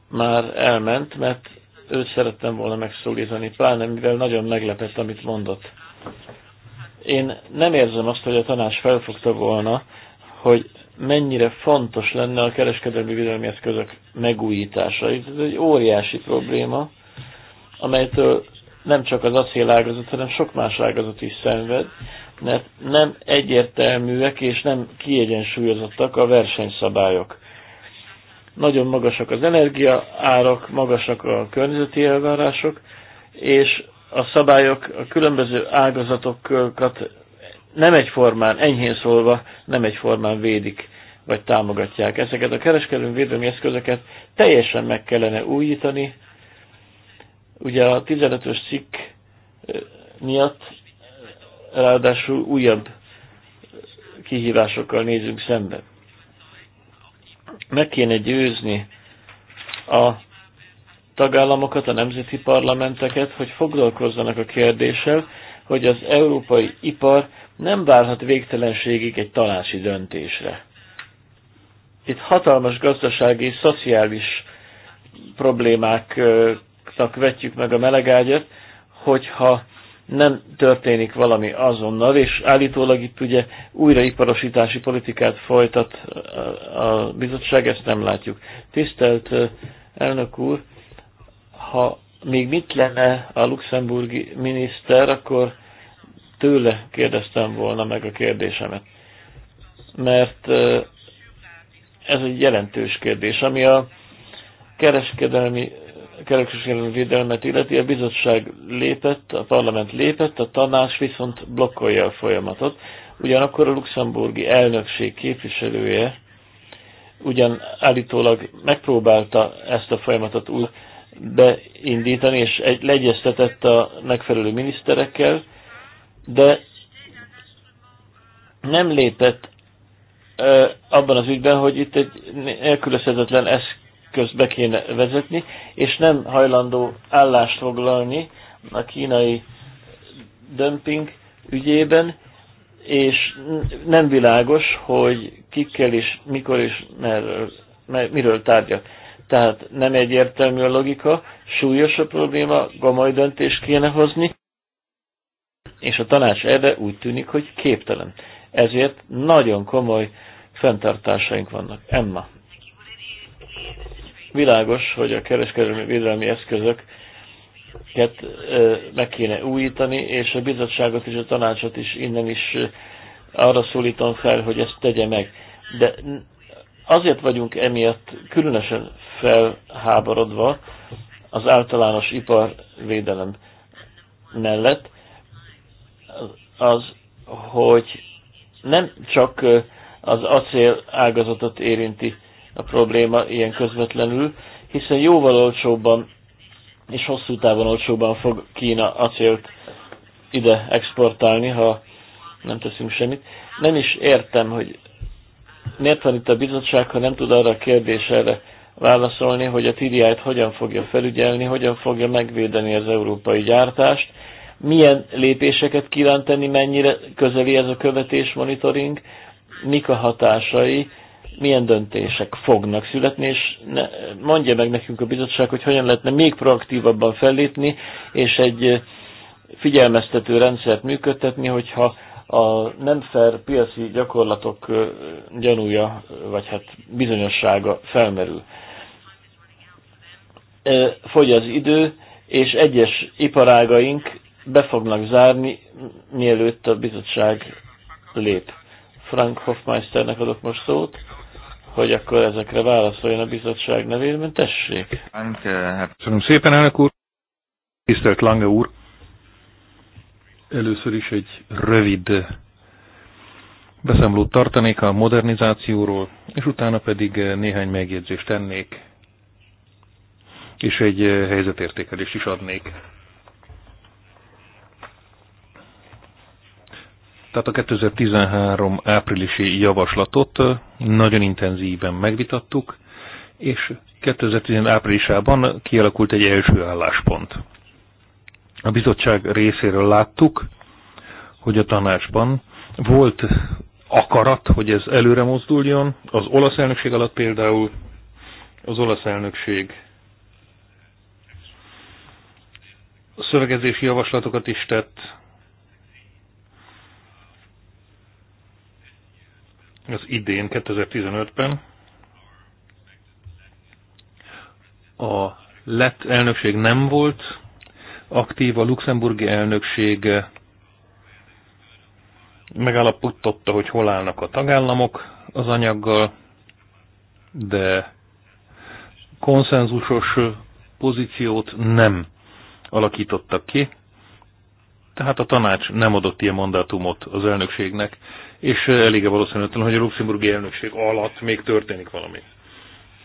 már elment, mert őt szerettem volna megszólítani, pláne mivel nagyon meglepett, amit mondott. Én nem érzem azt, hogy a tanács felfogta volna, hogy mennyire fontos lenne a kereskedelmi védelmi eszközök megújítása. Ez egy óriási probléma, amelytől nem csak az acélágazat, hanem sok más ágazat is szenved, mert nem egyértelműek és nem kiegyensúlyozottak a versenyszabályok. Nagyon magasak az energiaárak, magasak a környezeti elvárások, és a szabályok a különböző ágazatokat nem egyformán, enyhén szólva, nem egyformán védik vagy támogatják. Ezeket a kereskedelmi védelmi eszközöket teljesen meg kellene újítani. Ugye a 15-ös cikk eh, miatt ráadásul újabb kihívásokkal nézünk szembe. Meg kéne győzni a tagállamokat, a nemzeti parlamenteket, hogy foglalkozzanak a kérdéssel, hogy az európai ipar nem várhat végtelenségig egy tanácsi döntésre. Itt hatalmas gazdasági és szociális problémáknak vetjük meg a melegágyat, hogyha nem történik valami azonnal, és állítólag itt ugye újraiparosítási politikát folytat a bizottság, ezt nem látjuk. Tisztelt elnök úr, ha még mit lenne a luxemburgi miniszter, akkor tőle kérdeztem volna meg a kérdésemet. Mert ez egy jelentős kérdés, ami a kereskedelmi kereskedelmi védelmet illeti, a bizottság lépett, a parlament lépett, a tanács viszont blokkolja a folyamatot. Ugyanakkor a luxemburgi elnökség képviselője ugyan állítólag megpróbálta ezt a folyamatot úgy beindítani, és egy, legyeztetett a megfelelő miniszterekkel, de nem lépett abban az ügyben, hogy itt egy elkülözhetetlen eszközt be kéne vezetni, és nem hajlandó állást foglalni a kínai dömping ügyében, és nem világos, hogy kikkel és mikor és merről, miről tárgyal. Tehát nem egyértelmű a logika, súlyos a probléma, gamai döntést kéne hozni, és a tanács erre úgy tűnik, hogy képtelen. Ezért nagyon komoly fenntartásaink vannak. Emma. Világos, hogy a kereskedelmi védelmi eszközök meg kéne újítani, és a bizottságot és a tanácsot is innen is arra szólítom fel, hogy ezt tegye meg. De Azért vagyunk emiatt különösen felháborodva az általános iparvédelem mellett, az, hogy nem csak az acél ágazatot érinti a probléma ilyen közvetlenül, hiszen jóval olcsóbban és hosszú távon olcsóban fog Kína acélt ide exportálni, ha nem teszünk semmit. Nem is értem, hogy miért van itt a bizottság, ha nem tud arra a kérdésre válaszolni, hogy a TDI-t hogyan fogja felügyelni, hogyan fogja megvédeni az európai gyártást, milyen lépéseket kíván tenni, mennyire közeli ez a követés monitoring, mik a hatásai, milyen döntések fognak születni, és ne, mondja meg nekünk a bizottság, hogy hogyan lehetne még proaktívabban fellépni, és egy figyelmeztető rendszert működtetni, hogyha a nem fair piaci gyakorlatok gyanúja, vagy hát bizonyossága felmerül. Fogy az idő, és egyes iparágaink be fognak zárni, mielőtt a bizottság lép. Frank Hofmeisternek adok most szót, hogy akkor ezekre válaszoljon a bizottság nevében. Tessék! Hát- Köszönöm szépen, elnök úr! Tisztelt Lange úr! Először is egy rövid beszámolót tartanék a modernizációról, és utána pedig néhány megjegyzést tennék, és egy helyzetértékelést is adnék. Tehát a 2013 áprilisi javaslatot nagyon intenzíven megvitattuk, és 2010 áprilisában kialakult egy első álláspont. A bizottság részéről láttuk, hogy a tanácsban volt akarat, hogy ez előre mozduljon. Az olasz elnökség alatt például az olasz elnökség szövegezési javaslatokat is tett. Az idén, 2015-ben a lett elnökség nem volt aktív, a luxemburgi elnökség eh, megállapította, hogy hol állnak a tagállamok az anyaggal, de konszenzusos pozíciót nem alakítottak ki, tehát a tanács nem adott ilyen mandátumot az elnökségnek, és eh, elég valószínűtlen, hogy a luxemburgi elnökség alatt még történik valami.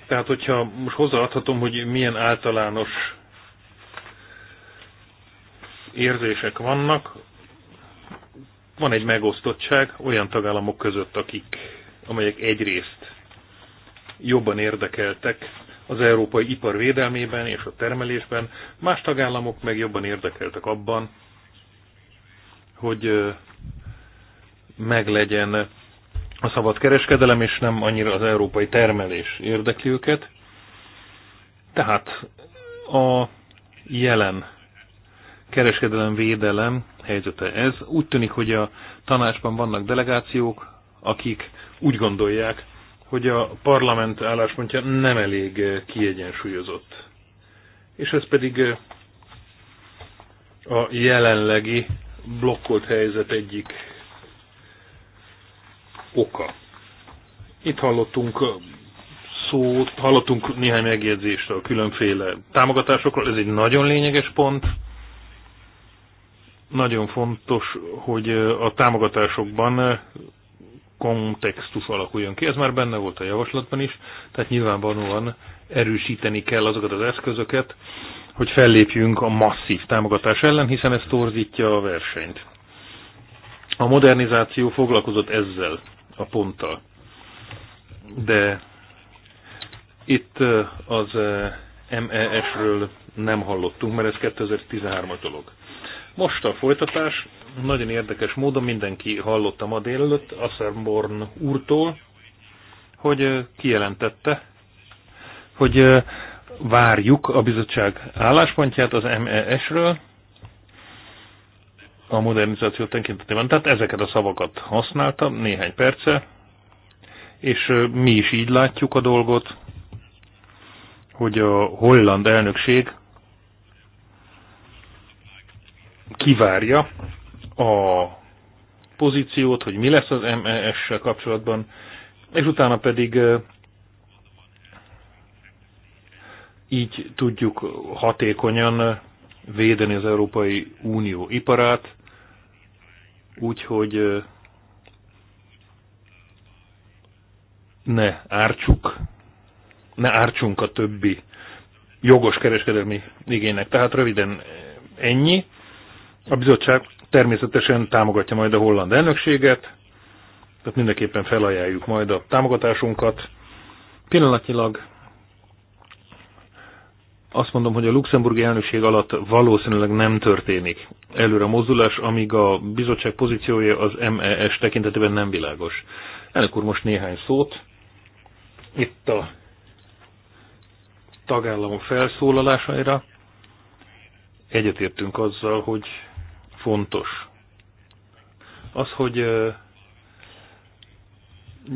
Tehát, hogyha most hozzáadhatom, hogy milyen általános érzések vannak. Van egy megosztottság olyan tagállamok között, akik, amelyek egyrészt jobban érdekeltek az európai ipar védelmében és a termelésben, más tagállamok meg jobban érdekeltek abban, hogy meglegyen a szabad kereskedelem, és nem annyira az európai termelés érdekli őket. Tehát a jelen kereskedelem védelem helyzete ez. Úgy tűnik, hogy a tanácsban vannak delegációk, akik úgy gondolják, hogy a parlament álláspontja nem elég eh, kiegyensúlyozott. És ez pedig eh, a jelenlegi blokkolt helyzet egyik oka. Itt hallottunk eh, szót, hallottunk néhány megjegyzést a különféle támogatásokról, ez egy nagyon lényeges pont, nagyon fontos, hogy a támogatásokban kontextus alakuljon ki. Ez már benne volt a javaslatban is, tehát nyilvánvalóan erősíteni kell azokat az eszközöket, hogy fellépjünk a masszív támogatás ellen, hiszen ez torzítja a versenyt. A modernizáció foglalkozott ezzel a ponttal. De itt az MES-ről nem hallottunk, mert ez 2013-as dolog. Most a folytatás, nagyon érdekes módon mindenki hallotta ma délelőtt Asserborn úrtól, hogy kijelentette, hogy várjuk a bizottság álláspontját az MES-ről, a modernizáció tekintetében. Tehát ezeket a szavakat használtam néhány perce, és mi is így látjuk a dolgot, hogy a holland elnökség kivárja a pozíciót, hogy mi lesz az MES-sel kapcsolatban, és utána pedig így tudjuk hatékonyan védeni az Európai Unió iparát, úgyhogy ne ártsuk, ne ártsunk a többi jogos kereskedelmi igénynek. Tehát röviden ennyi. A bizottság természetesen támogatja majd a holland elnökséget, tehát mindenképpen felajánljuk majd a támogatásunkat. Pillanatnyilag azt mondom, hogy a luxemburgi elnökség alatt valószínűleg nem történik előre mozdulás, amíg a bizottság pozíciója az MES tekintetében nem világos. Elnök úr, most néhány szót. Itt a tagállamok felszólalásaira egyetértünk azzal, hogy fontos. Az, hogy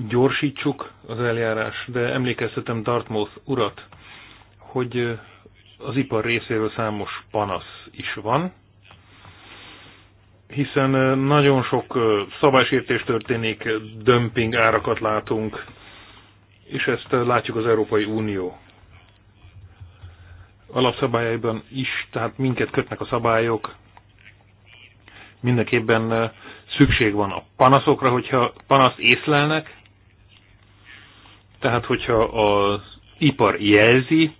gyorsítsuk az eljárás, de emlékeztetem Dartmouth urat, hogy az ipar részéről számos panasz is van, hiszen nagyon sok szabálysértés történik, dömping árakat látunk, és ezt látjuk az Európai Unió alapszabályaiban is, tehát minket kötnek a szabályok, mindenképpen szükség van a panaszokra, hogyha panaszt észlelnek, tehát hogyha az ipar jelzi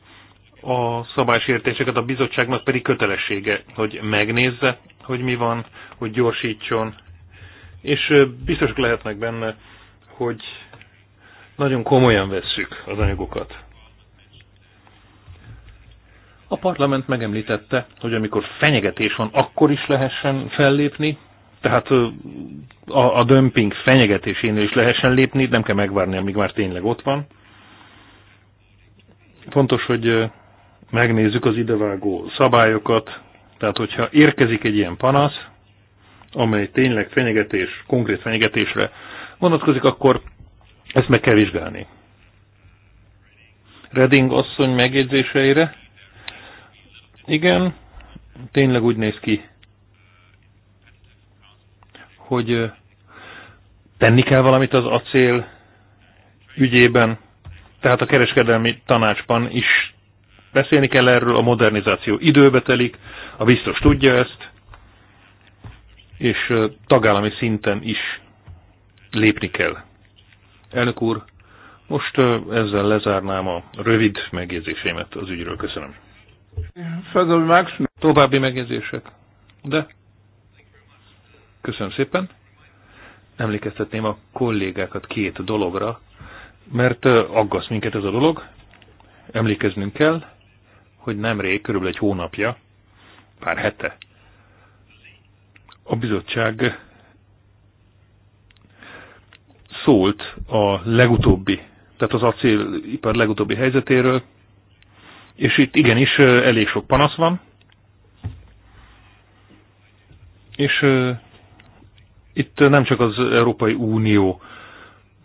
a szabálysértéseket, a bizottságnak pedig kötelessége, hogy megnézze, hogy mi van, hogy gyorsítson, és biztosak lehetnek benne, hogy nagyon komolyan vesszük az anyagokat. A parlament megemlítette, hogy amikor fenyegetés van, akkor is lehessen fellépni, tehát a, a dömping fenyegetésénél is lehessen lépni, nem kell megvárni, amíg már tényleg ott van. Fontos, hogy megnézzük az idevágó szabályokat, tehát hogyha érkezik egy ilyen panasz, amely tényleg fenyegetés, konkrét fenyegetésre vonatkozik, akkor ezt meg kell vizsgálni. Reding asszony megjegyzéseire igen, tényleg úgy néz ki, hogy tenni kell valamit az acél ügyében, tehát a kereskedelmi tanácsban is beszélni kell erről, a modernizáció időbe telik, a biztos tudja ezt, és tagállami szinten is lépni kell. Elnök úr, most ezzel lezárnám a rövid megjegyzéseimet az ügyről. Köszönöm. További megjegyzések. De köszönöm szépen. Emlékeztetném a kollégákat két dologra, mert aggaszt minket ez a dolog. Emlékeznünk kell, hogy nemrég, körülbelül egy hónapja, pár hete, a bizottság szólt a legutóbbi, tehát az acélipar legutóbbi helyzetéről, és itt igenis elég sok panasz van. És itt nem csak az Európai Unió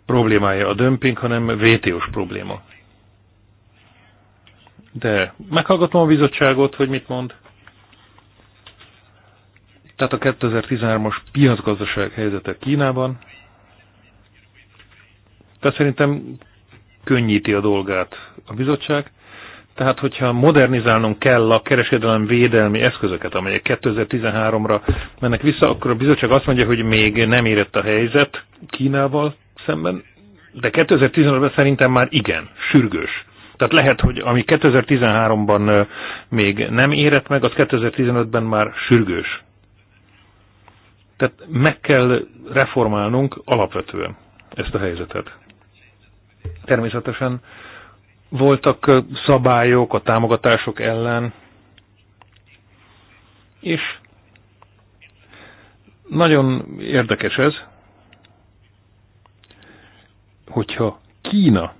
problémája a dömping, hanem VTO-s probléma. De meghallgatom a bizottságot, hogy mit mond. Tehát a 2013-as piacgazdaság helyzete Kínában. Tehát szerintem könnyíti a dolgát a bizottság. Tehát, hogyha modernizálnunk kell a kereskedelem védelmi eszközöket, amelyek 2013-ra mennek vissza, akkor a bizottság azt mondja, hogy még nem érett a helyzet Kínával szemben, de 2015-ben szerintem már igen, sürgős. Tehát lehet, hogy ami 2013-ban még nem érett meg, az 2015-ben már sürgős. Tehát meg kell reformálnunk alapvetően ezt a helyzetet. Természetesen voltak szabályok a támogatások ellen, és nagyon érdekes ez, hogyha Kína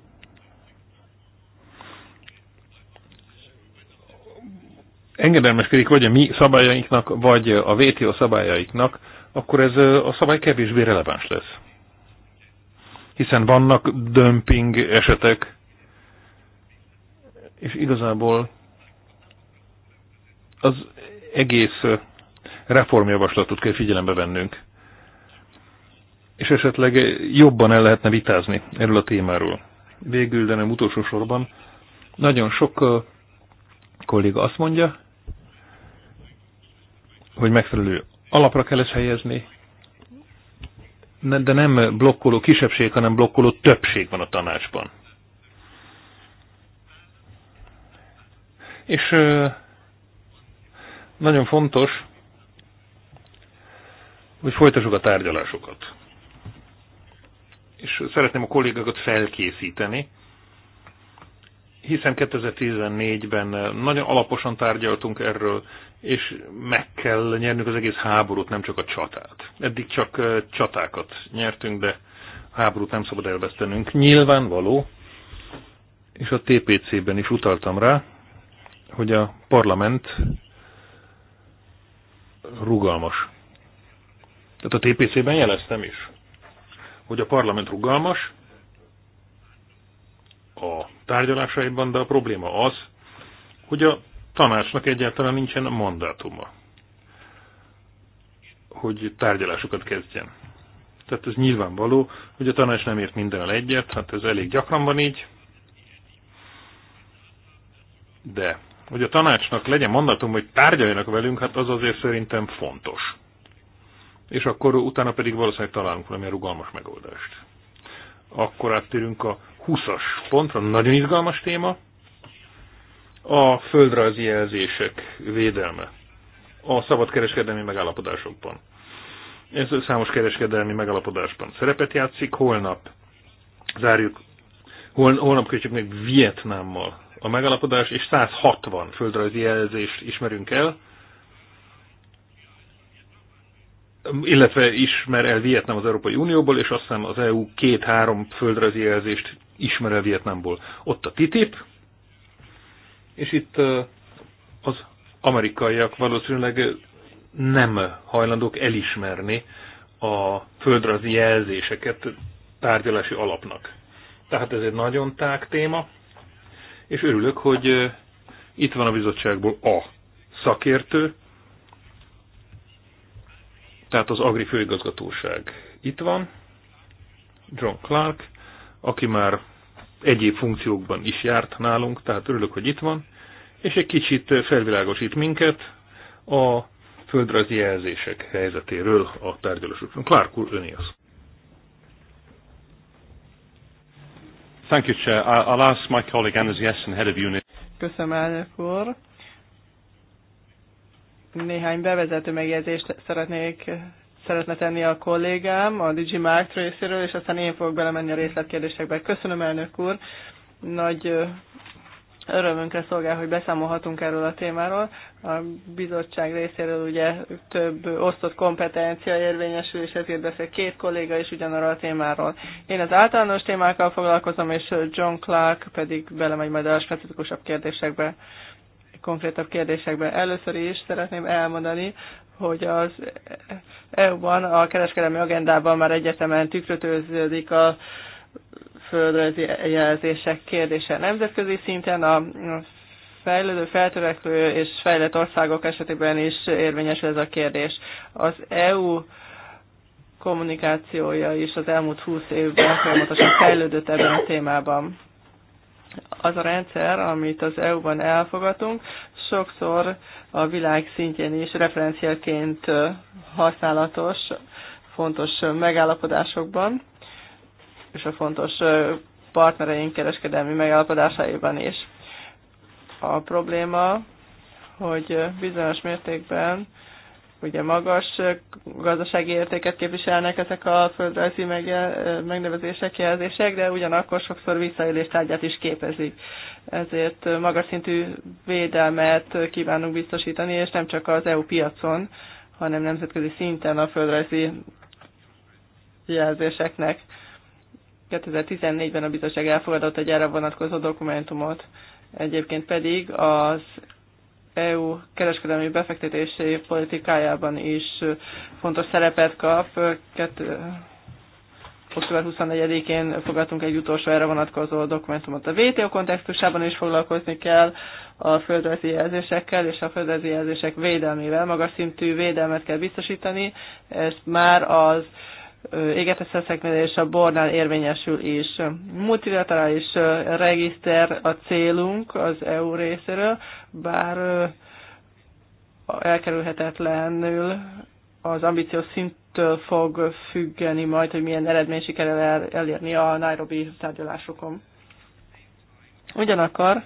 engedelmeskedik vagy a mi szabályainknak, vagy a WTO szabályaiknak, akkor ez a szabály kevésbé releváns lesz. Hiszen vannak dömping esetek, és igazából az egész reformjavaslatot kell figyelembe vennünk. És esetleg jobban el lehetne vitázni erről a témáról. Végül, de nem utolsó sorban, nagyon sok kolléga azt mondja, hogy megfelelő alapra kell ezt helyezni, de nem blokkoló kisebbség, hanem blokkoló többség van a tanácsban. És nagyon fontos, hogy folytassuk a tárgyalásokat. És szeretném a kollégákat felkészíteni, hiszen 2014-ben nagyon alaposan tárgyaltunk erről, és meg kell nyernünk az egész háborút, nem csak a csatát. Eddig csak csatákat nyertünk, de háborút nem szabad elvesztenünk. Nyilvánvaló, és a TPC-ben is utaltam rá, hogy a parlament rugalmas. Tehát a TPC-ben jeleztem is, hogy a parlament rugalmas a tárgyalásaiban, de a probléma az, hogy a tanácsnak egyáltalán nincsen a mandátuma, hogy tárgyalásokat kezdjen. Tehát ez nyilvánvaló, hogy a tanács nem ért mindenel egyet, hát ez elég gyakran van így, de hogy a tanácsnak legyen mandatum, hogy tárgyaljanak velünk, hát az azért szerintem fontos. És akkor utána pedig valószínűleg találunk valamilyen rugalmas megoldást. Akkor áttérünk a 20-as pontra, nagyon izgalmas téma, a földrajzi jelzések védelme a szabad kereskedelmi megállapodásokban. Ez számos kereskedelmi megállapodásban szerepet játszik, holnap zárjuk, hol, holnap kötjük meg Vietnámmal a megalapodás, és 160 földrajzi jelzést ismerünk el, illetve ismer el Vietnám az Európai Unióból, és aztán az EU két-három földrajzi jelzést ismer el Vietnámból. Ott a TTIP, és itt az amerikaiak valószínűleg nem hajlandók elismerni a földrajzi jelzéseket tárgyalási alapnak. Tehát ez egy nagyon tág téma, és örülök, hogy itt van a bizottságból a szakértő, tehát az Agri Főigazgatóság itt van, John Clark, aki már egyéb funkciókban is járt nálunk, tehát örülök, hogy itt van, és egy kicsit felvilágosít minket a földrajzi jelzések helyzetéről a tárgyalásokon. Clark úr, öné az. Thank you, Chair. I'll ask my colleague Anders Jessen, head of unit. Köszönöm, elnök úr. Néhány bevezető megjegyzést szeretnék szeretne tenni a kollégám a DigiMark részéről, és aztán én fogok belemenni a részletkérdésekbe. Köszönöm, elnök úr. Nagy Örömünkre szolgál, hogy beszámolhatunk erről a témáról. A bizottság részéről ugye több osztott kompetencia érvényesül, és ezért beszél két kolléga is ugyanarról a témáról. Én az általános témákkal foglalkozom, és John Clark pedig belemegy majd a specifikusabb kérdésekbe, konkrétabb kérdésekbe. Először is szeretném elmondani, hogy az EU-ban e a kereskedelmi agendában már egyetemen tükrötőződik a földrajzi jelzések kérdése nemzetközi szinten, a fejlődő, feltörekvő és fejlett országok esetében is érvényes ez a kérdés. Az EU kommunikációja is az elmúlt 20 évben folyamatosan fejlődött ebben a témában. Az a rendszer, amit az EU-ban elfogadunk, sokszor a világ szintjén is referenciaként használatos, fontos megállapodásokban és a fontos partnereink kereskedelmi megállapodásaiban is. A probléma, hogy bizonyos mértékben ugye magas gazdasági értéket képviselnek ezek a földrajzi megnevezések, jelzések, de ugyanakkor sokszor visszaélés tárgyát is képezik. Ezért magas szintű védelmet kívánunk biztosítani, és nem csak az EU piacon, hanem nemzetközi szinten a földrajzi jelzéseknek. 2014-ben a bizottság elfogadott egy erre vonatkozó dokumentumot. Egyébként pedig az EU kereskedelmi befektetési politikájában is fontos szerepet kap. Október 24-én fogadtunk egy utolsó erre vonatkozó dokumentumot. A WTO kontextusában is foglalkozni kell a földrajzi jelzésekkel és a földrajzi jelzések védelmével. Magas szintű védelmet kell biztosítani. Ezt már az szeszeknél és a bornál érvényesül is. Multilaterális regiszter a célunk az EU részéről, bár elkerülhetetlenül az ambíció szinttől fog függeni majd, hogy milyen eredmény sikerül elérni a Nairobi tárgyalásokon. Ugyanakkor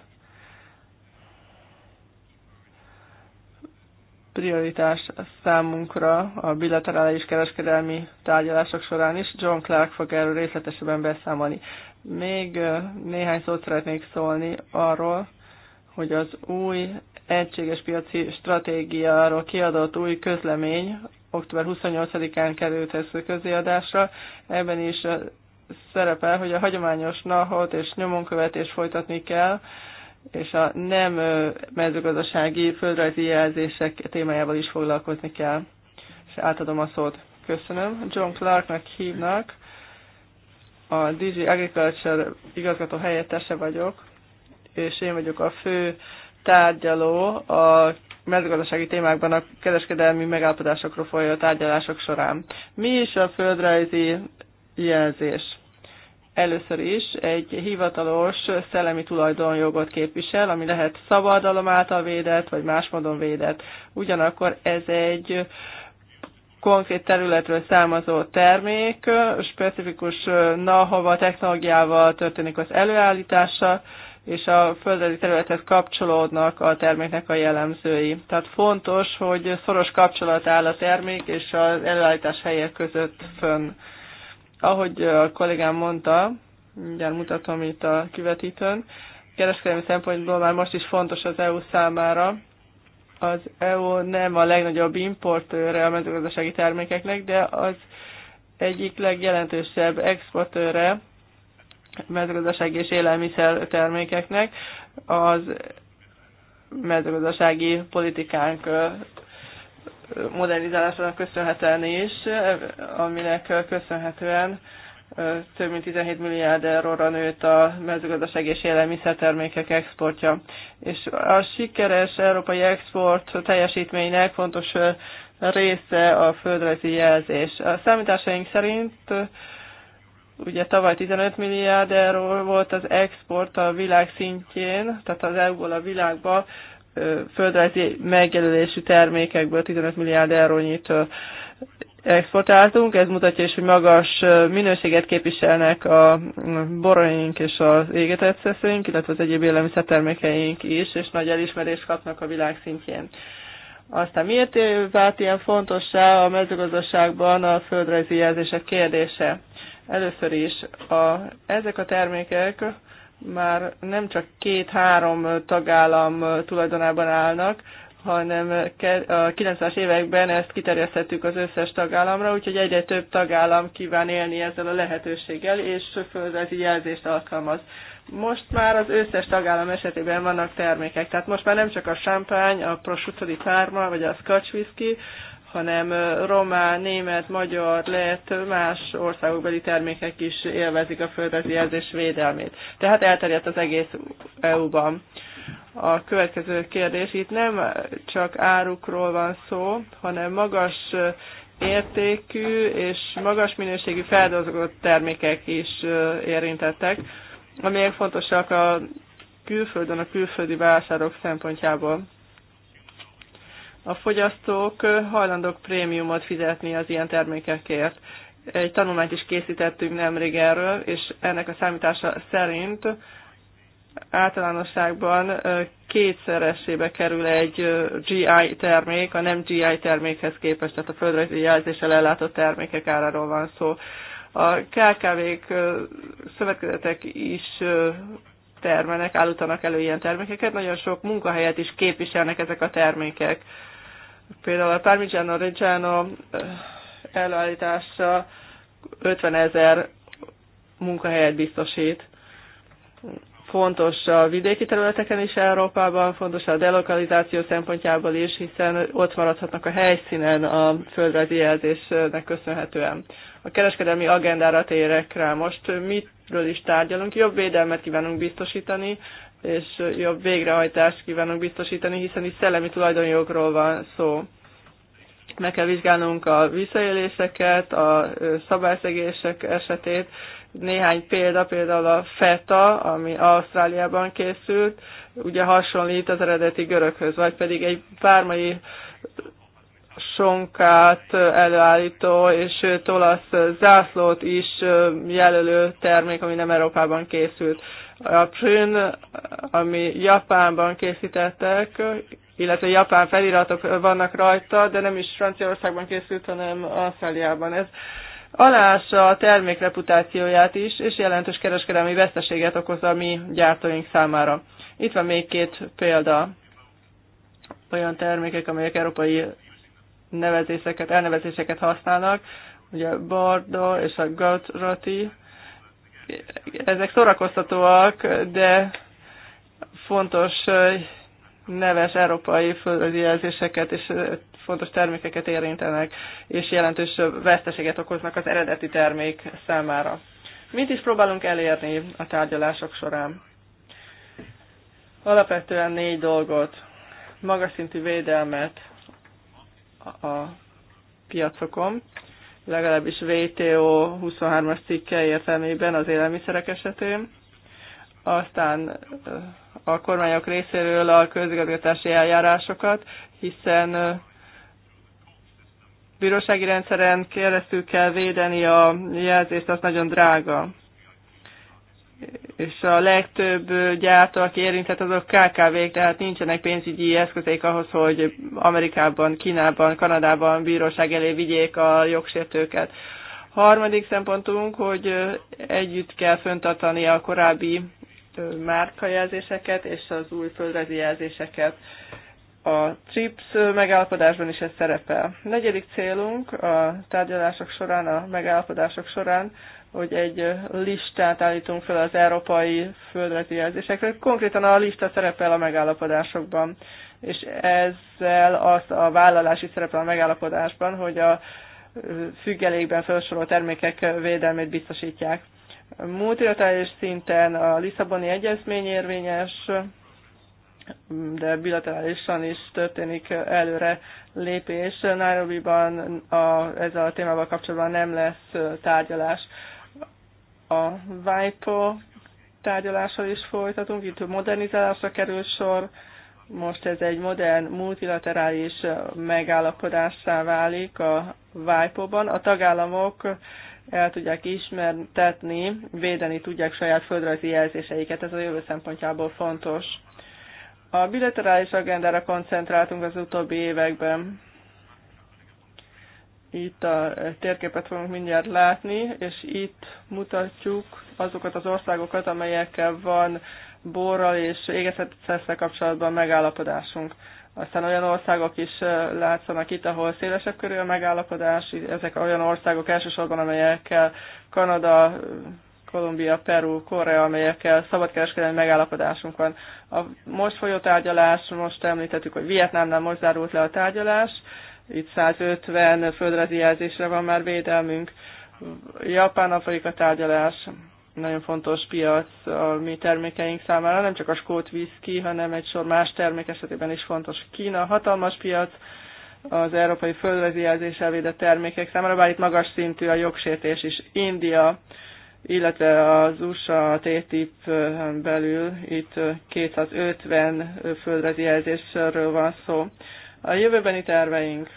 prioritás számunkra a bilaterális kereskedelmi tárgyalások során is. John Clark fog erről részletesebben beszámolni. Még néhány szót szeretnék szólni arról, hogy az új egységes piaci stratégiáról kiadott új közlemény október 28-án került ezt közéadásra. Ebben is szerepel, hogy a hagyományos nahot és nyomonkövetés folytatni kell, és a nem mezőgazdasági földrajzi jelzések témájával is foglalkozni kell. És átadom a szót. Köszönöm. John Clarknak hívnak. A DG Agriculture igazgató helyettese vagyok, és én vagyok a fő tárgyaló a mezőgazdasági témákban a kereskedelmi megállapodásokról folyó tárgyalások során. Mi is a földrajzi jelzés? először is egy hivatalos szellemi tulajdonjogot képvisel, ami lehet szabadalom által védett, vagy más módon védett. Ugyanakkor ez egy konkrét területről származó termék, specifikus nahova technológiával történik az előállítása, és a földrajzi területhez kapcsolódnak a terméknek a jellemzői. Tehát fontos, hogy szoros kapcsolat áll a termék és az előállítás helye között fönn ahogy a kollégám mondta, mindjárt mutatom itt a kivetítőn, kereskedelmi szempontból már most is fontos az EU számára. Az EU nem a legnagyobb importőre a mezőgazdasági termékeknek, de az egyik legjelentősebb exportőre mezőgazdasági és élelmiszer termékeknek. Az mezőgazdasági politikánk modernizálásának köszönhetően is, aminek köszönhetően több mint 17 milliárd euróra nőtt a mezőgazdaság és élelmiszertermékek exportja. És a sikeres európai export teljesítménynek fontos része a földrajzi jelzés. A számításaink szerint ugye tavaly 15 milliárd euró volt az export a világ szintjén, tehát az EU-ból a világba földrajzi megjelölésű termékekből 15 milliárd eurónyit exportáltunk. Ez mutatja is, hogy magas minőséget képviselnek a boraink és az égetett szeszünk, illetve az egyéb élelmiszertermékeink is, és nagy elismerést kapnak a világ szintjén. Aztán miért vált ilyen fontossá a mezőgazdaságban a földrajzi jelzések kérdése? Először is a, ezek a termékek már nem csak két-három tagállam tulajdonában állnak, hanem a 90-es években ezt kiterjesztettük az összes tagállamra, úgyhogy egyre több tagállam kíván élni ezzel a lehetőséggel, és földrajzi jelzést alkalmaz. Most már az összes tagállam esetében vannak termékek, tehát most már nem csak a champagne, a prosciutto di Parma, vagy a scotch whisky, hanem román, német, magyar, lehet más országokbeli termékek is élvezik a földrajzi jelzés védelmét. Tehát elterjedt az egész EU-ban. A következő kérdés, itt nem csak árukról van szó, hanem magas értékű és magas minőségű feldolgozott termékek is érintettek, amelyek fontosak a külföldön, a külföldi vásárok szempontjából a fogyasztók hajlandók prémiumot fizetni az ilyen termékekért. Egy tanulmányt is készítettünk nemrég erről, és ennek a számítása szerint általánosságban kétszeresébe kerül egy GI termék a nem GI termékhez képest, tehát a földrajzi jelzéssel ellátott termékek áráról van szó. A KKV-k szövetkezetek is termelnek, állítanak elő ilyen termékeket, nagyon sok munkahelyet is képviselnek ezek a termékek. Például a Parmigiano Reggiano eh, előállítása 50 ezer munkahelyet biztosít. Fontos a vidéki területeken is Európában, fontos a delokalizáció szempontjából is, hiszen ott maradhatnak a helyszínen a földrajzi jelzésnek köszönhetően. A kereskedelmi agendára térek rá most. Mitről is tárgyalunk? Jobb védelmet kívánunk biztosítani, és jobb végrehajtást kívánunk biztosítani, hiszen itt szellemi tulajdonjogokról van szó. Meg kell vizsgálnunk a visszaéléseket, a szabályszegések esetét. Néhány példa, például a FETA, ami Ausztráliában készült, ugye hasonlít az eredeti görökhöz, vagy pedig egy pármai sonkát előállító és tolasz zászlót is jelölő termék, ami nem Európában készült. A prün, ami Japánban készítettek, illetve japán feliratok vannak rajta, de nem is Franciaországban készült, hanem Ausztráliában. Ez alása a termék reputációját is, és jelentős kereskedelmi veszteséget okoz a mi gyártóink számára. Itt van még két példa olyan termékek, amelyek európai nevezéseket, elnevezéseket használnak, ugye Bordeaux és a Gautrati, ezek szórakoztatóak, de fontos neves európai jelzéseket és fontos termékeket érintenek, és jelentős veszteséget okoznak az eredeti termék számára. Mit is próbálunk elérni a tárgyalások során? Alapvetően négy dolgot. Magas szintű védelmet a piacokon, legalábbis WTO 23-as cikke értelmében az élelmiszerek esetén. Aztán a kormányok részéről a közigazgatási eljárásokat, hiszen bírósági rendszeren keresztül kell védeni a jelzést, az nagyon drága és a legtöbb gyártó, aki érintett, azok KKV-k, tehát nincsenek pénzügyi eszközeik ahhoz, hogy Amerikában, Kínában, Kanadában bíróság elé vigyék a jogsértőket. Harmadik szempontunk, hogy együtt kell föntartani a korábbi márkajelzéseket és az új földrajzi jelzéseket. A TRIPS megállapodásban is ez szerepel. Negyedik célunk a tárgyalások során, a megállapodások során hogy egy listát állítunk fel az európai földrajzi jelzésekre. Konkrétan a lista szerepel a megállapodásokban, és ezzel az a vállalási szerepel a megállapodásban, hogy a függelékben felsorolt termékek védelmét biztosítják. Multilaterális szinten a Lisszaboni Egyezmény érvényes, de bilaterálisan is történik előre lépés. Nairobi-ban a, ezzel a témával kapcsolatban nem lesz tárgyalás. A WIPO tárgyalással is folytatunk, itt modernizálásra kerül sor, most ez egy modern multilaterális megállapodássá válik a WIPO-ban. A tagállamok el tudják ismertetni, védeni tudják saját földrajzi jelzéseiket, ez a jövő szempontjából fontos. A bilaterális agendára koncentráltunk az utóbbi években. Itt a térképet fogunk mindjárt látni, és itt mutatjuk azokat az országokat, amelyekkel van borral és égezetszerszel kapcsolatban megállapodásunk. Aztán olyan országok is látszanak itt, ahol szélesebb körül a megállapodás. Ezek olyan országok elsősorban, amelyekkel Kanada, Kolumbia, Peru, Korea, amelyekkel szabadkereskedelmi megállapodásunk van. A most folyó tárgyalás, most említettük, hogy Vietnámnál most zárult le a tárgyalás, itt 150 földrajzi jelzésre van már védelmünk. Japán-Afrika tárgyalás nagyon fontos piac a mi termékeink számára, nem csak a skót viszki, hanem egy sor más termék esetében is fontos. Kína hatalmas piac, az európai földrajzi jelzéssel védett termékek számára, bár itt magas szintű a jogsértés is. India, illetve az USA TTIP ehm, belül itt 250 földrajzi jelzésről van szó. A jövőbeni terveink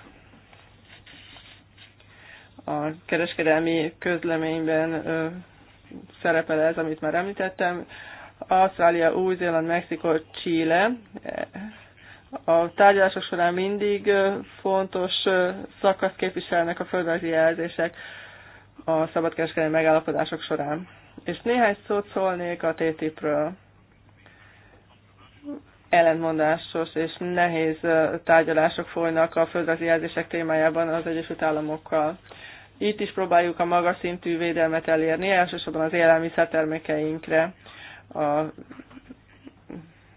a kereskedelmi közleményben szerepel ez, amit már említettem. Ausztrália, Új-Zéland, Mexikó, Chile. A tárgyalások során mindig fontos szakaszt képviselnek a földrajzi jelzések a szabadkereskedelmi megállapodások során. És néhány szót szólnék a TTIP-ről. Ellentmondásos és nehéz tárgyalások folynak a földrajzi jelzések témájában az Egyesült Államokkal. Itt is próbáljuk a magas szintű védelmet elérni, elsősorban az élelmiszertermékeinkre. A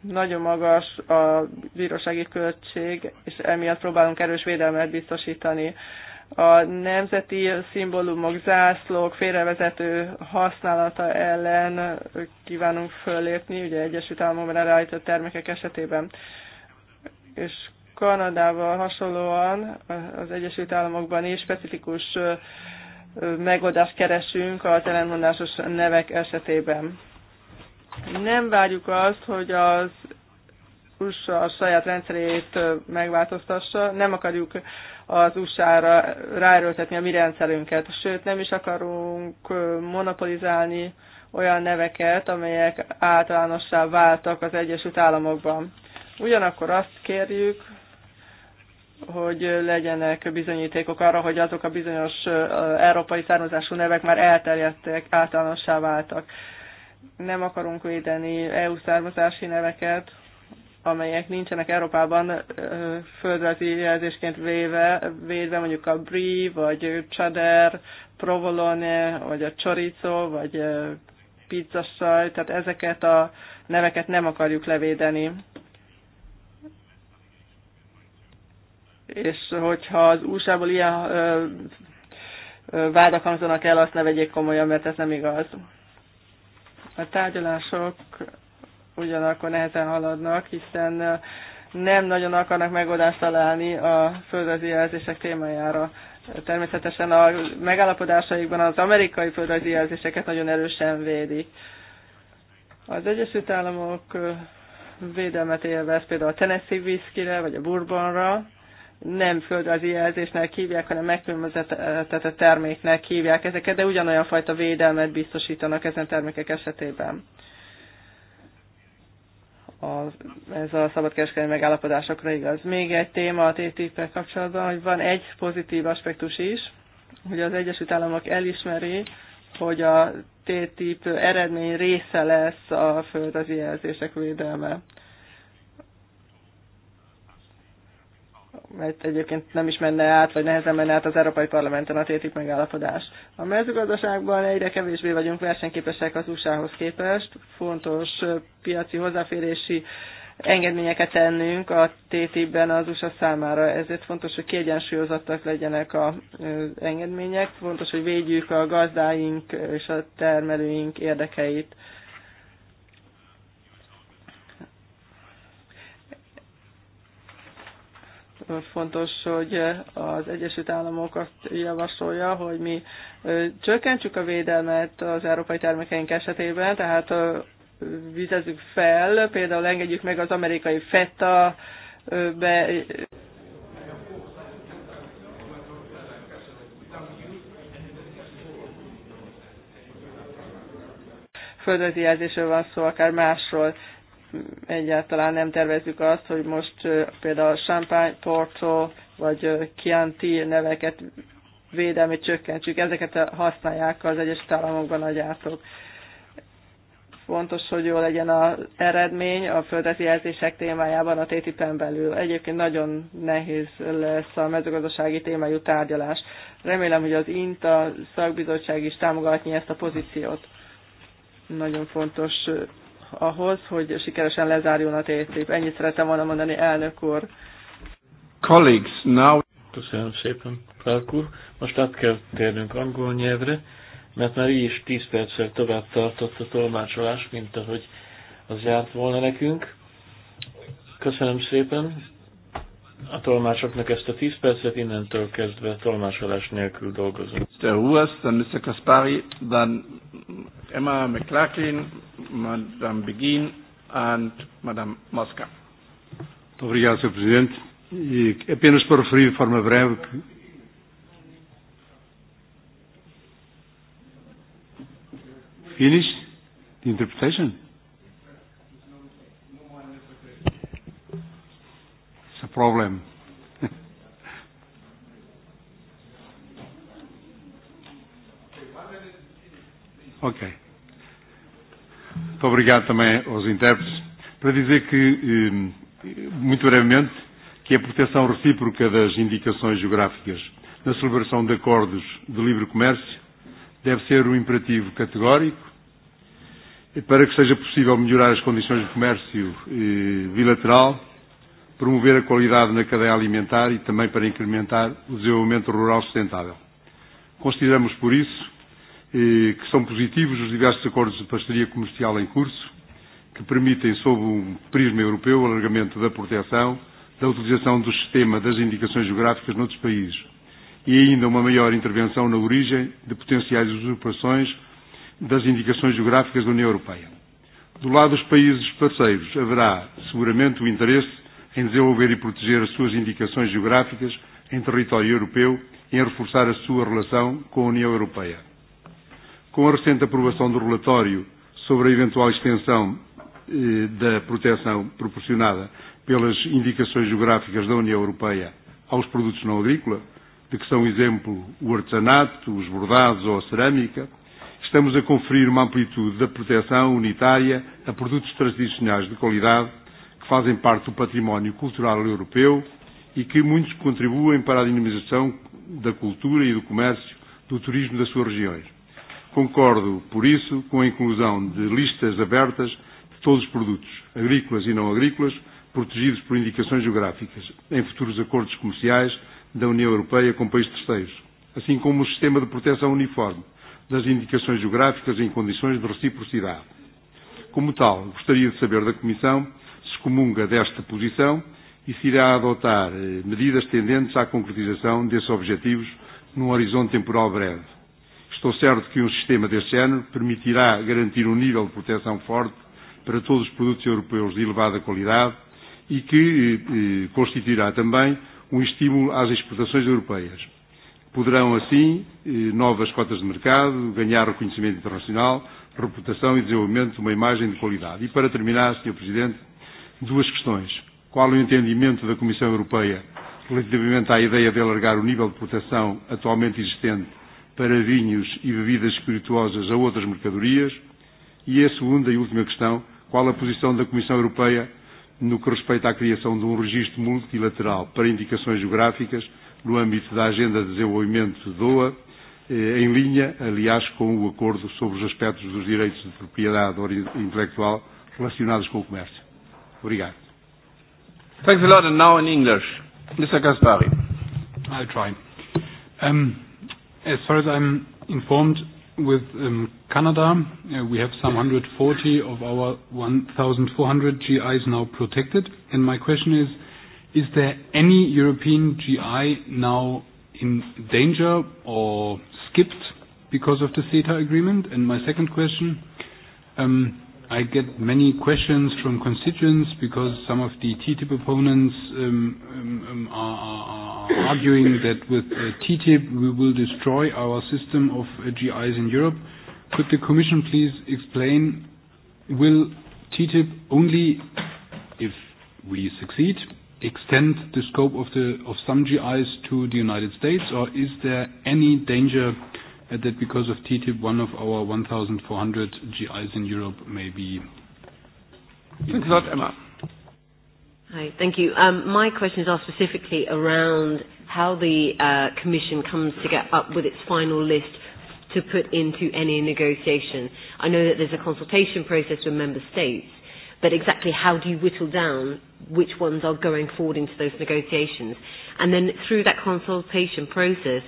nagyon magas a bírósági költség, és emiatt próbálunk erős védelmet biztosítani. A nemzeti szimbólumok, zászlók, félrevezető használata ellen kívánunk föllépni, ugye Egyesült Államokban elállított termékek esetében. És Kanadával hasonlóan az Egyesült Államokban is specifikus megoldást keresünk az ellenmondásos nevek esetében. Nem várjuk azt, hogy az USA a saját rendszerét megváltoztassa, nem akarjuk az USA-ra ráerőltetni a mi rendszerünket, sőt nem is akarunk monopolizálni olyan neveket, amelyek általánossá váltak az Egyesült Államokban. Ugyanakkor azt kérjük, hogy legyenek bizonyítékok arra, hogy azok a bizonyos európai származású nevek már elterjedtek, általánossá váltak. Nem akarunk védeni EU származási neveket, amelyek nincsenek Európában földrajzi jelzésként véve, védve, mondjuk a brie, vagy csader, provolone, vagy a chorizo, vagy pizzasaj, tehát ezeket a neveket nem akarjuk levédeni. és hogyha az újságból ilyen ö, ö, vádak hangzanak el, azt ne vegyék komolyan, mert ez nem igaz. A tárgyalások ugyanakkor nehezen haladnak, hiszen nem nagyon akarnak megoldást találni a földrajzi jelzések témájára. Természetesen a megállapodásaikban az amerikai földrajzi jelzéseket nagyon erősen védik. Az Egyesült Államok védelmet élvez például a Tennessee whiskey vagy a Bourbonra, nem földrajzi jelzésnek hívják, hanem megkülönböztetett terméknek hívják ezeket, de ugyanolyan fajta védelmet biztosítanak ezen termékek esetében. A, ez a szabadkereskedelmi megállapodásokra igaz. Még egy téma a ttip kapcsolatban, hogy van egy pozitív aspektus is, hogy az Egyesült Államok elismeri, hogy a TTIP eredmény része lesz a földrajzi jelzések védelme. mert egyébként nem is menne át, vagy nehezen menne át az Európai Parlamenten a TTIP megállapodás. A mezőgazdaságban egyre kevésbé vagyunk versenyképesek az usa képest. Fontos piaci hozzáférési engedményeket tennünk a TTIP-ben az USA számára. Ezért fontos, hogy kiegyensúlyozottak legyenek az engedmények. Fontos, hogy védjük a gazdáink és a termelőink érdekeit. fontos, hogy az Egyesült Államok azt javasolja, hogy mi csökkentsük a védelmet az európai termékeink esetében, tehát vizezzük fel, például engedjük meg az amerikai feta be földrajzi jelzésről van szó, akár másról egyáltalán nem tervezzük azt, hogy most például Champagne, Porto vagy Chianti neveket védelmi csökkentsük. Ezeket használják az egyes államokban a gyártók. Fontos, hogy jó legyen az eredmény a földrajzi jelzések témájában a TTIP-en belül. Egyébként nagyon nehéz lesz a mezőgazdasági témájú tárgyalás. Remélem, hogy az INTA szakbizottság is támogatni ezt a pozíciót. Nagyon fontos ahhoz, hogy sikeresen lezárjon a TTIP. Ennyit szeretem volna mondani, elnök úr. Colleagues, now... Köszönöm szépen, Pálk úr. Most át kell térnünk angol nyelvre, mert már így is 10 perccel tovább tartott a tolmácsolás, mint ahogy az járt volna nekünk. Köszönöm szépen, a tolmácsoknak ezt a 10 percet innentől kezdve tolmácsolás nélkül dolgozunk. Mr. Ruas, then Mr. Kaspari, then Emma McLaughlin, Madame Begin and Madame Mosca. Obrigado, Sr. Presidente. E apenas para referir de forma breve que Finished the interpretation? problem. <laughs> ok. Muito obrigado também aos intérpretes. Para dizer que, muito brevemente, que a proteção recíproca das indicações geográficas na celebração de acordos de livre comércio deve ser um imperativo categórico e para que seja possível melhorar as condições de comércio eh, bilateral promover a qualidade na cadeia alimentar e também para incrementar o desenvolvimento rural sustentável. Consideramos, por isso, eh, que são positivos os diversos acordos de parceria comercial em curso, que permitem, sob um prisma europeu, o alargamento da proteção, da utilização do sistema das indicações geográficas noutros países e ainda uma maior intervenção na origem de potenciais usurpações das indicações geográficas da União Europeia. Do lado dos países parceiros, haverá seguramente o interesse em desenvolver e proteger as suas indicações geográficas em território europeu e em reforçar a sua relação com a União Europeia. Com a recente aprovação do relatório sobre a eventual extensão eh, da proteção proporcionada pelas indicações geográficas da União Europeia aos produtos não agrícola, de que são exemplo o artesanato, os bordados ou a cerâmica, estamos a conferir uma amplitude da proteção unitária a produtos tradicionais de qualidade que fazem parte do património cultural europeu e que muitos contribuem para a dinamização da cultura e do comércio, do turismo das suas regiões. Concordo, por isso, com a inclusão de listas abertas de todos os produtos, agrícolas e não agrícolas, protegidos por indicações geográficas, em futuros acordos comerciais da União Europeia com países terceiros, assim como o sistema de proteção uniforme das indicações geográficas em condições de reciprocidade. Como tal, gostaria de saber da Comissão comunga desta posição e se irá adotar eh, medidas tendentes à concretização desses objetivos num horizonte temporal breve. Estou certo que um sistema deste género permitirá garantir um nível de proteção forte para todos os produtos europeus de elevada qualidade e que eh, eh constituirá também um estímulo às exportações europeias. Poderão, assim, eh, novas cotas de mercado, ganhar reconhecimento internacional, reputação e desenvolvimento de uma imagem de qualidade. E para terminar, Sr. Presidente, duas questões. Qual o entendimento da Comissão Europeia relativamente à ideia de alargar o nível de proteção atualmente existente para vinhos e bebidas espirituosas a outras mercadorias? E a segunda e última questão, qual a posição da Comissão Europeia no que respeita à criação de um registro multilateral para indicações geográficas no âmbito da Agenda de Desenvolvimento DOA, eh, em linha, aliás, com o acordo sobre os aspectos dos direitos de propriedade intelectual relacionados com o comércio. Obrigado. Thanks a lot. And now in English, Mr. Gaspari. I'll try. Um, as far as I'm informed, with um, Canada, uh, we have some 140 of our 1,400 GIs now protected. And my question is, is there any European GI now in danger or skipped because of the CETA agreement? And my second question, um, I get many questions from constituents because some of the TTIP opponents um, um, um are, are arguing that with uh, TTIP we will destroy our system of uh, GIs in Europe. Could the Commission please explain, will TTIP only, if we succeed, extend the scope of, the, of some GIs to the United States or is there any danger and that because of TTIP, one of our 1,400 GIs in Europe may be. Thanks a lot, Emma. Hi, thank you. Um, my questions are specifically around how the uh, Commission comes to get up with its final list to put into any negotiation. I know that there's a consultation process with Member States, but exactly how do you whittle down which ones are going forward into those negotiations? And then through that consultation process,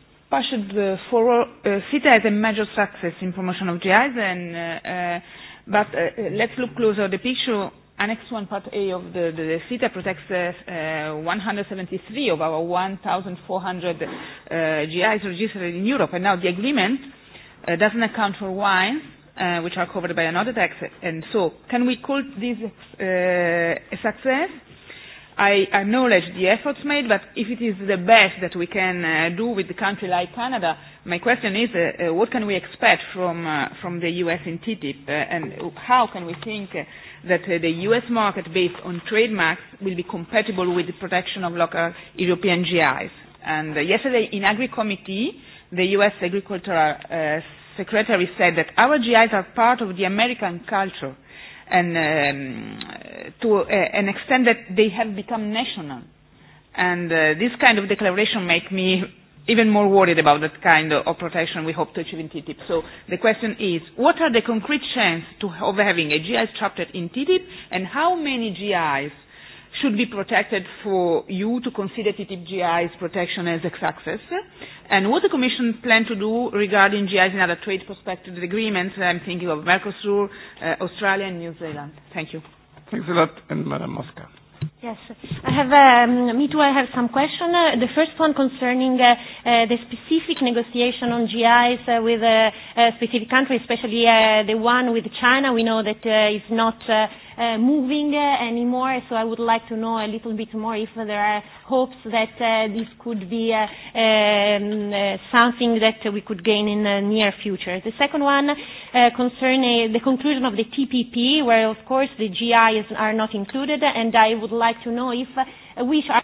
passed should uh, follow uh, CETA as a major success in promotion of GIs, and, uh, uh, but uh, uh, let's look closer at the picture. Annex 1 Part A of the, the, the CETA protects uh, uh, 173 of our 1,400 uh, GIs registered in Europe, and now the agreement uh, doesn't account for wines, uh, which are covered by another tax. And so, can we call this uh, a success? I acknowledge the efforts made, but if it is the best that we can uh, do with a country like Canada, my question is uh, uh, what can we expect from, uh, from the US in TTIP, uh, and how can we think uh, that uh, the US market based on trademarks will be compatible with the protection of local European GIs? And uh, yesterday in Agri Committee, the US Agricultural uh, Secretary said that our GIs are part of the American culture and um, to uh, an extent that they have become national. And uh, this kind of declaration makes me even more worried about that kind of protection we hope to achieve in TTIP. So the question is, what are the concrete chances to, of having a GI chapter in TTIP, and how many GIs should be protected for you to consider TTIP GI's protection as a success. And what the Commission plans to do regarding GIs and other trade prospective agreements, I'm thinking of Mercosur, uh, Australia and New Zealand. Thank you. Thanks a lot, and Madam Mosca. Yes, I have. Um, me too. I have some questions. Uh, the first one concerning uh, uh, the specific negotiation on GIs uh, with uh, a uh, specific countries, especially uh, the one with China. We know that uh, is not. Uh, uh, moving uh, anymore. So I would like to know a little bit more if there are hopes that uh, this could be uh, um, uh, something that we could gain in the near future. The second one uh, concerns uh, the conclusion of the TPP, where of course the GIs are not included, and I would like to know if uh, which are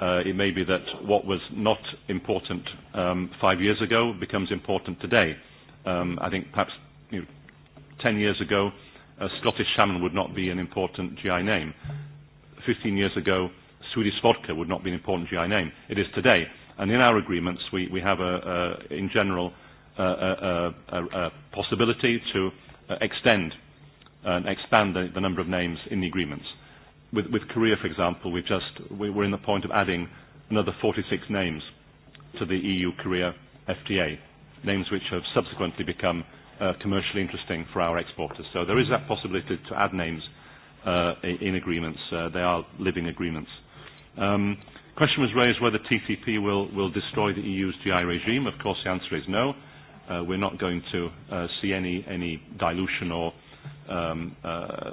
uh, it may be that what was not important um, five years ago becomes important today. Um, I think perhaps you know, 10 years ago, Scottish salmon would not be an important GI name. 15 years ago, Swedish vodka would not be an important GI name. It is today. And in our agreements, we, we have, a, a, in general, a, a, a, a possibility to uh, extend and expand the, the number of names in the agreements with, with Korea, for example, we've just, we we're in the point of adding another 46 names to the EU-Korea FTA, names which have subsequently become uh, commercially interesting for our exporters. So there is that possibility to add names uh, in agreements. Uh, they are living agreements. Um, question was raised whether TCP will, will destroy the EU's GI regime. Of course, the answer is no. Uh, we're not going to uh, see any, any dilution or um, uh,